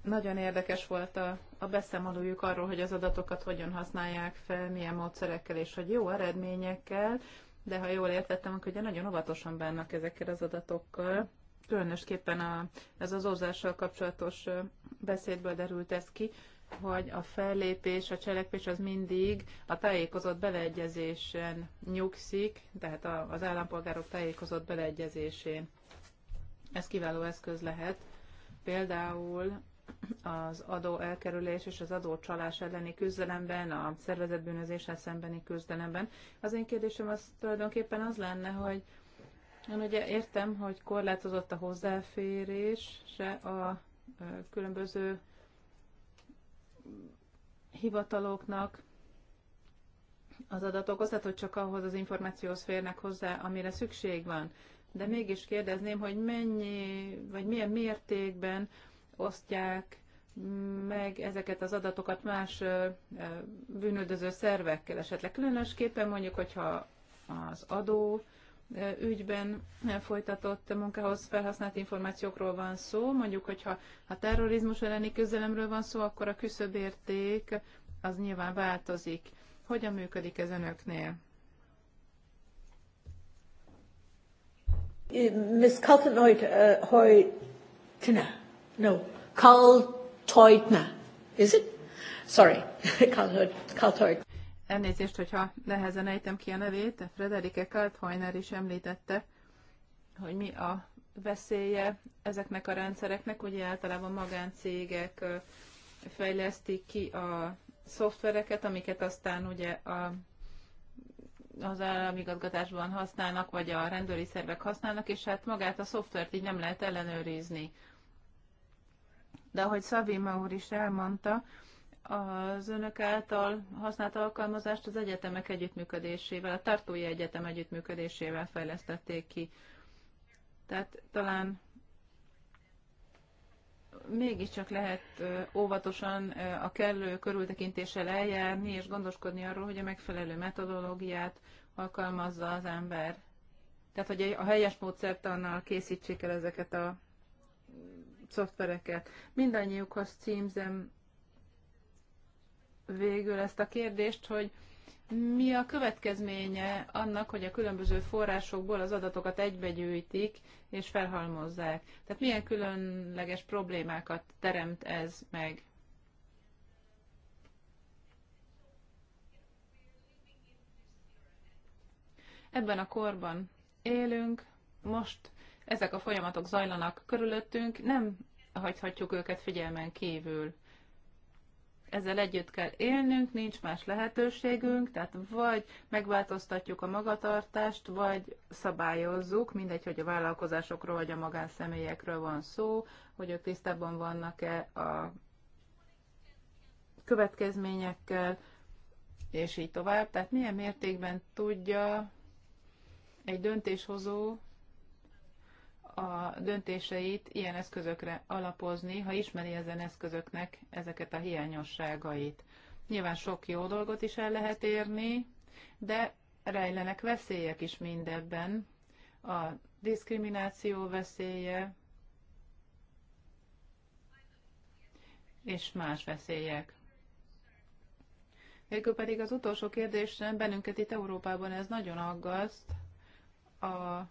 Nagyon érdekes volt a, a beszámolójuk arról, hogy az adatokat hogyan használják fel, milyen módszerekkel, és hogy jó eredményekkel, de ha jól értettem, akkor ugye nagyon óvatosan bánnak ezekkel az adatokkal. Különösképpen a, ez az ózással kapcsolatos beszédből derült ez ki, hogy a fellépés, a cselekvés az mindig a tájékozott beleegyezésen nyugszik, tehát az állampolgárok tájékozott beleegyezésén. Ez kiváló eszköz lehet. Például az adó elkerülés és az adócsalás elleni küzdelemben, a szervezetbűnözéssel szembeni küzdelemben. Az én kérdésem az tulajdonképpen az lenne, hogy én ugye értem, hogy korlátozott a hozzáférés se a különböző hivataloknak az adatokhoz, tehát hogy csak ahhoz az információhoz férnek hozzá, amire szükség van. De mégis kérdezném, hogy mennyi, vagy milyen mértékben osztják meg ezeket az adatokat más bűnöldöző szervekkel esetleg. Különösképpen mondjuk, hogyha az adó ügyben folytatott munkához felhasznált információkról van szó, mondjuk, hogyha a terrorizmus elleni közelemről van szó, akkor a küszöbérték az nyilván változik. Hogyan működik ez önöknél? Ms. Kaltenhoyt, uh, no, Karl Teutner, is it? Sorry, Karl, (laughs) Karl Teutner. Elnézést, hogyha nehezen ejtem ki a nevét, Frederike Kalthojner is említette, hogy mi a veszélye ezeknek a rendszereknek, ugye általában magáncégek fejlesztik ki a szoftvereket, amiket aztán ugye a, az államigazgatásban használnak, vagy a rendőri szervek használnak, és hát magát a szoftvert így nem lehet ellenőrizni de ahogy Szavima úr is elmondta, az önök által használt alkalmazást az egyetemek együttműködésével, a Tartói Egyetem együttműködésével fejlesztették ki. Tehát talán mégiscsak lehet óvatosan a kellő körültekintéssel eljárni, és gondoskodni arról, hogy a megfelelő metodológiát alkalmazza az ember. Tehát, hogy a helyes módszertannal készítsék el ezeket a szoftvereket. Mindannyiukhoz címzem végül ezt a kérdést, hogy mi a következménye annak, hogy a különböző forrásokból az adatokat egybegyűjtik és felhalmozzák? Tehát milyen különleges problémákat teremt ez meg? Ebben a korban élünk, most ezek a folyamatok zajlanak körülöttünk, nem hagyhatjuk őket figyelmen kívül. Ezzel együtt kell élnünk, nincs más lehetőségünk, tehát vagy megváltoztatjuk a magatartást, vagy szabályozzuk, mindegy, hogy a vállalkozásokról vagy a magánszemélyekről van szó, hogy ők tisztában vannak-e a következményekkel, és így tovább. Tehát milyen mértékben tudja egy döntéshozó a döntéseit ilyen eszközökre alapozni, ha ismeri ezen eszközöknek ezeket a hiányosságait. Nyilván sok jó dolgot is el lehet érni, de rejlenek veszélyek is mindebben. A diszkrimináció veszélye, és más veszélyek. Végül pedig az utolsó kérdésre bennünket itt Európában ez nagyon aggaszt, a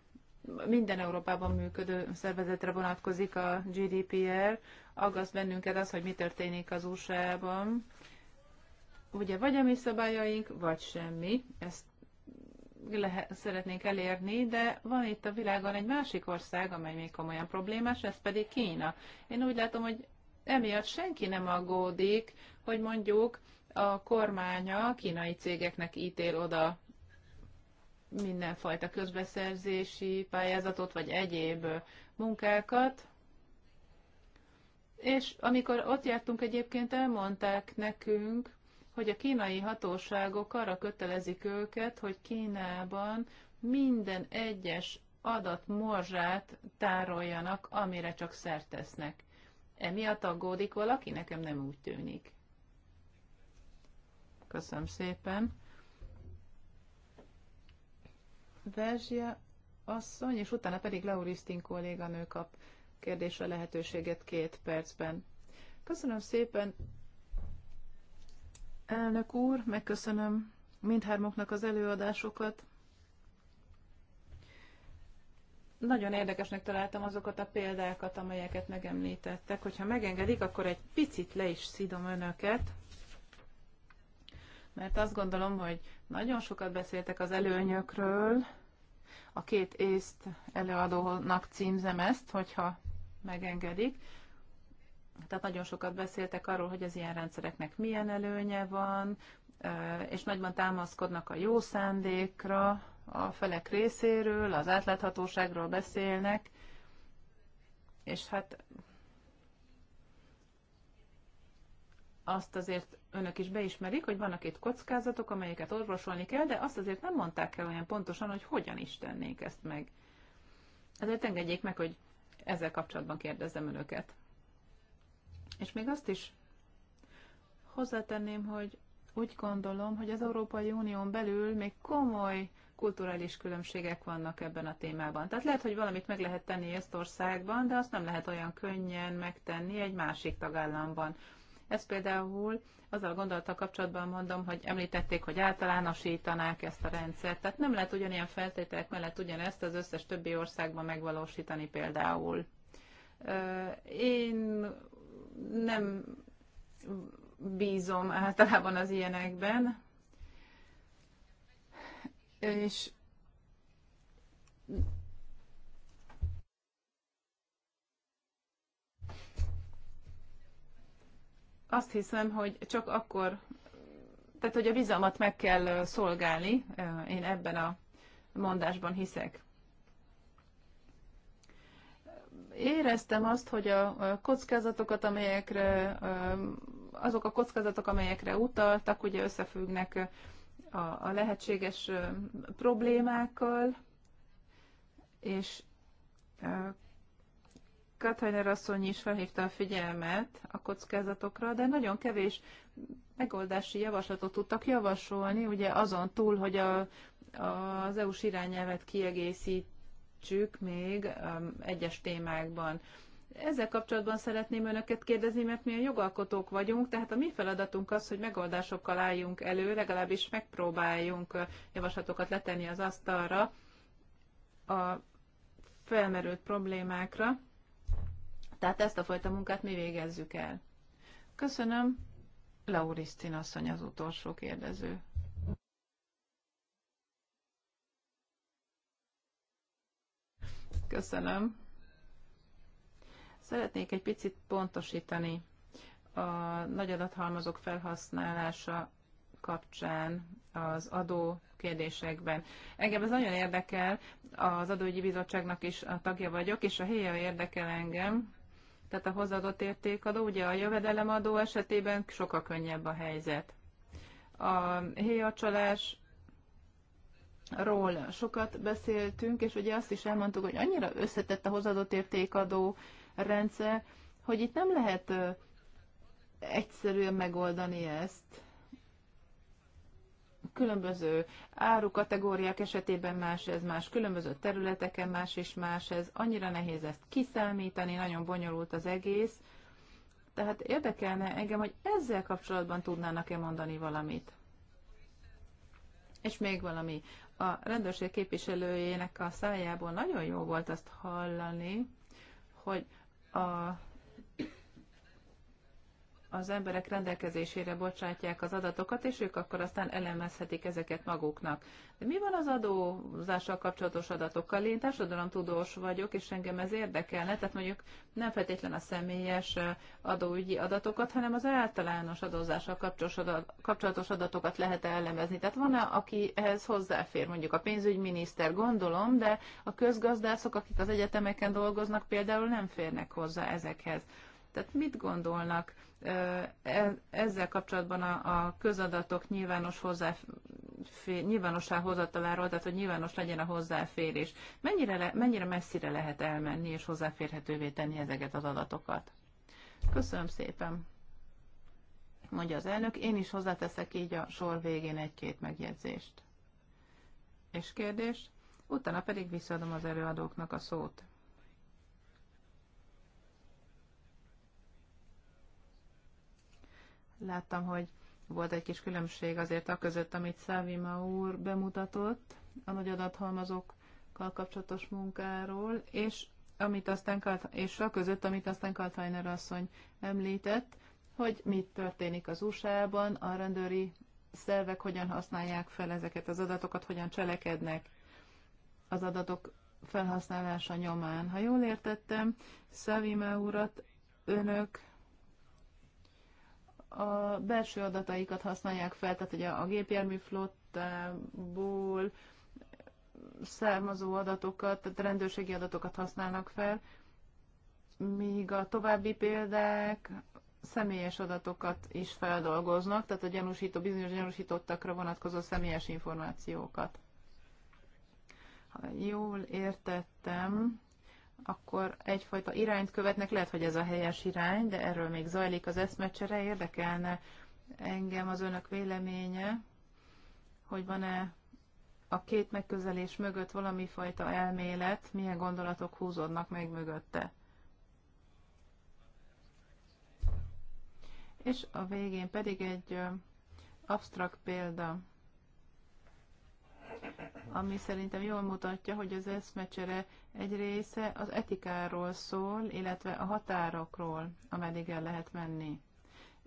minden Európában működő szervezetre vonatkozik a GDPR. Aggaszt bennünket az, hogy mi történik az USA-ban. Ugye vagy a mi szabályaink, vagy semmi. Ezt lehet, szeretnénk elérni, de van itt a világon egy másik ország, amely még komolyan problémás, ez pedig Kína. Én úgy látom, hogy emiatt senki nem aggódik, hogy mondjuk a kormánya kínai cégeknek ítél oda mindenfajta közbeszerzési pályázatot, vagy egyéb munkákat. És amikor ott jártunk egyébként, elmondták nekünk, hogy a kínai hatóságok arra kötelezik őket, hogy Kínában minden egyes adat morzsát tároljanak, amire csak szert tesznek. Emiatt aggódik valaki? Nekem nem úgy tűnik. Köszönöm szépen. Verzsia asszony, és utána pedig Laurisztin kolléganő kap kérdésre lehetőséget két percben. Köszönöm szépen, elnök úr, megköszönöm mindhármoknak az előadásokat. Nagyon érdekesnek találtam azokat a példákat, amelyeket megemlítettek. Hogyha megengedik, akkor egy picit le is szidom önöket mert azt gondolom, hogy nagyon sokat beszéltek az előnyökről, a két észt előadónak címzem ezt, hogyha megengedik. Tehát nagyon sokat beszéltek arról, hogy az ilyen rendszereknek milyen előnye van, és nagyban támaszkodnak a jó szándékra a felek részéről, az átláthatóságról beszélnek, és hát azt azért önök is beismerik, hogy vannak itt kockázatok, amelyeket orvosolni kell, de azt azért nem mondták el olyan pontosan, hogy hogyan is tennék ezt meg. Ezért engedjék meg, hogy ezzel kapcsolatban kérdezzem önöket. És még azt is hozzátenném, hogy úgy gondolom, hogy az Európai Unión belül még komoly kulturális különbségek vannak ebben a témában. Tehát lehet, hogy valamit meg lehet tenni ezt országban, de azt nem lehet olyan könnyen megtenni egy másik tagállamban. Ez például azzal a gondolattal kapcsolatban mondom, hogy említették, hogy általánosítanák ezt a rendszert. Tehát nem lehet ugyanilyen feltételek mellett ugyanezt az összes többi országban megvalósítani például. Én nem bízom általában az ilyenekben, és azt hiszem, hogy csak akkor, tehát hogy a bizalmat meg kell szolgálni, én ebben a mondásban hiszek. Éreztem azt, hogy a kockázatokat, amelyekre, azok a kockázatok, amelyekre utaltak, ugye összefüggnek a, a lehetséges problémákkal, és Katajner asszony is felhívta a figyelmet a kockázatokra, de nagyon kevés megoldási javaslatot tudtak javasolni, ugye azon túl, hogy a, a, az EU-s irányelvet kiegészítsük még um, egyes témákban. Ezzel kapcsolatban szeretném önöket kérdezni, mert mi a jogalkotók vagyunk, tehát a mi feladatunk az, hogy megoldásokkal álljunk elő, legalábbis megpróbáljunk javaslatokat letenni az asztalra a felmerült problémákra tehát ezt a fajta munkát mi végezzük el. Köszönöm. Laurisztin asszony az utolsó kérdező. Köszönöm. Szeretnék egy picit pontosítani a nagy adathalmazok felhasználása kapcsán az adó kérdésekben. Engem ez nagyon érdekel, az adóügyi bizottságnak is a tagja vagyok, és a helye érdekel engem, tehát a hozadott értékadó, ugye a jövedelemadó esetében sokkal könnyebb a helyzet. A héjacsalás ról sokat beszéltünk, és ugye azt is elmondtuk, hogy annyira összetett a hozadott értékadó rendszer, hogy itt nem lehet egyszerűen megoldani ezt különböző árukategóriák esetében más ez, más különböző területeken más és más ez. Annyira nehéz ezt kiszámítani, nagyon bonyolult az egész. Tehát érdekelne engem, hogy ezzel kapcsolatban tudnának-e mondani valamit. És még valami. A rendőrség képviselőjének a szájából nagyon jó volt azt hallani, hogy a az emberek rendelkezésére bocsátják az adatokat, és ők akkor aztán elemezhetik ezeket maguknak. De mi van az adózással kapcsolatos adatokkal? Én társadalomtudós vagyok, és engem ez érdekelne, tehát mondjuk nem feltétlen a személyes eh, adóügyi adatokat, hanem az általános adózással kapcsolatos adatokat lehet -e elemezni. Tehát van -e, aki ehhez hozzáfér, mondjuk a pénzügyminiszter, gondolom, de a közgazdászok, akik az egyetemeken dolgoznak, például nem férnek hozzá ezekhez. Tehát mit gondolnak e, ezzel kapcsolatban a, közadatok nyilvános hozzáfér, nyilvánossá hozataláról, tehát hogy nyilvános legyen a hozzáférés? Mennyire, le, mennyire messzire lehet elmenni és hozzáférhetővé tenni ezeket az adatokat? Köszönöm szépen! mondja az elnök, én is hozzáteszek így a sor végén egy-két megjegyzést. És kérdés? Utána pedig visszaadom az előadóknak a szót. láttam, hogy volt egy kis különbség azért a között, amit Szávima úr bemutatott a nagy adathalmazokkal kapcsolatos munkáról, és amit aztán, és a között, amit aztán Kaltweiner asszony említett, hogy mit történik az USA-ban, a rendőri szervek hogyan használják fel ezeket az adatokat, hogyan cselekednek az adatok felhasználása nyomán. Ha jól értettem, Szavime urat önök a belső adataikat használják fel, tehát ugye a gépjármű flottából származó adatokat, tehát rendőrségi adatokat használnak fel, míg a további példák személyes adatokat is feldolgoznak, tehát a gyanúsító, bizonyos gyanúsítottakra vonatkozó személyes információkat. Ha jól értettem, akkor egyfajta irányt követnek, lehet, hogy ez a helyes irány, de erről még zajlik az eszmecsere, érdekelne engem az önök véleménye, hogy van-e a két megközelés mögött valami fajta elmélet, milyen gondolatok húzódnak meg mögötte. És a végén pedig egy absztrakt példa ami szerintem jól mutatja, hogy az eszmecsere egy része az etikáról szól, illetve a határokról, ameddig el lehet menni.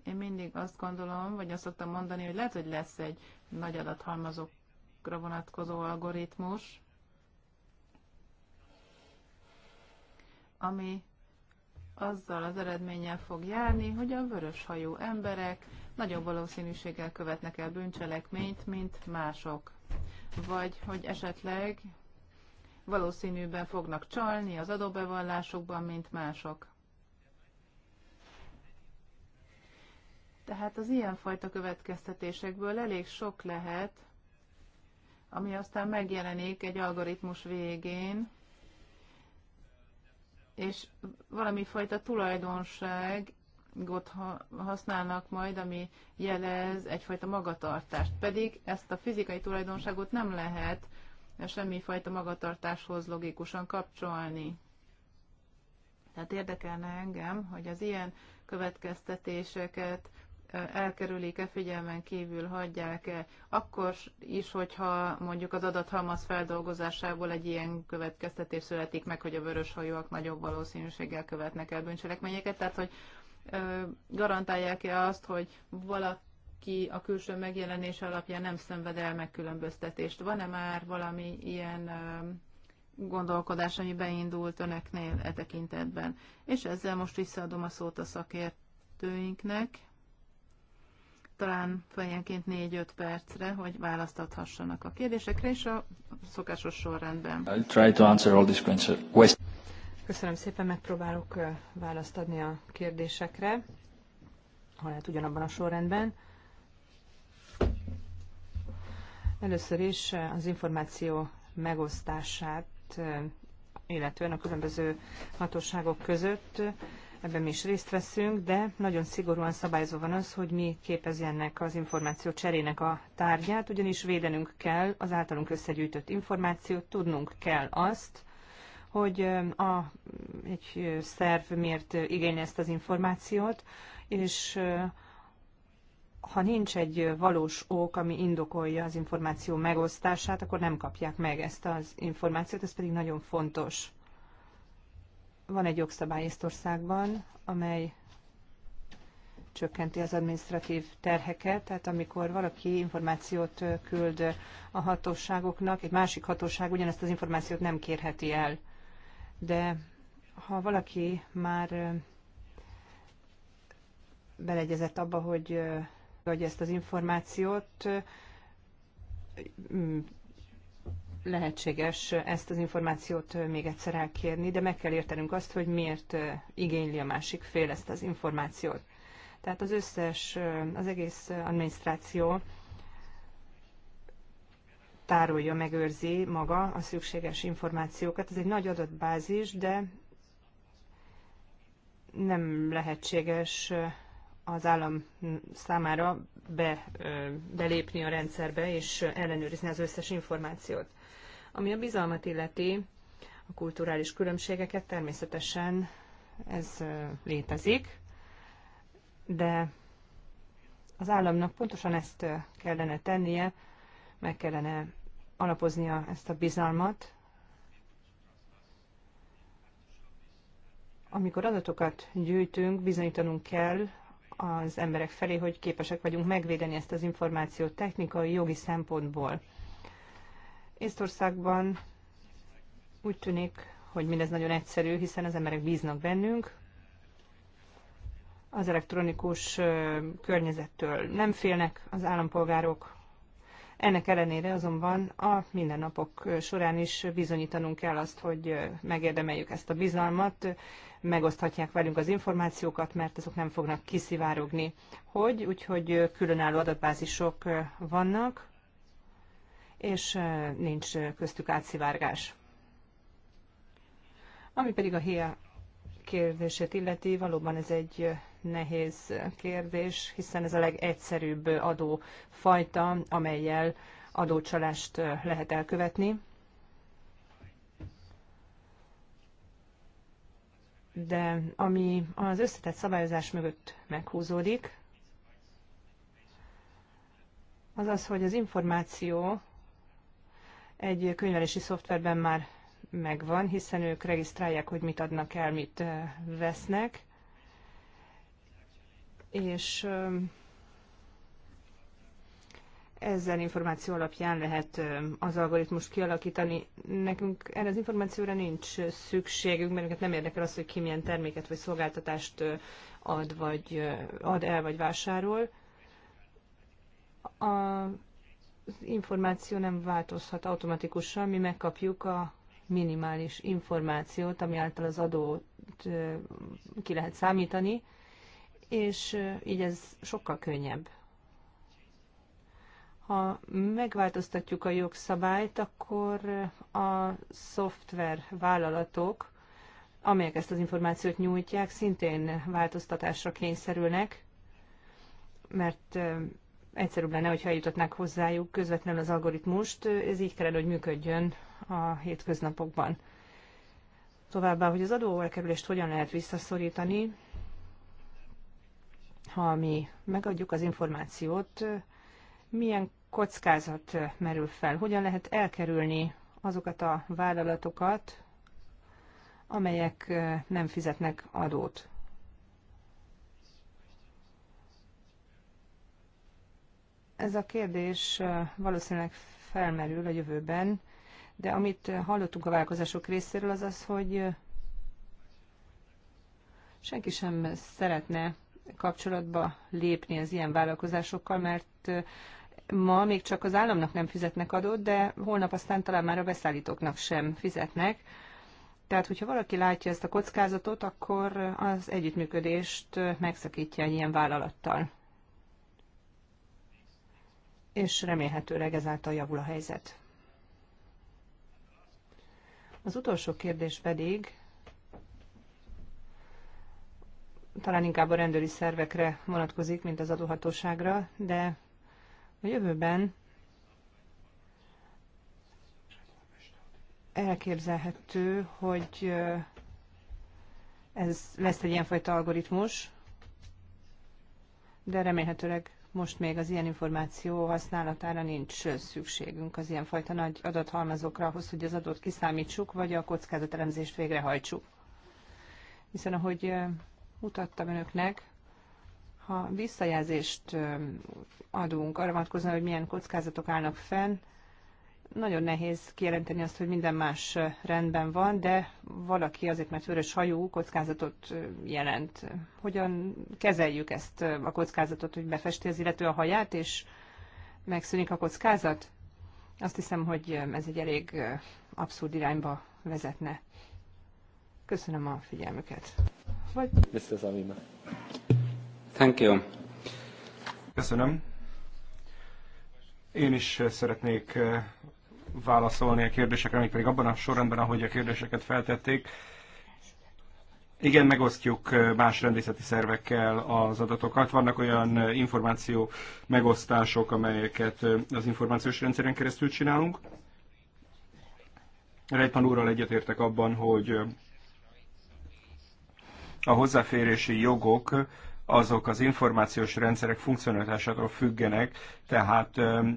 Én mindig azt gondolom, vagy azt szoktam mondani, hogy lehet, hogy lesz egy nagy adathalmazokra vonatkozó algoritmus, ami azzal az eredménnyel fog járni, hogy a vöröshajú emberek nagyobb valószínűséggel követnek el bűncselekményt, mint mások vagy hogy esetleg valószínűben fognak csalni az adóbevallásokban, mint mások. Tehát az ilyenfajta következtetésekből elég sok lehet, ami aztán megjelenik egy algoritmus végén, és valami fajta tulajdonság betűgot használnak majd, ami jelez egyfajta magatartást. Pedig ezt a fizikai tulajdonságot nem lehet semmifajta magatartáshoz logikusan kapcsolni. Tehát érdekelne engem, hogy az ilyen következtetéseket elkerülik-e, figyelmen kívül hagyják-e, akkor is, hogyha mondjuk az adathalmaz feldolgozásából egy ilyen következtetés születik meg, hogy a vöröshajóak nagyobb valószínűséggel követnek el bűncselekményeket, tehát hogy garantálják-e azt, hogy valaki a külső megjelenés alapján nem szenved el megkülönböztetést? Van-e már valami ilyen gondolkodás, ami beindult önöknél e tekintetben? És ezzel most visszaadom a szót a szakértőinknek talán fejenként 4-5 percre, hogy választathassanak a kérdésekre, és a szokásos sorrendben. I'll try to answer all these questions. Köszönöm szépen, megpróbálok választ adni a kérdésekre, ha lehet ugyanabban a sorrendben. Először is az információ megosztását, illetően a különböző hatóságok között ebben mi is részt veszünk, de nagyon szigorúan szabályozva van az, hogy mi képezi ennek az információ cserének a tárgyát, ugyanis védenünk kell az általunk összegyűjtött információt, tudnunk kell azt, hogy a, egy szerv miért igényli ezt az információt, és ha nincs egy valós ok, ami indokolja az információ megosztását, akkor nem kapják meg ezt az információt, ez pedig nagyon fontos. Van egy jogszabály Észtországban, amely csökkenti az administratív terheket, tehát amikor valaki információt küld a hatóságoknak, egy másik hatóság ugyanezt az információt nem kérheti el de ha valaki már beleegyezett abba, hogy adja ezt az információt, lehetséges ezt az információt még egyszer elkérni, de meg kell értenünk azt, hogy miért igényli a másik fél ezt az információt. Tehát az összes, az egész adminisztráció tárolja, megőrzi maga a szükséges információkat. Ez egy nagy adatbázis, de nem lehetséges az állam számára be, belépni a rendszerbe és ellenőrizni az összes információt. Ami a bizalmat illeti, a kulturális különbségeket természetesen ez létezik, de az államnak pontosan ezt kellene tennie, meg kellene alapoznia ezt a bizalmat, amikor adatokat gyűjtünk, bizonyítanunk kell az emberek felé, hogy képesek vagyunk megvédeni ezt az információt technikai, jogi szempontból. Észtországban úgy tűnik, hogy mindez nagyon egyszerű, hiszen az emberek bíznak bennünk, az elektronikus környezettől nem félnek az állampolgárok, ennek ellenére azonban a mindennapok során is bizonyítanunk kell azt, hogy megérdemeljük ezt a bizalmat, megoszthatják velünk az információkat, mert azok nem fognak kiszivárogni. Hogy? Úgyhogy különálló adatbázisok vannak, és nincs köztük átszivárgás. Ami pedig a HIA kérdését illeti, valóban ez egy nehéz kérdés, hiszen ez a legegyszerűbb adófajta, amelyel adócsalást lehet elkövetni. De ami az összetett szabályozás mögött meghúzódik, az az, hogy az információ egy könyvelési szoftverben már megvan, hiszen ők regisztrálják, hogy mit adnak el, mit vesznek, és ezzel információ alapján lehet az algoritmus kialakítani. Nekünk erre az információra nincs szükségünk, mert minket nem érdekel az, hogy ki milyen terméket vagy szolgáltatást ad, vagy ad el, vagy vásárol. Az információ nem változhat automatikusan, mi megkapjuk a minimális információt, ami által az adót ki lehet számítani, és így ez sokkal könnyebb. Ha megváltoztatjuk a jogszabályt, akkor a szoftver vállalatok, amelyek ezt az információt nyújtják, szintén változtatásra kényszerülnek, mert egyszerűbb lenne, hogyha eljutatnák hozzájuk közvetlenül az algoritmust, ez így kellene, hogy működjön a hétköznapokban. Továbbá, hogy az adóelkerülést hogyan lehet visszaszorítani, ha mi megadjuk az információt, milyen kockázat merül fel? Hogyan lehet elkerülni azokat a vállalatokat, amelyek nem fizetnek adót? Ez a kérdés valószínűleg felmerül a jövőben, de amit hallottunk a vállalkozások részéről, az az, hogy senki sem szeretne kapcsolatba lépni az ilyen vállalkozásokkal, mert ma még csak az államnak nem fizetnek adót, de holnap aztán talán már a beszállítóknak sem fizetnek. Tehát, hogyha valaki látja ezt a kockázatot, akkor az együttműködést megszakítja egy ilyen vállalattal. És remélhetőleg ezáltal javul a helyzet. Az utolsó kérdés pedig talán inkább a rendőri szervekre vonatkozik, mint az adóhatóságra, de a jövőben elképzelhető, hogy ez lesz egy ilyenfajta algoritmus, de remélhetőleg most még az ilyen információ használatára nincs szükségünk, az ilyenfajta nagy adathalmazokra ahhoz, hogy az adót kiszámítsuk, vagy a kockázatelemzést végrehajtsuk. Hiszen ahogy mutattam önöknek, ha visszajelzést adunk arra vonatkozóan, hogy milyen kockázatok állnak fenn, nagyon nehéz kijelenteni azt, hogy minden más rendben van, de valaki azért, mert vörös hajú kockázatot jelent. Hogyan kezeljük ezt a kockázatot, hogy befesti az illető a haját, és megszűnik a kockázat? Azt hiszem, hogy ez egy elég abszurd irányba vezetne. Köszönöm a figyelmüket vagy... Mr. Zavima. Thank you. Köszönöm. Én is szeretnék eh, válaszolni a kérdésekre, még pedig abban a sorrendben, ahogy a kérdéseket feltették. Igen, megosztjuk eh, más rendészeti szervekkel az adatokat. Vannak olyan eh, információ megosztások, amelyeket az információs rendszeren keresztül csinálunk. Rejtman úrral egyetértek abban, hogy a hozzáférési jogok azok az információs rendszerek funkcionálásától függenek, tehát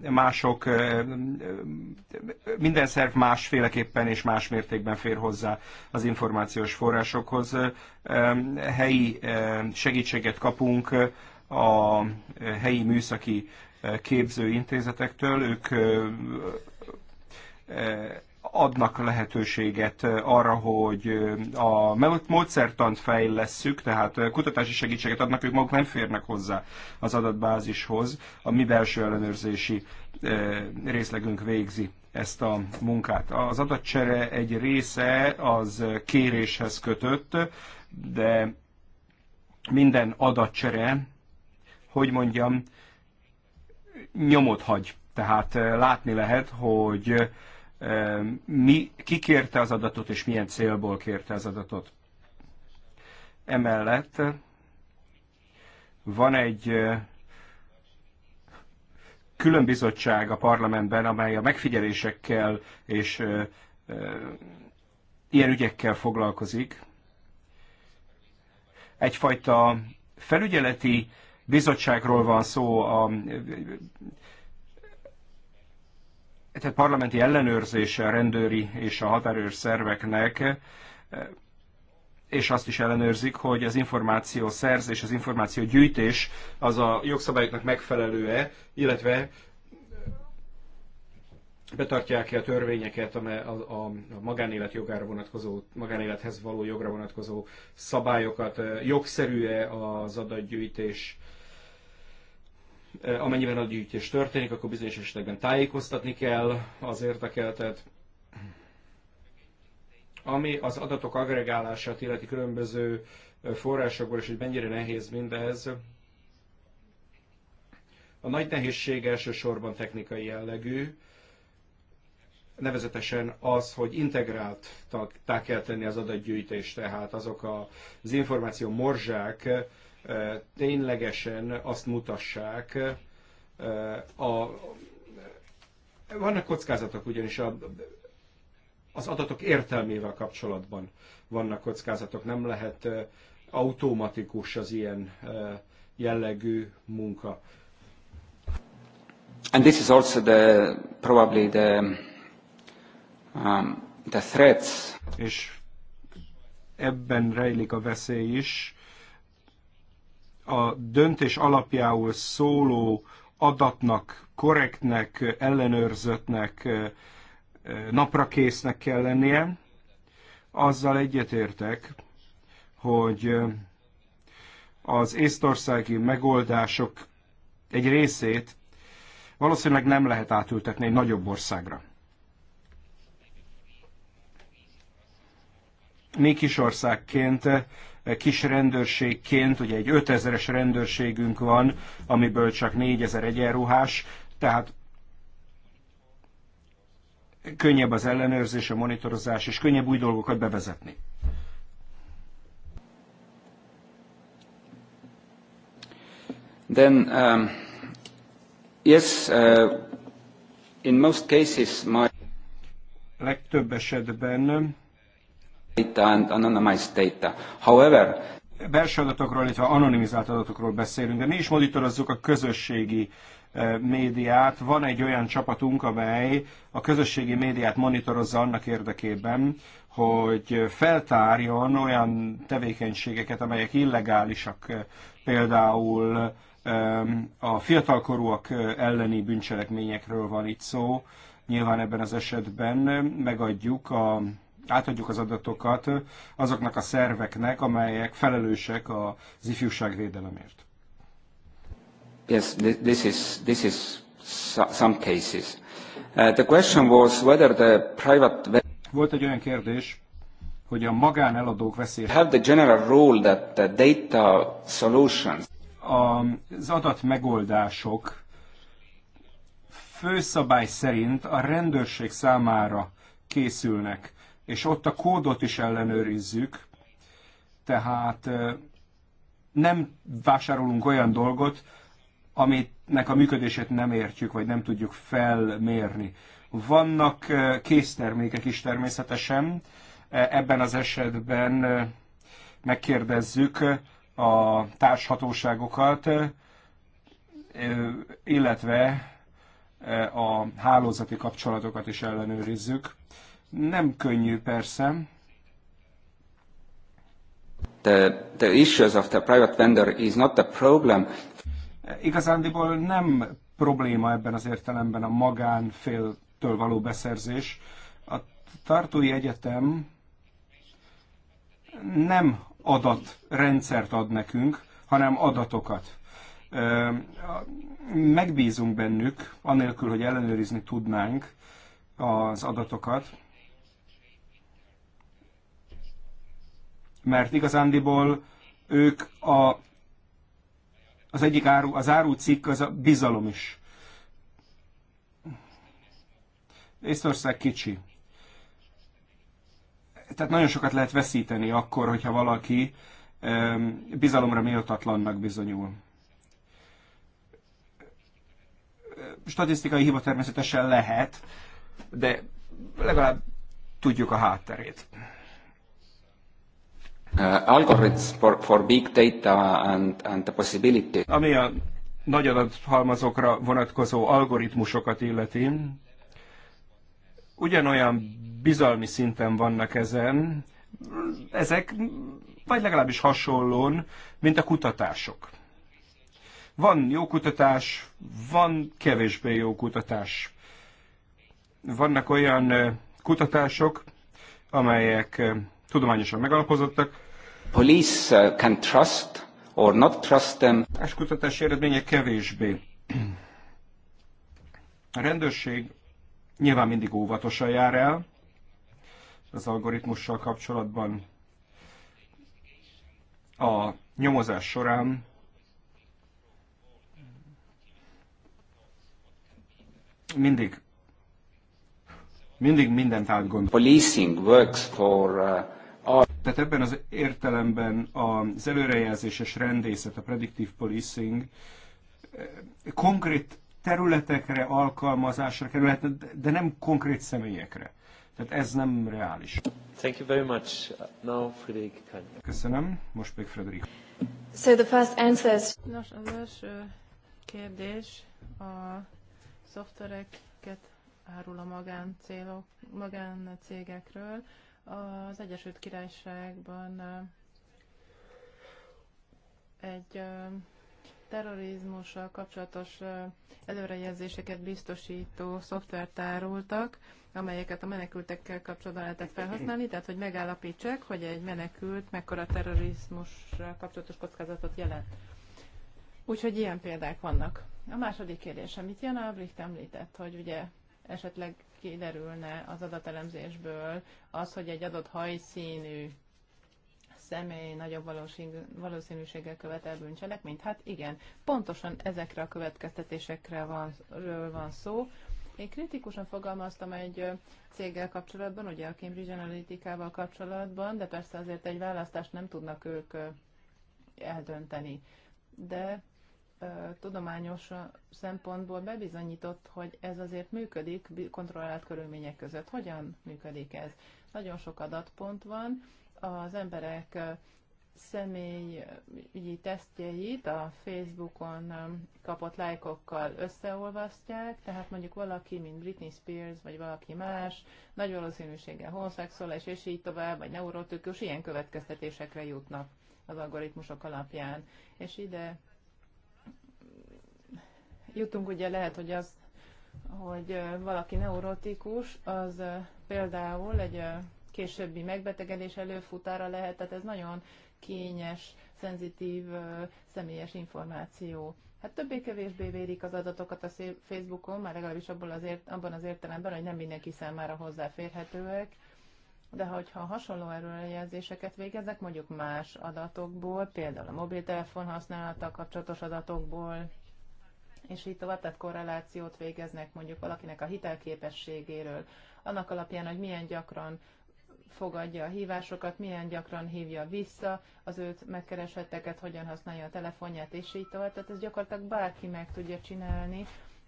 mások, minden szerv másféleképpen és más mértékben fér hozzá az információs forrásokhoz. Helyi segítséget kapunk a helyi műszaki képzőintézetektől, ők adnak lehetőséget arra, hogy a módszertant fejlesszük, tehát kutatási segítséget adnak, ők maguk nem férnek hozzá az adatbázishoz. A mi belső ellenőrzési részlegünk végzi ezt a munkát. Az adatcsere egy része az kéréshez kötött, de minden adatcsere, hogy mondjam, nyomot hagy. Tehát látni lehet, hogy mi, ki kérte az adatot, és milyen célból kérte az adatot. Emellett van egy külön bizottság a parlamentben, amely a megfigyelésekkel és ilyen ügyekkel foglalkozik. Egyfajta felügyeleti bizottságról van szó a tehát parlamenti ellenőrzése a rendőri és a határőr szerveknek, eh, és azt is ellenőrzik, hogy az információ szerzés, az információ gyűjtés az a jogszabályoknak megfelelő-e, illetve betartják-e a törvényeket, a, a, a magánélet jogára vonatkozó, magánélethez való jogra vonatkozó szabályokat, eh, jogszerű-e az adatgyűjtés, Eh, amennyiben a gyűjtés történik, akkor bizonyos esetekben tájékoztatni kell az érdekeltet. Ami az adatok agregálását illeti különböző eh, forrásokból, és hogy mennyire nehéz mindez, a nagy nehézség elsősorban technikai jellegű, nevezetesen az, hogy integráltá kell tenni az adatgyűjtést, tehát azok az információ morzsák, ténylegesen azt mutassák a vannak kockázatok ugyanis a, az adatok értelmével kapcsolatban vannak kockázatok. Nem lehet automatikus az ilyen jellegű munka. And this is also the probably the um, the threats. És ebben rejlik a veszély is, a döntés alapjául szóló adatnak, korrektnek, ellenőrzöttnek, naprakésznek kell lennie. Azzal egyetértek, hogy az észtországi megoldások egy részét valószínűleg nem lehet átültetni egy nagyobb országra. Mi kisországként kis rendőrségként, ugye egy 5000-es rendőrségünk van, amiből csak 4000 egyenruhás, tehát könnyebb az ellenőrzés, a monitorozás, és könnyebb új dolgokat bevezetni. Then, um, yes, uh, in most cases my... Legtöbb esetben data and anonymized data. However, belső adatokról, illetve anonimizált adatokról beszélünk, de mi is monitorozzuk a közösségi e, médiát. Van egy olyan csapatunk, amely a közösségi médiát monitorozza annak érdekében, hogy feltárjon olyan tevékenységeket, amelyek illegálisak, e, például e, a fiatalkorúak elleni bűncselekményekről van itt szó. Nyilván ebben az esetben megadjuk a átadjuk az adatokat azoknak a szerveknek, amelyek felelősek az ifjúságvédelemért. Yes, this is, this is some cases. Uh, the question was whether the private... Volt egy olyan kérdés, hogy a magáneladók veszélyes. Have the general rule that the data solutions... Az adatmegoldások főszabály szerint a rendőrség számára készülnek és ott a kódot is ellenőrizzük, tehát nem vásárolunk olyan dolgot, aminek a működését nem értjük, vagy nem tudjuk felmérni. Vannak késztermékek is természetesen, ebben az esetben megkérdezzük a társhatóságokat, illetve a hálózati kapcsolatokat is ellenőrizzük. Nem könnyű persze. The, the issues of the private vendor is not the problem. Igazándiból nem probléma ebben az értelemben a magánféltől való beszerzés. A Tartói Egyetem nem adatrendszert ad nekünk, hanem adatokat. Megbízunk bennük, anélkül, hogy ellenőrizni tudnánk az adatokat, mert igazándiból ők a, az egyik áru, az árucikk az a bizalom is. Észtország kicsi. Tehát nagyon sokat lehet veszíteni akkor, hogyha valaki bizalomra méltatlannak bizonyul. Statisztikai hiba természetesen lehet, de legalább tudjuk a hátterét. Uh, algorithms for, for big data and, and the possibility. Ami a nagy adathalmazokra vonatkozó algoritmusokat illeti, ugyanolyan bizalmi szinten vannak ezen, ezek, vagy legalábbis hasonlón, mint a kutatások. Van jó kutatás, van kevésbé jó kutatás. Vannak olyan uh, kutatások, amelyek uh, tudományosan megalapozottak, Police uh, can trust or not trust them. A kutatási eredmények kevésbé. A rendőrség nyilván mindig óvatosan jár el az algoritmussal kapcsolatban. A nyomozás során mindig mindig mindent átgondol. Policing works for uh, tehát ebben az értelemben az előrejelzéses rendészet, a predictive policing eh, konkrét területekre alkalmazásra kerülhet, de nem konkrét személyekre. Tehát ez nem reális. Thank you very much. Now, Köszönöm. Most még Frederik. So the first answer is... Nos, az első kérdés a szoftvereket árul a magáncélok, magáncégekről. Az Egyesült Királyságban egy terrorizmussal kapcsolatos előrejelzéseket biztosító szoftvert tárultak, amelyeket a menekültekkel kapcsolatban lehetett felhasználni, tehát hogy megállapítsák, hogy egy menekült mekkora terrorizmussal kapcsolatos kockázatot jelent. Úgyhogy ilyen példák vannak. A második kérdésem, amit Jana Albrecht említett, hogy ugye esetleg kiderülne az adatelemzésből az, hogy egy adott hajszínű személy nagyobb valószínűséggel követel bűncselekményt? Hát igen, pontosan ezekre a következtetésekre van, van szó. Én kritikusan fogalmaztam egy céggel kapcsolatban, ugye a Cambridge Analytica-val kapcsolatban, de persze azért egy választást nem tudnak ők eldönteni. De tudományos szempontból bebizonyított, hogy ez azért működik kontrollált körülmények között. Hogyan működik ez? Nagyon sok adatpont van, az emberek személyi tesztjeit a Facebookon kapott lájkokkal összeolvasztják, tehát mondjuk valaki, mint Britney Spears, vagy valaki más, nagy valószínűséggel homoszexuális, és így tovább, vagy neurotikus, ilyen következtetésekre jutnak az algoritmusok alapján. És ide jutunk, ugye lehet, hogy az, hogy valaki neurotikus, az például egy későbbi megbetegedés előfutára lehet, tehát ez nagyon kényes, szenzitív, személyes információ. Hát többé-kevésbé vérik az adatokat a Facebookon, már legalábbis abból az ért, abban az értelemben, hogy nem mindenki számára hozzáférhetőek, de hogyha hasonló erőjelzéseket végeznek, mondjuk más adatokból, például a mobiltelefon használata kapcsolatos adatokból, és így tovább, tehát korrelációt végeznek mondjuk valakinek a hitelképességéről, annak alapján, hogy milyen gyakran fogadja a hívásokat, milyen gyakran hívja vissza az őt megkeresetteket, hogyan használja a telefonját, és így tovább. Tehát ez gyakorlatilag bárki meg tudja csinálni,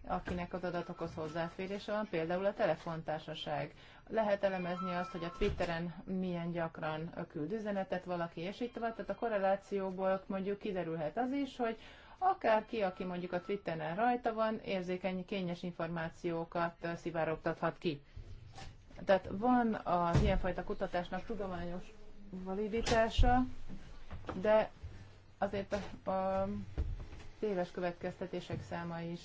akinek az adatokhoz hozzáférése van, például a telefontársaság. Lehet elemezni azt, hogy a Twitteren milyen gyakran küld üzenetet valaki, és így tovább. Tehát a korrelációból mondjuk kiderülhet az is, hogy akárki, aki mondjuk a Twitteren rajta van, érzékeny, kényes információkat szivárogtathat ki. Tehát van a ilyenfajta kutatásnak tudományos validitása, de azért a, a téves következtetések száma is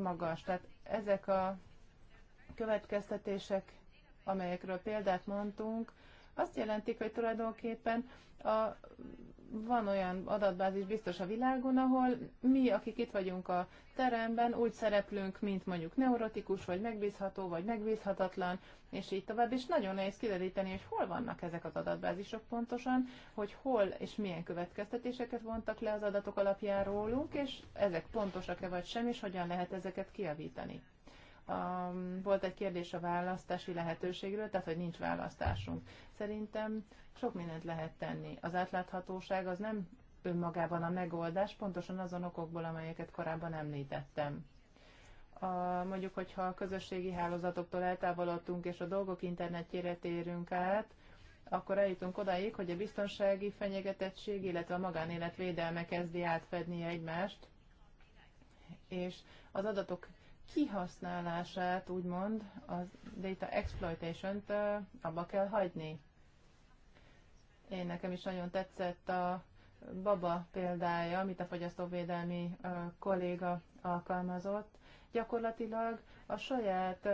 magas. Tehát ezek a következtetések, amelyekről példát mondtunk, azt jelentik, hogy tulajdonképpen a van olyan adatbázis biztos a világon, ahol mi, akik itt vagyunk a teremben, úgy szereplünk, mint mondjuk neurotikus, vagy megbízható, vagy megbízhatatlan, és így tovább, és nagyon nehéz kideríteni, hogy hol vannak ezek az adatbázisok pontosan, hogy hol és milyen következtetéseket vontak le az adatok alapján rólunk, és ezek pontosak-e vagy sem, és hogyan lehet ezeket kiavítani a, volt egy kérdés a választási lehetőségről, tehát hogy nincs választásunk. Szerintem sok mindent lehet tenni. Az átláthatóság az nem önmagában a megoldás, pontosan azon okokból, amelyeket korábban említettem. A, mondjuk, hogyha a közösségi hálózatoktól eltávolodtunk, és a dolgok internetjére térünk át, akkor eljutunk odáig, hogy a biztonsági fenyegetettség, illetve a magánélet védelme kezdi átfedni egymást, és az adatok kihasználását, úgymond, a data exploitation-t abba kell hagyni. Én nekem is nagyon tetszett a baba példája, amit a fogyasztóvédelmi kolléga alkalmazott. Gyakorlatilag a saját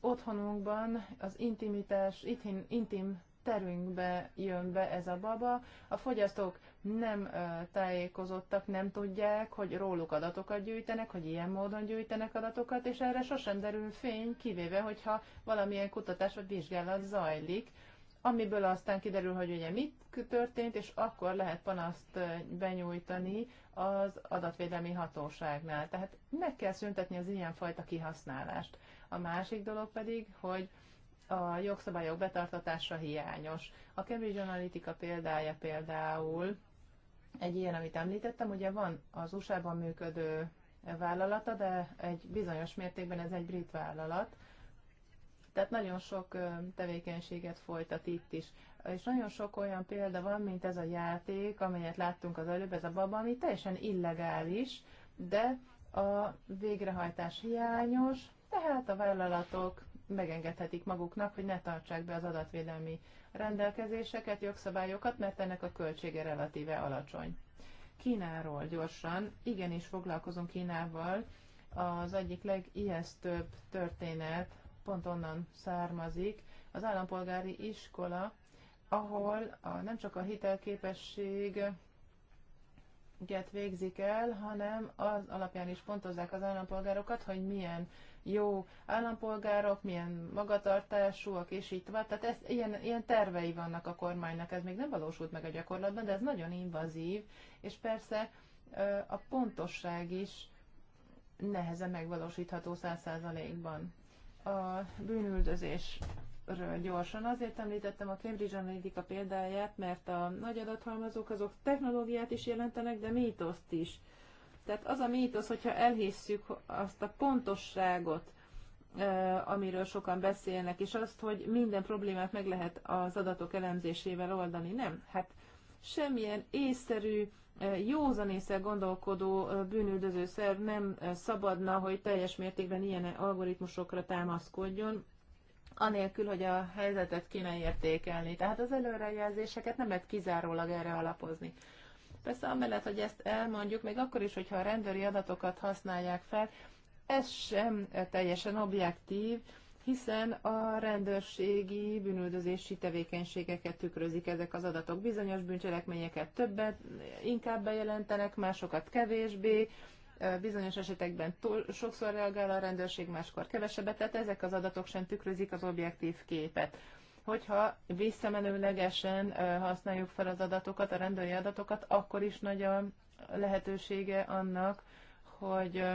otthonunkban az intimitás, intim terünkbe jön be ez a baba. A fogyasztók nem tájékozottak, nem tudják, hogy róluk adatokat gyűjtenek, hogy ilyen módon gyűjtenek adatokat, és erre sosem derül fény, kivéve, hogyha valamilyen kutatás vagy vizsgálat zajlik, amiből aztán kiderül, hogy ugye mit történt, és akkor lehet panaszt benyújtani az adatvédelmi hatóságnál. Tehát meg kell szüntetni az ilyenfajta kihasználást. A másik dolog pedig, hogy a jogszabályok betartatása hiányos. A Cambridge Analytica példája például egy ilyen, amit említettem, ugye van az USA-ban működő vállalata, de egy bizonyos mértékben ez egy brit vállalat, tehát nagyon sok tevékenységet folytat itt is. És nagyon sok olyan példa van, mint ez a játék, amelyet láttunk az előbb, ez a baba, ami teljesen illegális, de a végrehajtás hiányos, tehát a vállalatok megengedhetik maguknak, hogy ne tartsák be az adatvédelmi rendelkezéseket, jogszabályokat, mert ennek a költsége relatíve alacsony. Kínáról gyorsan, igenis foglalkozunk Kínával, az egyik legijesztőbb történet pont onnan származik, az állampolgári iskola, ahol a, nem csak a hitelképesség munkát végzik el, hanem az alapján is pontozzák az állampolgárokat, hogy milyen jó állampolgárok, milyen magatartásúak, és így tovább. Tehát ez, ilyen, ilyen tervei vannak a kormánynak, ez még nem valósult meg a gyakorlatban, de ez nagyon invazív, és persze a pontosság is nehezen megvalósítható száz százalékban. A bűnüldözés gyorsan. Azért említettem a Cambridge Analytica példáját, mert a nagy adathalmazók azok technológiát is jelentenek, de mítoszt is. Tehát az a mítosz, hogyha elhisszük azt a pontosságot, amiről sokan beszélnek, és azt, hogy minden problémát meg lehet az adatok elemzésével oldani. Nem, hát semmilyen észszerű, észre gondolkodó bűnüldöző szerv nem szabadna, hogy teljes mértékben ilyen algoritmusokra támaszkodjon, anélkül, hogy a helyzetet kéne értékelni. Tehát az előrejelzéseket nem lehet kizárólag erre alapozni. Persze amellett, hogy ezt elmondjuk, még akkor is, hogyha a rendőri adatokat használják fel, ez sem teljesen objektív, hiszen a rendőrségi bűnöldözési tevékenységeket tükrözik ezek az adatok. Bizonyos bűncselekményeket többet inkább bejelentenek, másokat kevésbé, bizonyos esetekben túl sokszor reagál a rendőrség, máskor kevesebbet, tehát ezek az adatok sem tükrözik az objektív képet. Hogyha visszamenőlegesen használjuk fel az adatokat, a rendőri adatokat, akkor is nagy a lehetősége annak, hogy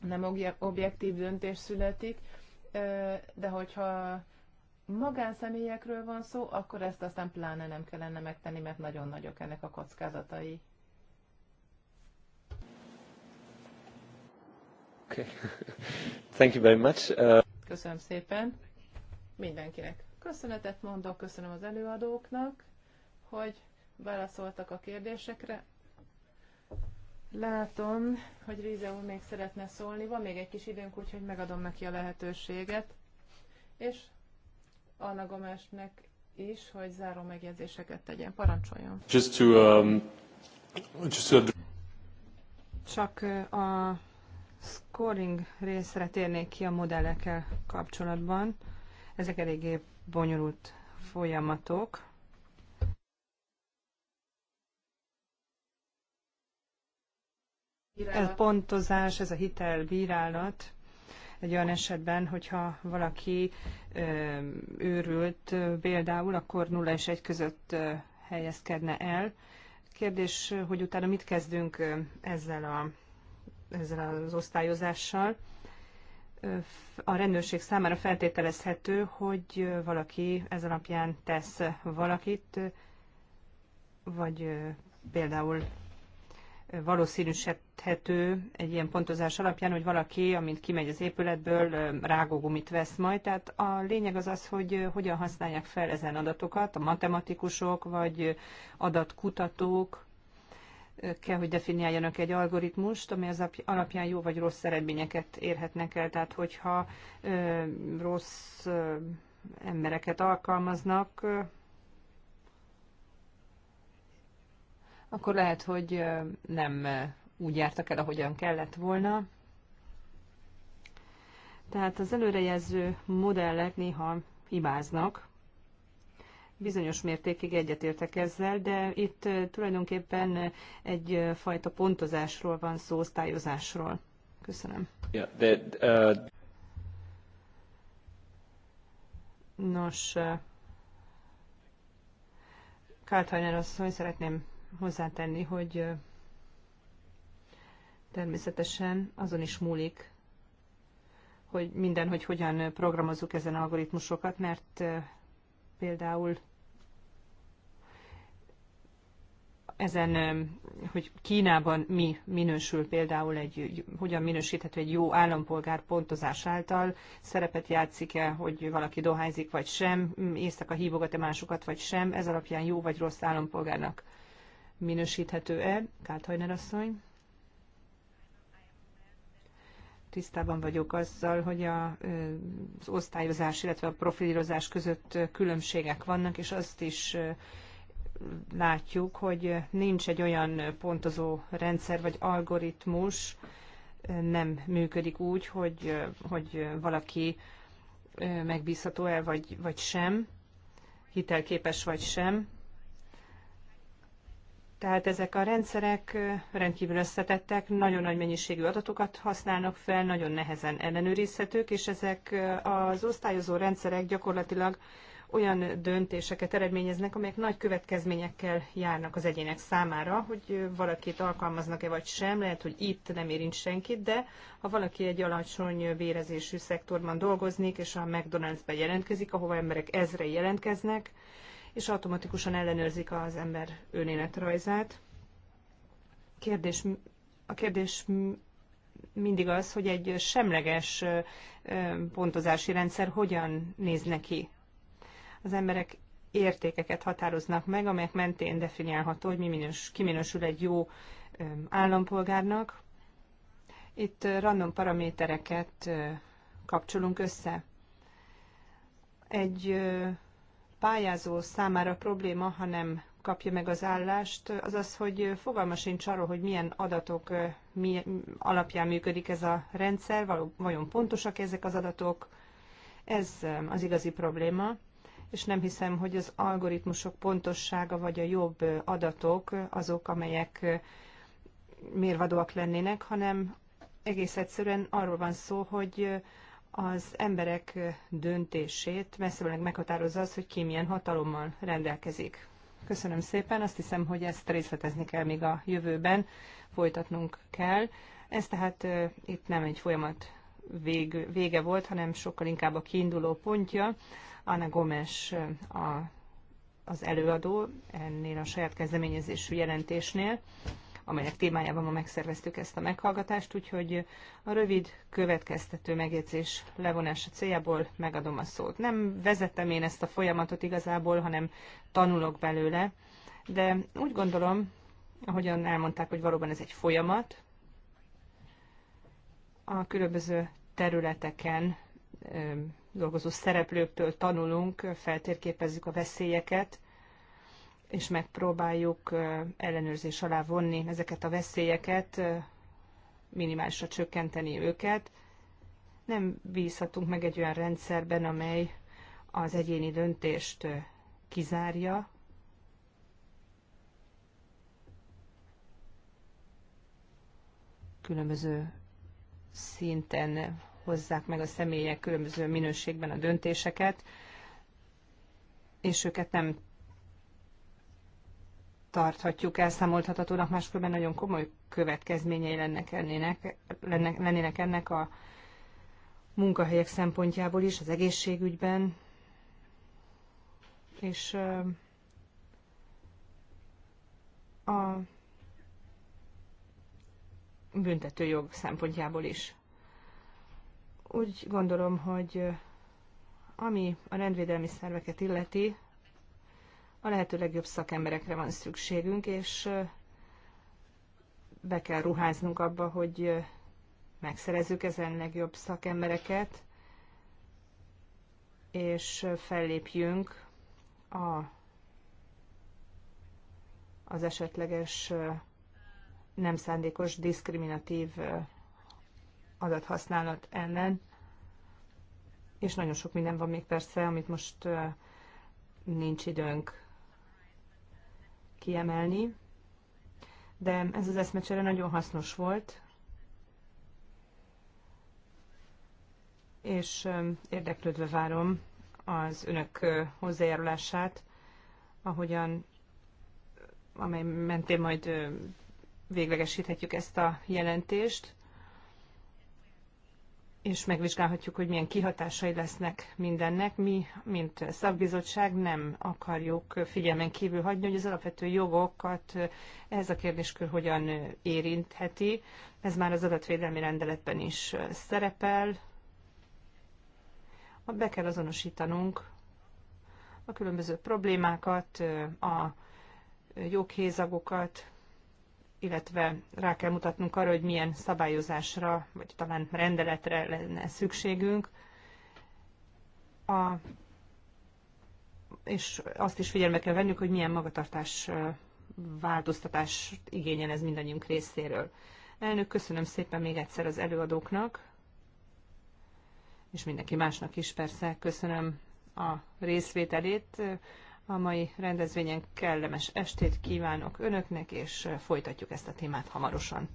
nem objektív döntés születik, de hogyha magánszemélyekről van szó, akkor ezt aztán pláne nem kellene megtenni, mert nagyon nagyok ennek a kockázatai. Okay. (laughs) Thank you very much. Uh... Köszönöm szépen mindenkinek. Köszönetet mondok, köszönöm az előadóknak, hogy válaszoltak a kérdésekre. Látom, hogy Ríze úr még szeretne szólni. Van még egy kis időnk, úgyhogy megadom neki a lehetőséget. És Anna Gomesnek is, hogy záró megjegyzéseket tegyen. Parancsoljon. Just to, um, just to... Csak uh, a scoring részre térnék ki a modellekkel kapcsolatban. Ezek eléggé bonyolult folyamatok. Ez a pontozás, ez a hitelbírálat egy olyan esetben, hogyha valaki ö, őrült például, akkor 0 és 1 között ö, helyezkedne el. Kérdés, hogy utána mit kezdünk ezzel a ezzel az osztályozással. A rendőrség számára feltételezhető, hogy valaki ez alapján tesz valakit, vagy például valószínűsíthető egy ilyen pontozás alapján, hogy valaki, amint kimegy az épületből, rágógumit vesz majd. Tehát a lényeg az az, hogy hogyan használják fel ezen adatokat a matematikusok, vagy adatkutatók, kell, hogy definiáljanak egy algoritmust, ami az alapján jó vagy rossz eredményeket érhetnek el. Tehát, hogyha ö, rossz ö, embereket alkalmaznak, ö, akkor lehet, hogy ö, nem úgy jártak el, ahogyan kellett volna. Tehát az előrejelző modellek néha hibáznak, bizonyos mértékig egyetértek ezzel, de itt tulajdonképpen egyfajta pontozásról van szó, osztályozásról. Köszönöm. Yeah, that, uh... Nos, Kárthajnál hogy szeretném hozzátenni, hogy természetesen azon is múlik, hogy minden, hogy hogyan programozzuk ezen algoritmusokat, mert például ezen, hogy Kínában mi minősül például egy, hogyan minősíthető egy jó állampolgár pontozás által, szerepet játszik-e, hogy valaki dohányzik vagy sem, éjszaka hívogat-e másokat vagy sem, ez alapján jó vagy rossz állampolgárnak minősíthető-e? Kálthajner asszony. Tisztában vagyok azzal, hogy a, az osztályozás, illetve a profilírozás között különbségek vannak, és azt is látjuk, hogy nincs egy olyan pontozó rendszer vagy algoritmus, nem működik úgy, hogy, hogy valaki megbízható-e vagy, vagy sem, hitelképes vagy sem. Tehát ezek a rendszerek rendkívül összetettek, nagyon nagy mennyiségű adatokat használnak fel, nagyon nehezen ellenőrizhetők, és ezek az osztályozó rendszerek gyakorlatilag olyan döntéseket eredményeznek, amelyek nagy következményekkel járnak az egyének számára, hogy valakit alkalmaznak-e vagy sem, lehet, hogy itt nem érint senkit, de ha valaki egy alacsony vérezésű szektorban dolgoznik, és a McDonald's-be jelentkezik, ahova emberek ezre jelentkeznek, és automatikusan ellenőrzik az ember önéletrajzát. Kérdés, a kérdés mindig az, hogy egy semleges pontozási rendszer hogyan néz neki az emberek értékeket határoznak meg, amelyek mentén definiálható, hogy mi minős, kiminősül egy jó állampolgárnak. Itt random paramétereket kapcsolunk össze. Egy pályázó számára probléma, ha nem kapja meg az állást, az az, hogy fogalma sincs arról, hogy milyen adatok mi, alapján működik ez a rendszer, vajon pontosak ezek az adatok. Ez az igazi probléma és nem hiszem, hogy az algoritmusok pontossága vagy a jobb adatok azok, amelyek mérvadóak lennének, hanem egész egyszerűen arról van szó, hogy az emberek döntését messzebbleg meghatározza az, hogy ki milyen hatalommal rendelkezik. Köszönöm szépen, azt hiszem, hogy ezt részletezni kell még a jövőben, folytatnunk kell. Ez tehát uh, itt nem egy folyamat vég, vége volt, hanem sokkal inkább a kiinduló pontja. Anna Gomes a, az előadó ennél a saját kezdeményezésű jelentésnél, amelyek témájában ma megszerveztük ezt a meghallgatást, úgyhogy a rövid következtető megjegyzés levonása céljából megadom a szót. Nem vezettem én ezt a folyamatot igazából, hanem tanulok belőle, de úgy gondolom, ahogyan elmondták, hogy valóban ez egy folyamat, a különböző területeken dolgozó szereplőktől tanulunk, feltérképezzük a veszélyeket, és megpróbáljuk ellenőrzés alá vonni ezeket a veszélyeket, minimálisra csökkenteni őket. Nem bízhatunk meg egy olyan rendszerben, amely az egyéni döntést kizárja, különböző szinten hozzák meg a személyek különböző minőségben a döntéseket, és őket nem tarthatjuk elszámolthatatónak, máskülönben nagyon komoly következményei lennek, ennének, lennek, lennének ennek a munkahelyek szempontjából is, az egészségügyben, és a büntetőjog szempontjából is. Úgy gondolom, hogy ami a rendvédelmi szerveket illeti, a lehető legjobb szakemberekre van szükségünk, és be kell ruháznunk abba, hogy megszerezzük ezen legjobb szakembereket, és fellépjünk a, az esetleges nem szándékos diszkriminatív adathasználat ellen, és nagyon sok minden van még persze, amit most nincs időnk kiemelni, de ez az eszmecsere nagyon hasznos volt, és érdeklődve várom az önök hozzájárulását, ahogyan, amely mentén majd véglegesíthetjük ezt a jelentést és megvizsgálhatjuk, hogy milyen kihatásai lesznek mindennek. Mi, mint szakbizottság nem akarjuk figyelmen kívül hagyni, hogy az alapvető jogokat ez a kérdéskör hogyan érintheti. Ez már az adatvédelmi rendeletben is szerepel. Be kell azonosítanunk a különböző problémákat, a joghézagokat, illetve rá kell mutatnunk arra, hogy milyen szabályozásra, vagy talán rendeletre lenne szükségünk. A, és azt is figyelme kell vennünk, hogy milyen magatartás változtatás igényel ez mindannyiunk részéről. Elnök, köszönöm szépen még egyszer az előadóknak, és mindenki másnak is persze köszönöm a részvételét. A mai rendezvényen kellemes estét kívánok önöknek, és folytatjuk ezt a témát hamarosan.